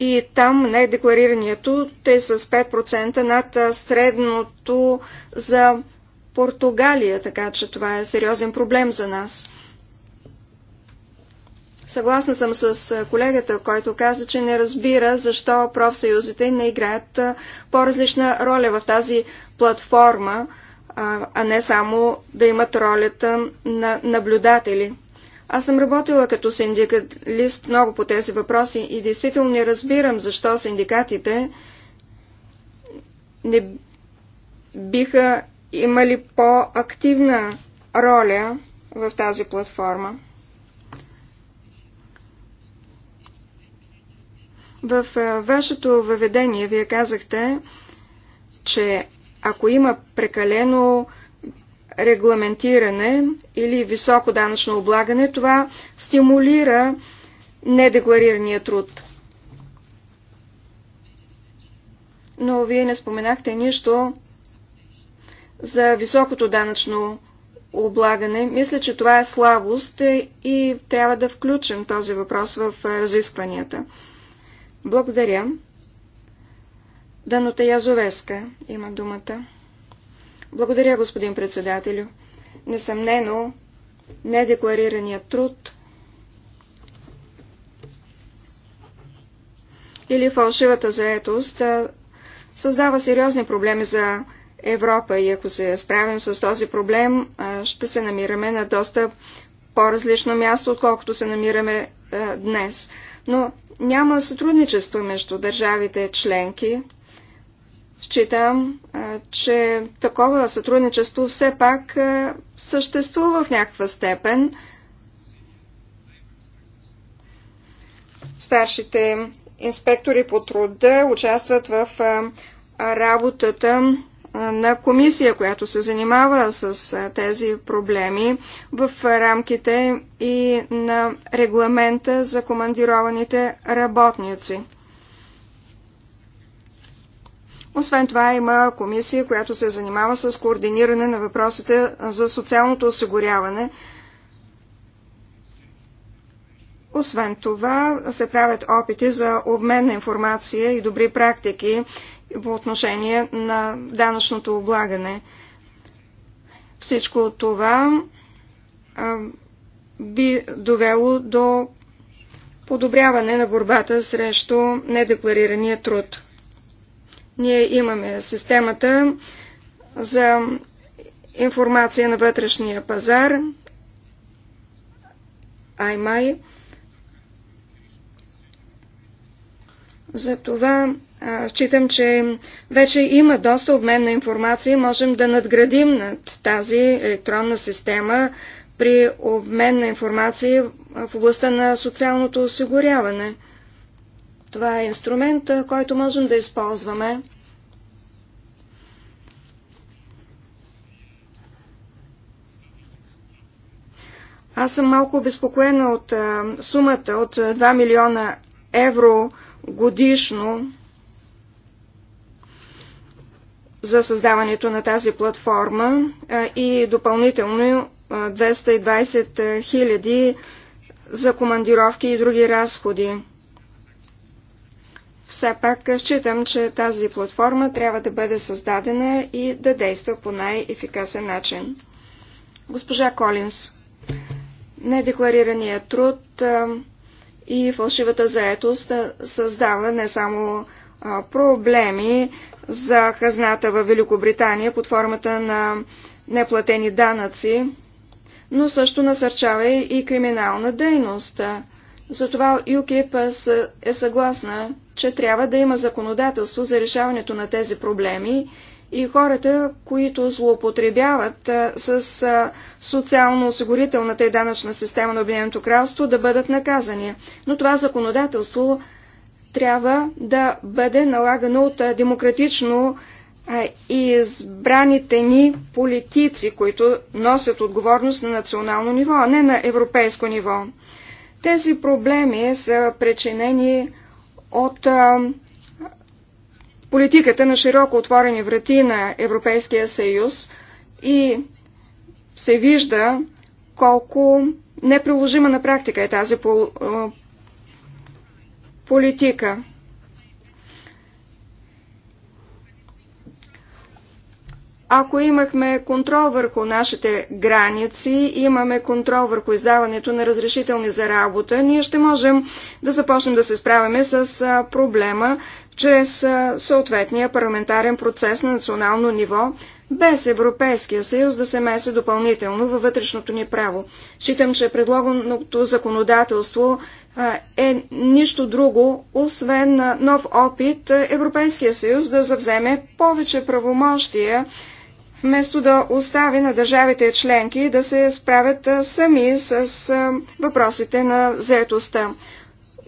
и там недекларирането е с 5% над средното за Португалия, така че това е сериозен проблем за нас. Съгласна съм с колегата, който каза, че не разбира защо профсъюзите не играят по-различна роля в тази платформа, а не само да имат ролята на наблюдатели. Аз съм работила като синдикалист много по тези въпроси и действително не разбирам защо синдикатите не биха имали по-активна роля в тази платформа. В е, вашето въведение вие казахте, че ако има прекалено регламентиране или високо данъчно облагане, това стимулира недекларирания труд. Но вие не споменахте нищо за високото данъчно облагане. Мисля, че това е слабост и трябва да включим този въпрос в разискванията. Благодаря. Данута Язовеска има думата. Благодаря, господин председателю. Несъмнено, недекларираният труд или фалшивата заетост създава сериозни проблеми за Европа и ако се справим с този проблем, ще се намираме на доста по-различно място, отколкото се намираме днес. Но няма сътрудничество между държавите членки, Считам, че такова сътрудничество все пак съществува в някаква степен. Старшите инспектори по труда участват в работата на комисия, която се занимава с тези проблеми в рамките и на регламента за командированите работници. Освен това има комисия, която се занимава с координиране на въпросите за социалното осигуряване. Освен това се правят опити за обмен на информация и добри практики по отношение на данъчното облагане. Всичко това би довело до подобряване на борбата срещу недекларирания труд. Ние имаме системата за информация на вътрешния пазар, IMAI. Затова считам, че вече има доста обмен на информация. Можем да надградим над тази електронна система при обмен на информация в областта на социалното осигуряване. Това е инструмент, който можем да използваме. Аз съм малко обезпокоена от сумата от 2 милиона евро годишно за създаването на тази платформа и допълнително 220 хиляди за командировки и други разходи все пак е, считам, че тази платформа трябва да бъде създадена и да действа по най-ефикасен начин. Госпожа Колинс, недекларираният труд е, и фалшивата заетост е, създава не само проблеми за хазната в Великобритания под формата на неплатени данъци, но също насърчава и криминална дейност – затова ЮКИП е съгласна, че трябва да има законодателство за решаването на тези проблеми и хората, които злоупотребяват с социално-осигурителната и данъчна система на Обединеното кралство, да бъдат наказани. Но това законодателство трябва да бъде налагано от демократично и избраните ни политици, които носят отговорност на национално ниво, а не на европейско ниво. Тези проблеми са причинени от а, политиката на широко отворени врати на Европейския съюз и се вижда колко неприложима на практика е тази пол, а, политика. Ако имахме контрол върху нашите граници, имаме контрол върху издаването на разрешителни за работа, ние ще можем да започнем да се справяме с проблема чрез съответния парламентарен процес на национално ниво, без Европейския съюз да се меси допълнително във вътрешното ни право. Считам, че предлаганото законодателство е нищо друго, освен нов опит Европейския съюз да завземе повече правомощия вместо да остави на държавите членки да се справят сами с въпросите на заетостта.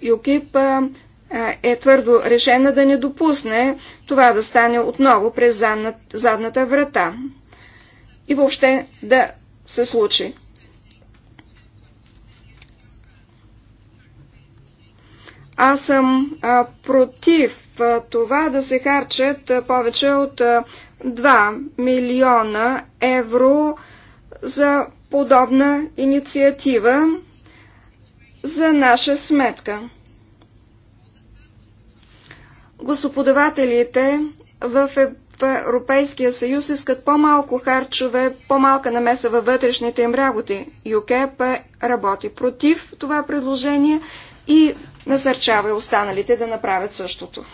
ЮКИП е твърдо решена да не допусне това да стане отново през задната врата и въобще да се случи. Аз съм а, против а, това да се харчат а, повече от а, 2 милиона евро за подобна инициатива за наша сметка. Гласоподавателите в Европейския съюз искат по-малко харчове, по-малка намеса във вътрешните им работи. ЮКЕП работи против това предложение и насърчава останалите да направят същото.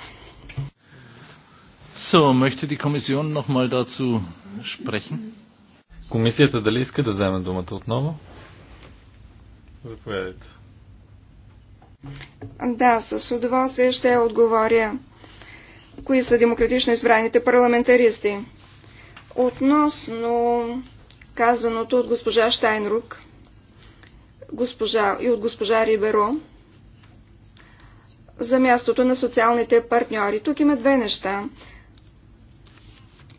So, möchte die Kommission noch mal dazu sprechen? Комисията дали иска да вземе думата отново? Заповядайте. Да, с удоволствие ще отговоря. Кои са демократично избраните парламентаристи? Относно казаното от госпожа Штайнрук госпожа, и от госпожа Риберо за мястото на социалните партньори. Тук има две неща.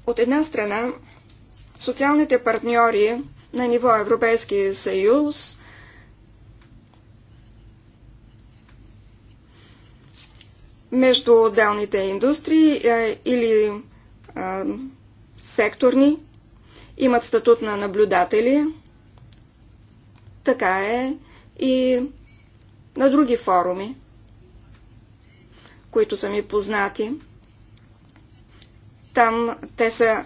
От една страна, социалните партньори на ниво Европейския съюз между отделните индустрии е, или а, секторни имат статут на наблюдатели. Така е и на други форуми, които са ми познати. Там те са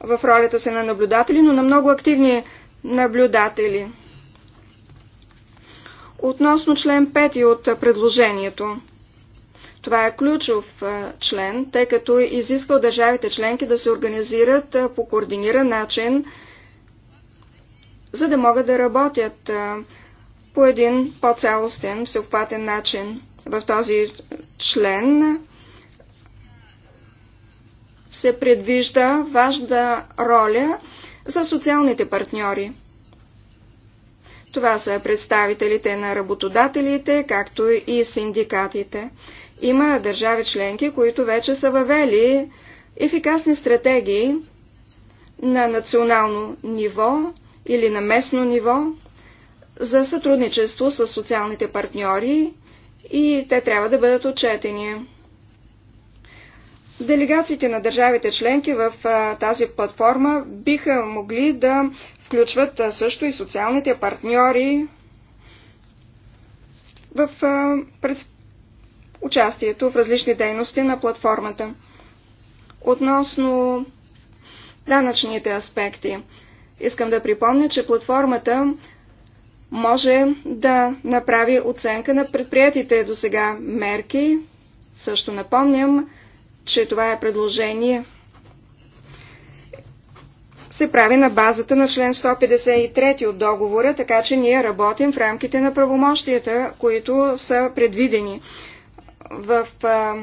в ролята си на наблюдатели, но на много активни наблюдатели. Относно член 5 от предложението. Това е ключов член, тъй като изисква от държавите членки да се организират по координиран начин, за да могат да работят по един по-цялостен, всеобхватен начин. В този член се предвижда важна роля за социалните партньори. Това са представителите на работодателите, както и синдикатите. Има държави членки, които вече са въвели ефикасни стратегии на национално ниво или на местно ниво за сътрудничество с социалните партньори и те трябва да бъдат отчетени. Делегациите на държавите членки в тази платформа биха могли да включват също и социалните партньори в участието в различни дейности на платформата. Относно данъчните аспекти, искам да припомня, че платформата може да направи оценка на предприятите до сега мерки. Също напомням, че това е предложение се прави на базата на член 153 от договора, така че ние работим в рамките на правомощията, които са предвидени в а,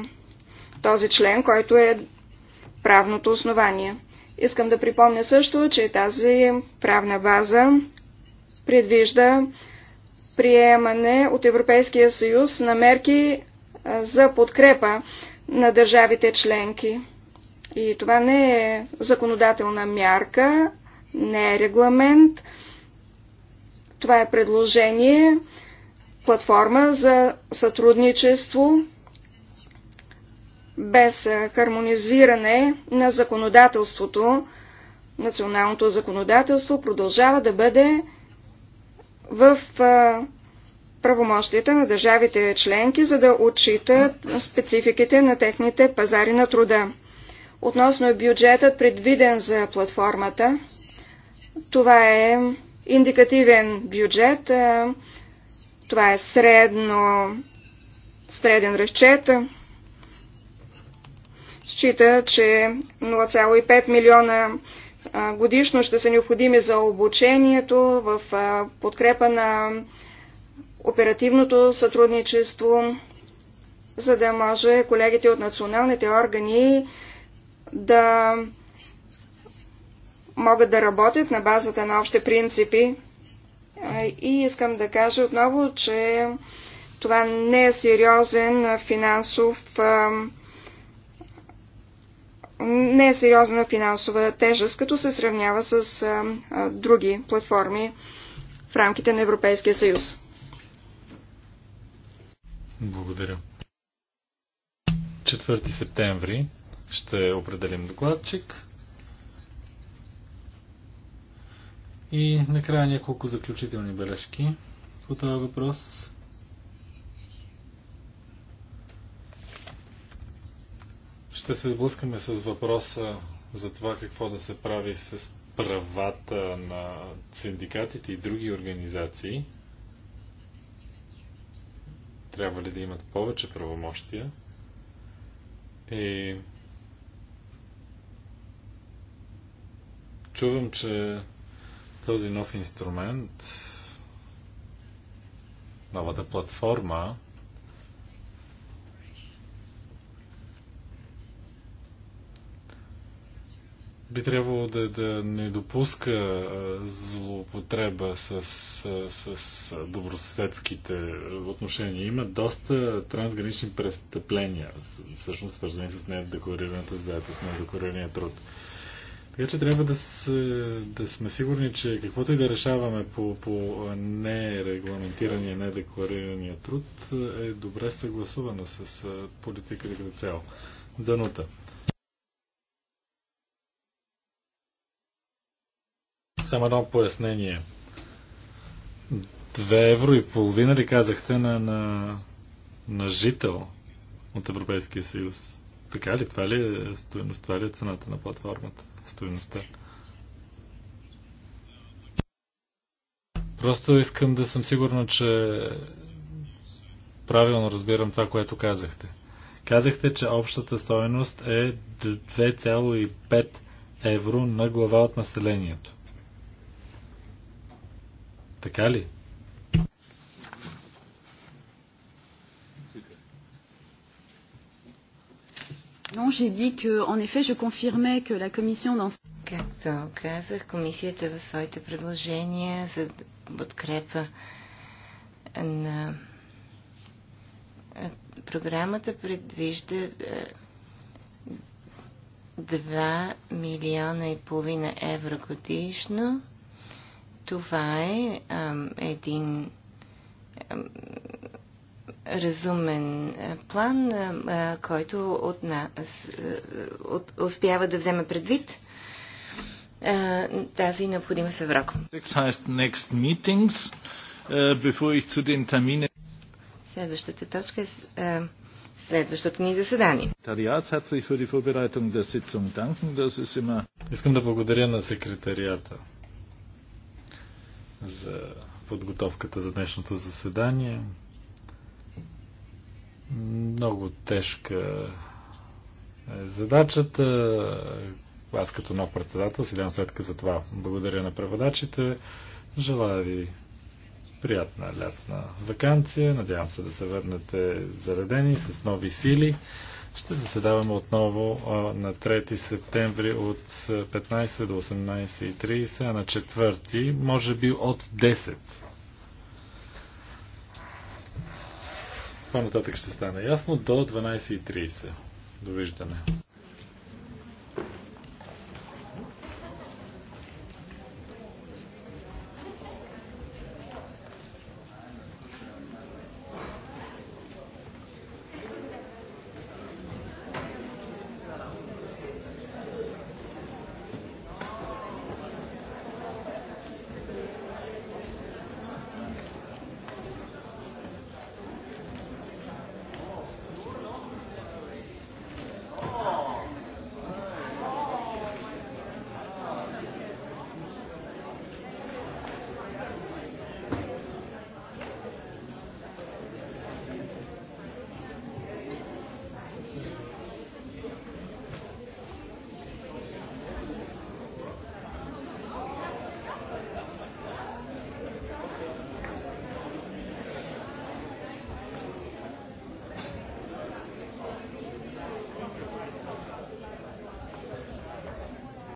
този член, който е правното основание. Искам да припомня също, че тази правна база предвижда приемане от Европейския съюз на мерки за подкрепа на държавите членки. И това не е законодателна мярка, не е регламент. Това е предложение, платформа за сътрудничество без хармонизиране на законодателството. Националното законодателство продължава да бъде в правомощията на държавите членки, за да отчита спецификите на техните пазари на труда. Относно бюджетът, предвиден за платформата, това е индикативен бюджет, това е средно, среден разчет. Счита, че 0,5 милиона годишно ще са необходими за обучението в подкрепа на оперативното сътрудничество, за да може колегите от националните органи да могат да работят на базата на общи принципи. И искам да кажа отново, че това не е сериозен финансов не е сериозна финансова тежест, като се сравнява с други платформи в рамките на Европейския съюз. Благодаря. 4 септември ще определим докладчик. И накрая няколко заключителни бележки по този въпрос. Ще се сблъскаме с въпроса за това какво да се прави с правата на синдикатите и други организации трябва ли да имат повече правомощия и чувам, че този нов инструмент, новата платформа, би трябвало да, да не допуска злоупотреба с, с, с добросъседските отношения. Има доста трансгранични престъпления, всъщност свързани с недекларираната заедост, недекларирания труд. Така че трябва да, с, да сме сигурни, че каквото и да решаваме по, по нерегламентирания, недекларирания труд е добре съгласувано с политиката като цяло. Данута. Само едно пояснение. Две евро и половина ли казахте на, на, на жител от Европейския съюз? Така ли? Това ли е стоеност? Това ли е цената на платформата? Стоеността? Просто искам да съм сигурна, че правилно разбирам това, което казахте. Казахте, че общата стоеност е 2,5 евро на глава от населението. Така ли? Non, j'ai dit que, en effet, je confirmais que la commission dans... Както казах, комисията в своите предложения за подкрепа на е, програмата предвижда 2 е, милиона и половина евро годишно това е а, един а, разумен план, а, който от нас а, от, успява да вземе предвид а, тази необходимост в Европа. Äh, Следващата точка е следващото ни заседание. Искам да благодаря на секретарията за подготовката за днешното заседание. Много тежка е задачата. Аз като нов председател си дам сметка за това. Благодаря на преводачите. Желая ви приятна лятна вакансия. Надявам се да се върнете заредени с нови сили. Ще заседаваме отново на 3 септември от 15 до 18.30, а на 4 може би от 10. По-нататък ще стане ясно до 12.30. Довиждане.